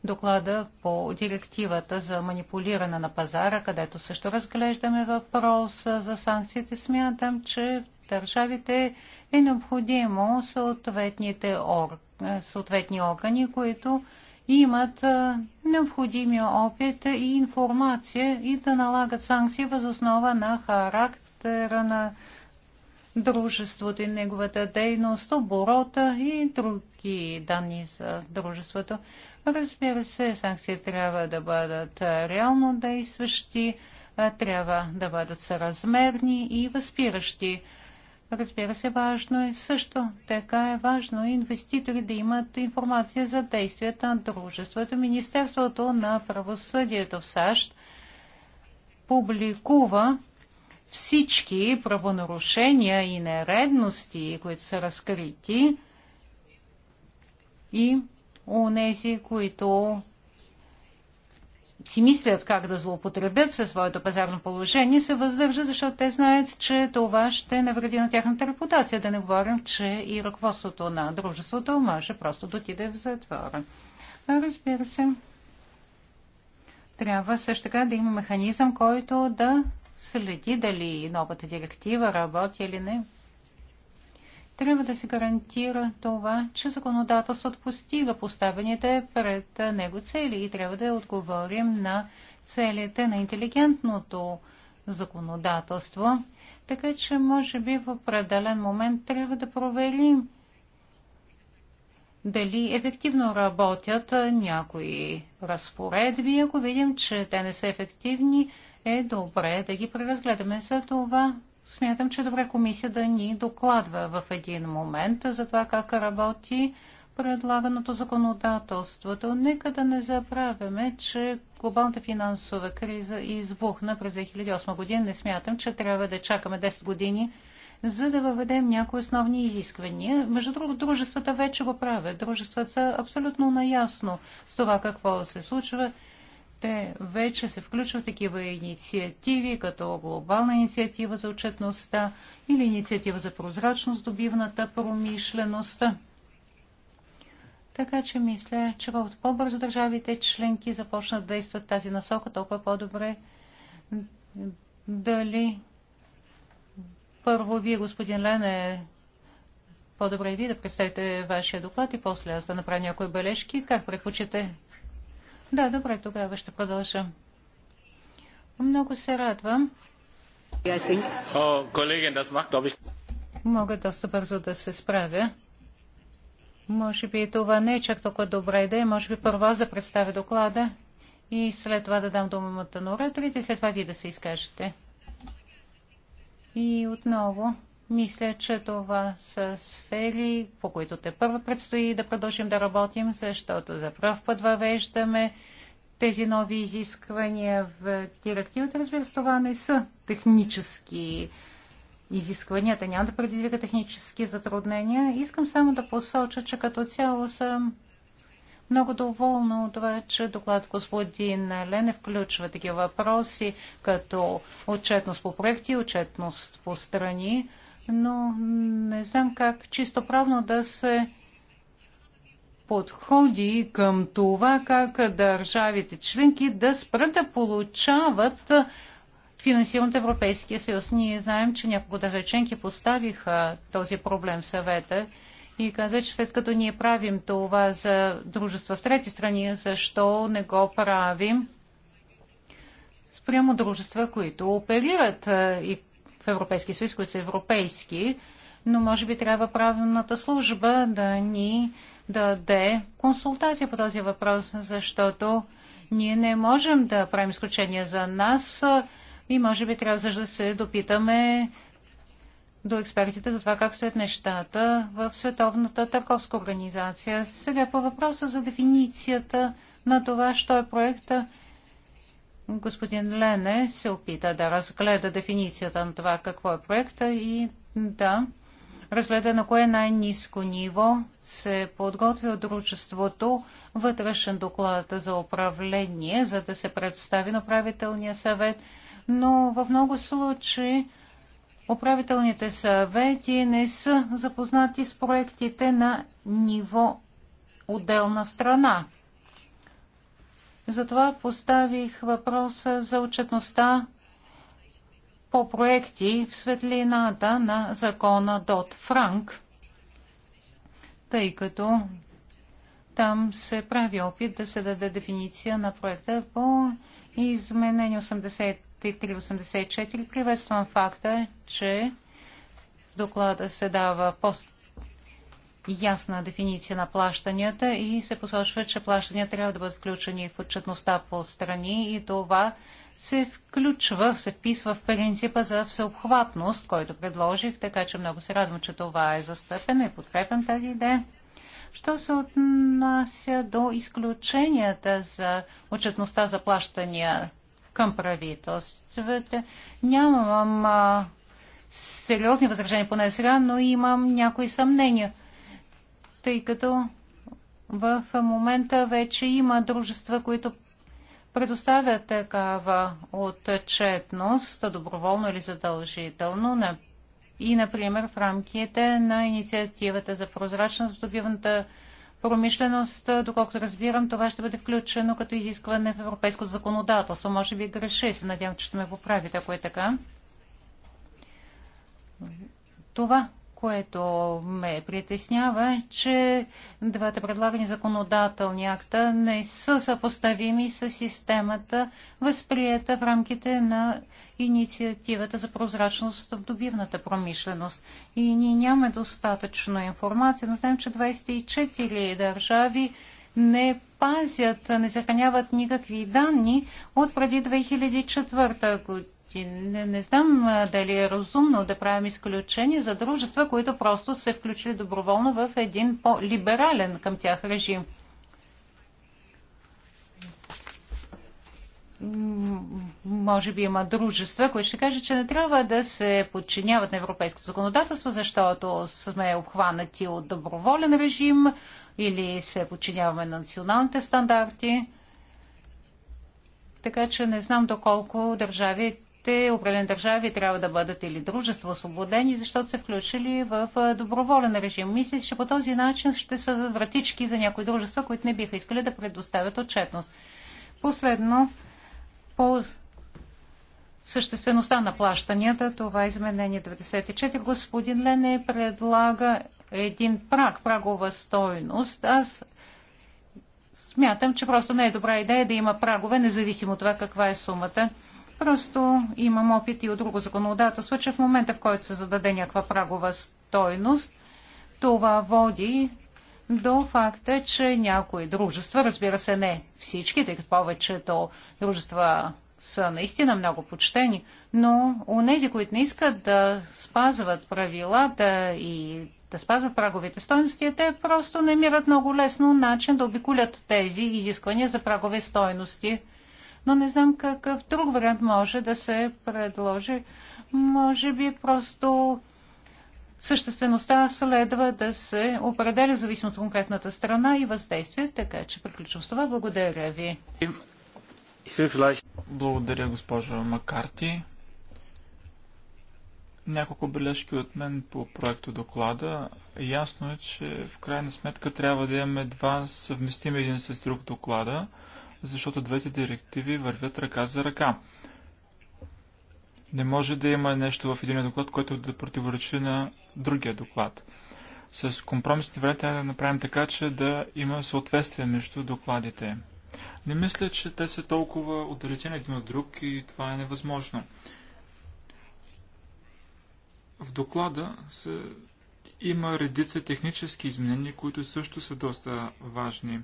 доклада по директивата за манипулиране на пазара, където също разглеждаме въпроса за санкциите. Смятам, че в държавите е необходимо съответните ор... съответни органи, които имат необходимия опит и информация и да налагат санкции въз основа на характера на дружеството и неговата дейност, оборота и други данни за дружеството. Разбира се, санкции трябва да бъдат реално действащи, трябва да бъдат съразмерни и възпиращи. Разбира се, важно е също така е важно инвеститори да имат информация за действията на дружеството. Министерството на правосъдието в САЩ публикува всички правонарушения и нередности, които са разкрити и у нези, които си мислят как да злоупотребят със своето пазарно положение, се въздържат, защото те знаят, че това ще навреди на тяхната репутация. Да не говорим, че и ръководството на дружеството може просто да отиде в затвора. Разбира се. Трябва също така да има механизъм, който да следи дали новата директива работи или не. Трябва да се гарантира това, че законодателството постига поставените пред него цели и трябва да отговорим на целите на интелигентното законодателство. Така че, може би, в определен момент трябва да проверим дали ефективно работят някои разпоредби. Ако видим, че те не са ефективни, е добре да ги преразгледаме. За това смятам, че е добре комисия да ни докладва в един момент за това как работи предлаганото законодателството. Нека да не забравяме, че глобалната финансова криза избухна през 2008 година. Не смятам, че трябва да чакаме 10 години, за да въведем някои основни изисквания. Между другото, дружествата вече го правят. Дружествата са абсолютно наясно с това какво се случва те вече се включват такива инициативи, като глобална инициатива за отчетността или инициатива за прозрачност, добивната промишленост. Така че мисля, че колкото по-бързо държавите членки започнат да действат тази насока, толкова по-добре дали първо вие, господин Лене, по-добре и ви да представите вашия доклад и после аз да направя някои бележки. Как предпочитате? Да, добре, тогава ще продължа. Много се радвам. Мога доста бързо да се справя. Може би това не е чак толкова добра идея. Може би първо аз да представя доклада и след това да дам думата на ораторите и след това вие да се изкажете. И отново мисля, че това са сфери, по които те първо предстои да продължим да работим, защото за пръв път въвеждаме тези нови изисквания в директивата. Разбира се, това не са технически изискванията, няма да предизвика технически затруднения. Искам само да посоча, че като цяло съм много доволна от това, че доклад господин Лене включва такива въпроси, като отчетност по проекти, отчетност по страни но не знам как чисто правно да се подходи към това как държавите членки да спрат да получават финансиран от Европейския съюз. Ние знаем, че няколко държави членки поставиха този проблем в съвета и каза, че след като ние правим това за дружества в трети страни, защо не го правим спрямо дружества, които оперират и Европейския съюз, които са европейски, но може би трябва правилната служба да ни даде консултация по този въпрос, защото ние не можем да правим изключения за нас и може би трябва да се допитаме до експертите за това как стоят нещата в Световната търговска организация. Сега по въпроса за дефиницията на това, що е проекта Господин Лене се опита да разгледа дефиницията на това какво е проекта и да разгледа на кое най-низко ниво се е подготви от дружеството вътрешен доклад за управление, за да се представи на правителния съвет, но в много случаи управителните съвети не са запознати с проектите на ниво отделна страна. Затова поставих въпроса за отчетността по проекти в светлината на закона Дот Франк, тъй като там се прави опит да се даде дефиниция на проекта по изменение 83-84. Приветствам факта, че в доклада се дава пост ясна дефиниция на плащанията и се посочва, че плащания трябва да бъдат включени в отчетността по страни и това се включва, се вписва в принципа за всеобхватност, който предложих, така че много се радвам, че това е застъпено и подкрепям тази идея. Що се отнася до изключенията за отчетността за плащания към правителствата, нямам а, сериозни възражения поне сега, но имам някои съмнения – тъй като в момента вече има дружества, които предоставят такава отчетност, доброволно или задължително, и, например, в рамките на инициативата за прозрачност в добивната промишленост, доколкото разбирам, това ще бъде включено като изискване в европейското законодателство. Може би греши, се надявам, че ще ме поправите, ако е така. Това което ме притеснява, че двата предлагани законодателни акта не са съпоставими с системата, възприета в рамките на инициативата за прозрачност в добивната промишленост. И ние нямаме достатъчно информация, но знаем, че 24 държави не пазят, не съхраняват никакви данни от преди 2004 година не, не знам дали е разумно да правим изключение за дружества, които просто се включили доброволно в един по-либерален към тях режим. може би има дружества, които ще кажат, че не трябва да се подчиняват на европейското законодателство, защото сме обхванати от доброволен режим или се подчиняваме на националните стандарти. Така че не знам доколко държави те, определени държави трябва да бъдат или дружества освободени, защото се включили в доброволен режим. Мисля, че по този начин ще са вратички за някои дружества, които не биха искали да предоставят отчетност. Последно, по съществеността на плащанията, това изменение 94, господин Лене предлага един праг, прагова стойност. Аз смятам, че просто не е добра идея да има прагове, независимо от това каква е сумата. Просто имам опит и от друго законодателство, че в момента, в който се зададе някаква прагова стойност, това води до факта, че някои дружества, разбира се не всички, тъй като повечето дружества са наистина много почтени, но у нези, които не искат да спазват правилата и да спазват праговите стойности, те просто намират много лесно начин да обиколят тези изисквания за прагови стойности – но не знам какъв друг вариант може да се предложи. Може би просто съществеността следва да се определя зависимо от конкретната страна и въздействие, така че приключвам с това. Благодаря ви. Благодаря, госпожо Макарти. Няколко бележки от мен по проекто доклада. Ясно е, че в крайна сметка трябва да имаме два съвместими един с друг доклада – защото двете директиви вървят ръка за ръка. Не може да има нещо в един доклад, което да противоречи на другия доклад. С компромисните варианти трябва да направим така, че да има съответствие между докладите. Не мисля, че те са толкова отдалечени един от друг и това е невъзможно. В доклада има редица технически изменения, които също са доста важни.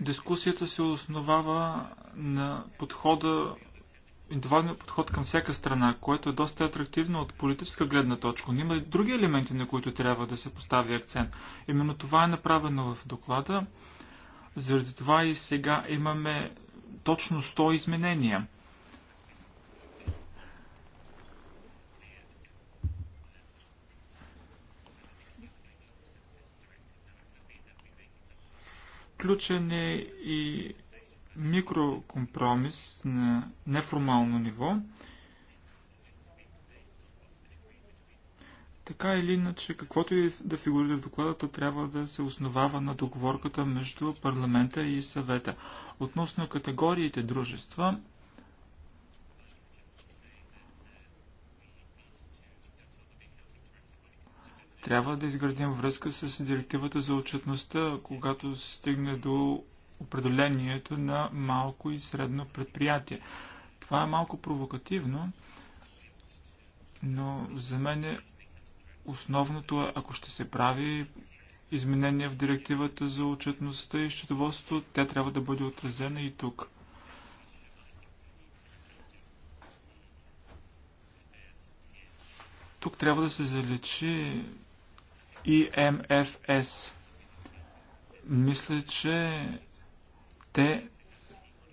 Дискусията се основава на подхода, индивидуалния подход към всяка страна, което е доста атрактивно от политическа гледна точка. Но има и други елементи, на които трябва да се постави акцент. Именно това е направено в доклада. Заради това и сега имаме точно 100 изменения – Включен е и микрокомпромис на неформално ниво. Така или иначе, каквото и да фигурира в докладата, трябва да се основава на договорката между парламента и съвета. Относно категориите дружества, Трябва да изградим връзка с директивата за отчетността, когато се стигне до определението на малко и средно предприятие. Това е малко провокативно, но за мен е основното е, ако ще се прави изменения в директивата за отчетността и счетоводството, тя трябва да бъде отразена и тук. Тук трябва да се залечи и МФС. Мисля, че те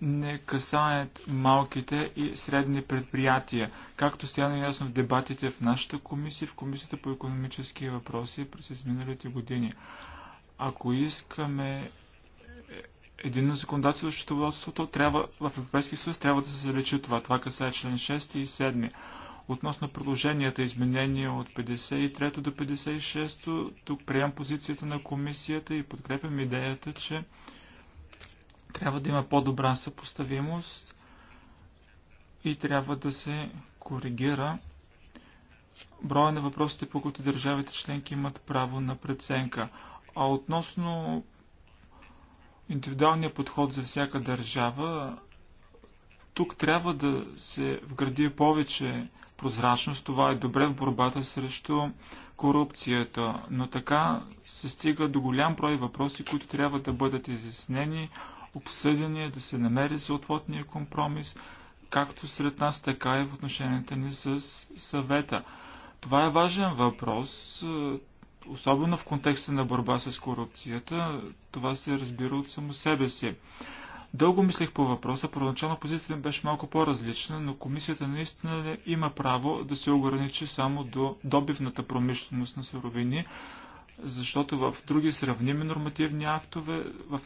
не касаят малките и средни предприятия. Както стана ясно в дебатите в нашата комисия, в комисията по економически въпроси през изминалите години. Ако искаме единно законодателство, то трябва в Европейския съюз трябва да се залечи това. Това касае член 6 и 7. Относно предложенията изменения от 53 до 56, тук приемам позицията на комисията и подкрепям идеята, че трябва да има по-добра съпоставимост и трябва да се коригира броя на въпросите, по които държавите членки имат право на преценка. А относно индивидуалния подход за всяка държава, тук трябва да се вгради повече прозрачност. Това е добре в борбата срещу корупцията, но така се стига до голям брой въпроси, които трябва да бъдат изяснени, обсъдени, да се намери съответния компромис, както сред нас, така и в отношенията ни с съвета. Това е важен въпрос, особено в контекста на борба с корупцията. Това се разбира от само себе си. Дълго мислех по въпроса, първоначално позицията ми беше малко по-различна, но комисията наистина има право да се ограничи само до добивната промишленост на суровини, защото в други сравними нормативни актове, в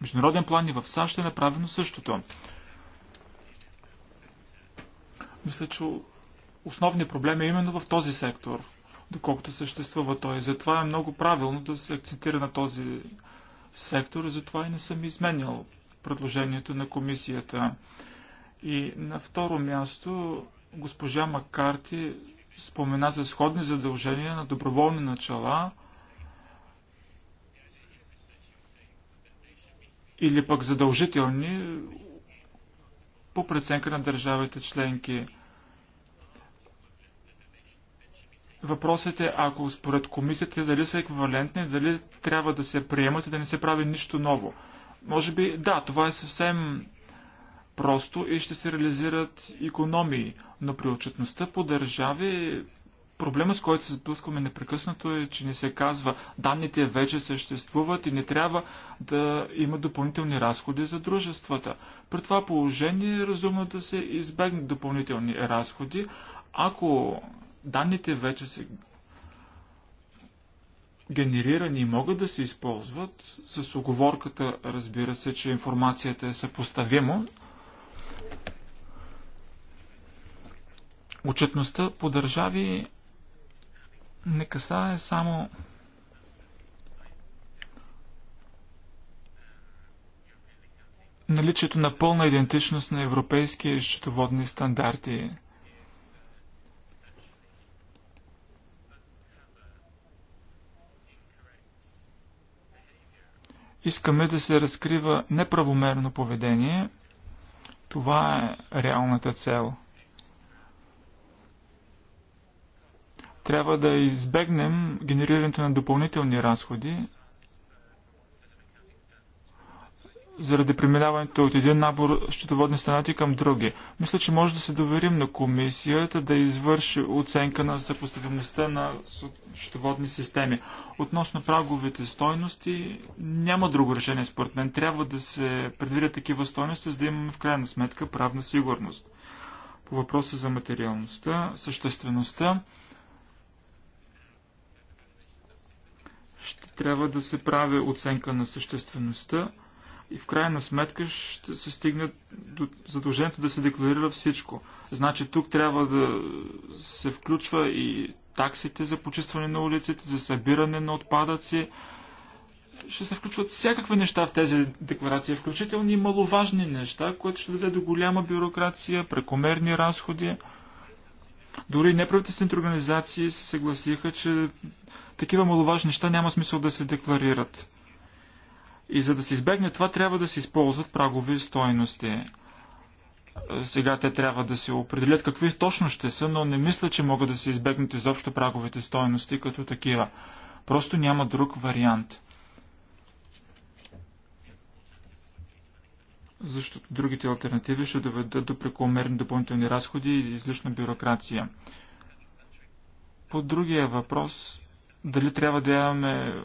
международен план и в САЩ е направено същото. Мисля, че основният проблем е именно в този сектор, доколкото съществува той. Затова е много правилно да се акцентира на този сектор, затова и не съм изменял предложението на комисията. И на второ място госпожа Маккарти спомена за сходни задължения на доброволни начала или пък задължителни по преценка на държавите членки. Въпросът е, ако според комисията дали са еквивалентни, дали трябва да се приемат и да не се прави нищо ново. Може би, да, това е съвсем просто и ще се реализират економии, но при отчетността по държави проблема, с който се сблъскваме непрекъснато е, че не се казва данните вече съществуват и не трябва да има допълнителни разходи за дружествата. При това положение е разумно да се избегнат допълнителни разходи, ако данните вече са генерирани и могат да се използват с оговорката, разбира се, че информацията е съпоставима. Отчетността по държави не касае само наличието на пълна идентичност на европейски счетоводни стандарти – Искаме да се разкрива неправомерно поведение. Това е реалната цел. Трябва да избегнем генерирането на допълнителни разходи, заради преминаването от един набор счетоводни стандарти към други. Мисля, че може да се доверим на комисията да извърши оценка на съпоставимостта на счетоводни системи. Относно праговите стойности, няма друго решение според мен. Трябва да се предвидят такива стойности, за да имаме в крайна сметка правна сигурност. По въпроса за материалността, съществеността, ще трябва да се прави оценка на съществеността и в крайна сметка ще се стигне до задължението да се декларира всичко. Значи тук трябва да се включва и таксите за почистване на улиците, за събиране на отпадъци. Ще се включват всякакви неща в тези декларации, включително и маловажни неща, което ще даде до голяма бюрокрация, прекомерни разходи. Дори неправителствените организации се съгласиха, че такива маловажни неща няма смисъл да се декларират. И за да се избегне това, трябва да се използват прагови стойности. Сега те трябва да се определят какви точно ще са, но не мисля, че могат да се избегнат изобщо праговите стойности като такива. Просто няма друг вариант. Защото другите альтернативи ще доведат до прекомерни допълнителни разходи и излишна бюрокрация. По другия въпрос, дали трябва да имаме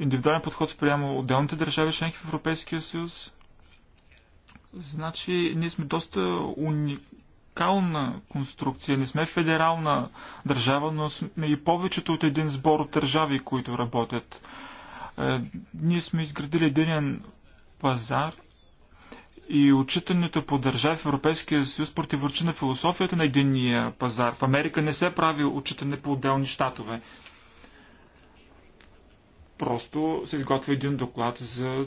индивидуален подход спрямо отделните държави, членки в Европейския съюз. Значи, ние сме доста уникална конструкция. Не сме федерална държава, но сме и повечето от един сбор от държави, които работят. Е, ние сме изградили единен пазар и отчитането по държави в Европейския съюз противоречи на философията на единния пазар. В Америка не се прави отчитане по отделни щатове. Просто се изготвя един доклад за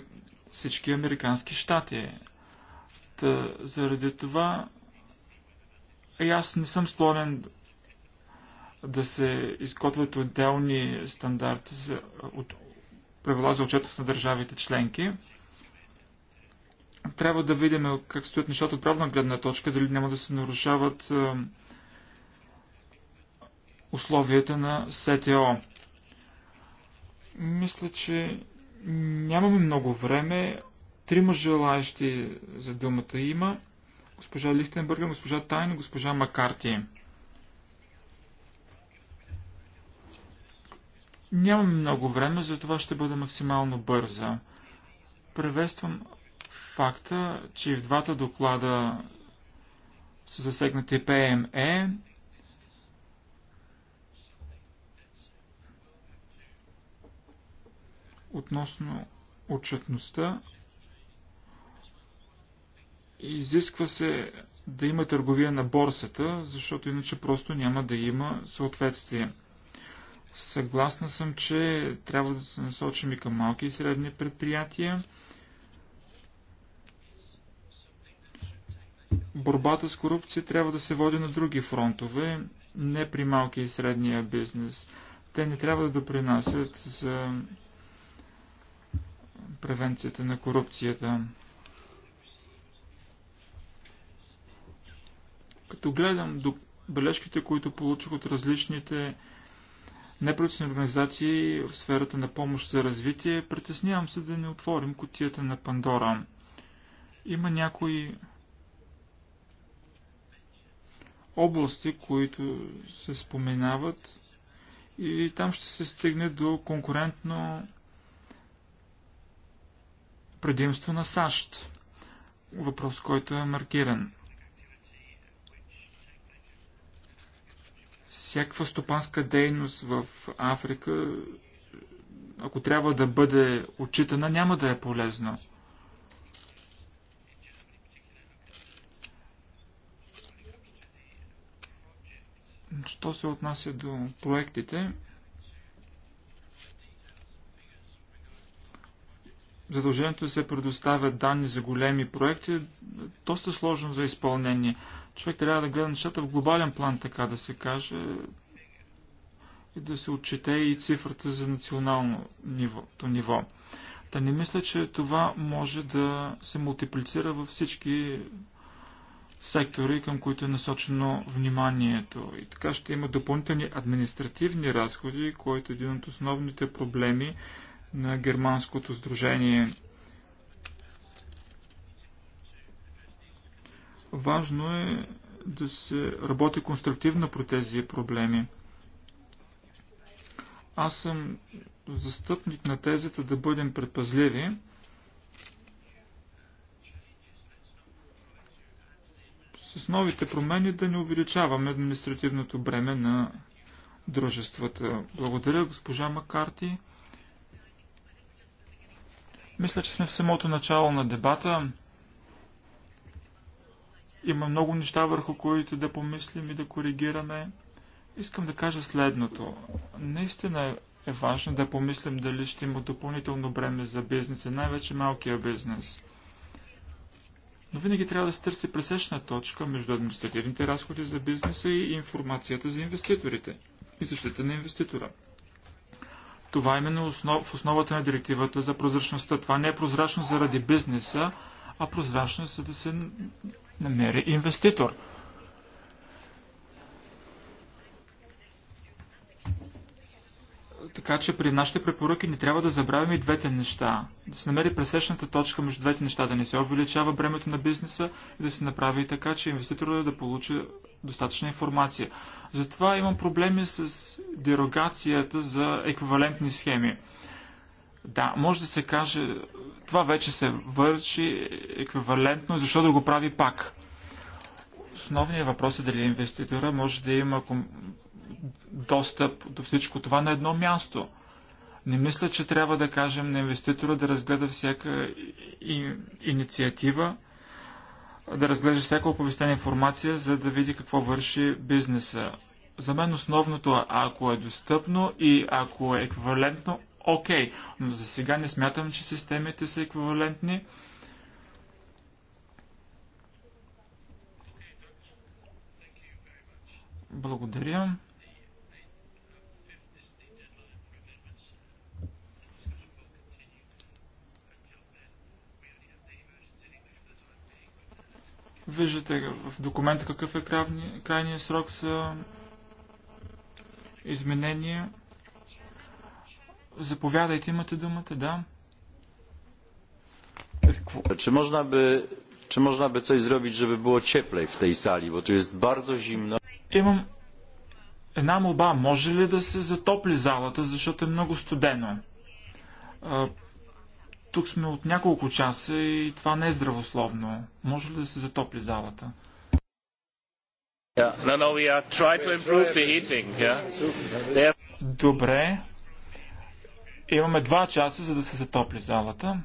всички американски щати. Та, заради това и аз не съм склонен да се изготвят отделни стандарти за, от, правила за отчетност на държавите членки. Трябва да видим как стоят нещата от правна гледна точка, дали няма да се нарушават условията на СТО. Мисля, че нямаме много време. Трима желаящи за думата има. Госпожа Лихтенбърга, госпожа Тайн и госпожа Макарти. Нямам много време, затова ще бъда максимално бърза. Превествам факта, че в двата доклада са засегнати ПМЕ относно отчетността. Изисква се да има търговия на борсата, защото иначе просто няма да има съответствие. Съгласна съм, че трябва да се насочим и към малки и средни предприятия. Борбата с корупция трябва да се води на други фронтове, не при малки и средния бизнес. Те не трябва да допринасят за превенцията на корупцията. Като гледам до бележките, които получих от различните неправителствени организации в сферата на помощ за развитие, притеснявам се да не отворим котията на Пандора. Има някои области, които се споменават и там ще се стигне до конкурентно предимство на САЩ. Въпрос, който е маркиран. Всякаква стопанска дейност в Африка, ако трябва да бъде отчитана, няма да е полезно. Що се отнася до проектите, задължението да се предоставят данни за големи проекти е доста сложно за изпълнение. Човек трябва да гледа нещата в глобален план, така да се каже, и да се отчете и цифрата за национално ниво. ниво. Та не мисля, че това може да се мултиплицира във всички сектори, към които е насочено вниманието. И така ще има допълнителни административни разходи, които е един от основните проблеми на Германското сдружение. Важно е да се работи конструктивно по тези проблеми. Аз съм застъпник на тезата да бъдем предпазливи. С новите промени да не увеличаваме административното бреме на дружествата. Благодаря, госпожа Макарти. Мисля, че сме в самото начало на дебата. Има много неща върху които да помислим и да коригираме. Искам да кажа следното. Наистина е важно да помислим дали ще има допълнително бреме за бизнеса, най-вече малкия бизнес. Но винаги трябва да се търси пресечна точка между административните разходи за бизнеса и информацията за инвеститорите и защита на инвеститора. Това е именно в основата на директивата за прозрачността. Това не е прозрачно заради бизнеса, а прозрачно за да се намери инвеститор. Така че при нашите препоръки не трябва да забравим и двете неща. Да се намери пресечната точка между двете неща, да не се увеличава бремето на бизнеса и да се направи така, че инвеститорът да получи достатъчна информация. Затова имам проблеми с дерогацията за еквивалентни схеми. Да, може да се каже, това вече се върши еквивалентно, защо да го прави пак? Основният въпрос е дали инвеститора може да има достъп до всичко това на едно място. Не мисля, че трябва да кажем на инвеститора да разгледа всяка и, инициатива, да разглежда всяка оповестена информация, за да види какво върши бизнеса. За мен основното е, ако е достъпно и ако е еквивалентно, окей. Okay. Но за сега не смятам, че системите са еквивалентни. Благодаря. Виждате в документа какъв е крайният срок за изменение. Заповядайте, имате думата, да. Czy можна би czy można by coś zrobić, żeby było cieplej w tej sali, bo tu jest bardzo zimno. Имам една молба. Може ли да се затопли залата, защото е много студено? Тук сме от няколко часа и това не е здравословно. Може ли да се затопли залата? Добре. Имаме два часа, за да се затопли залата.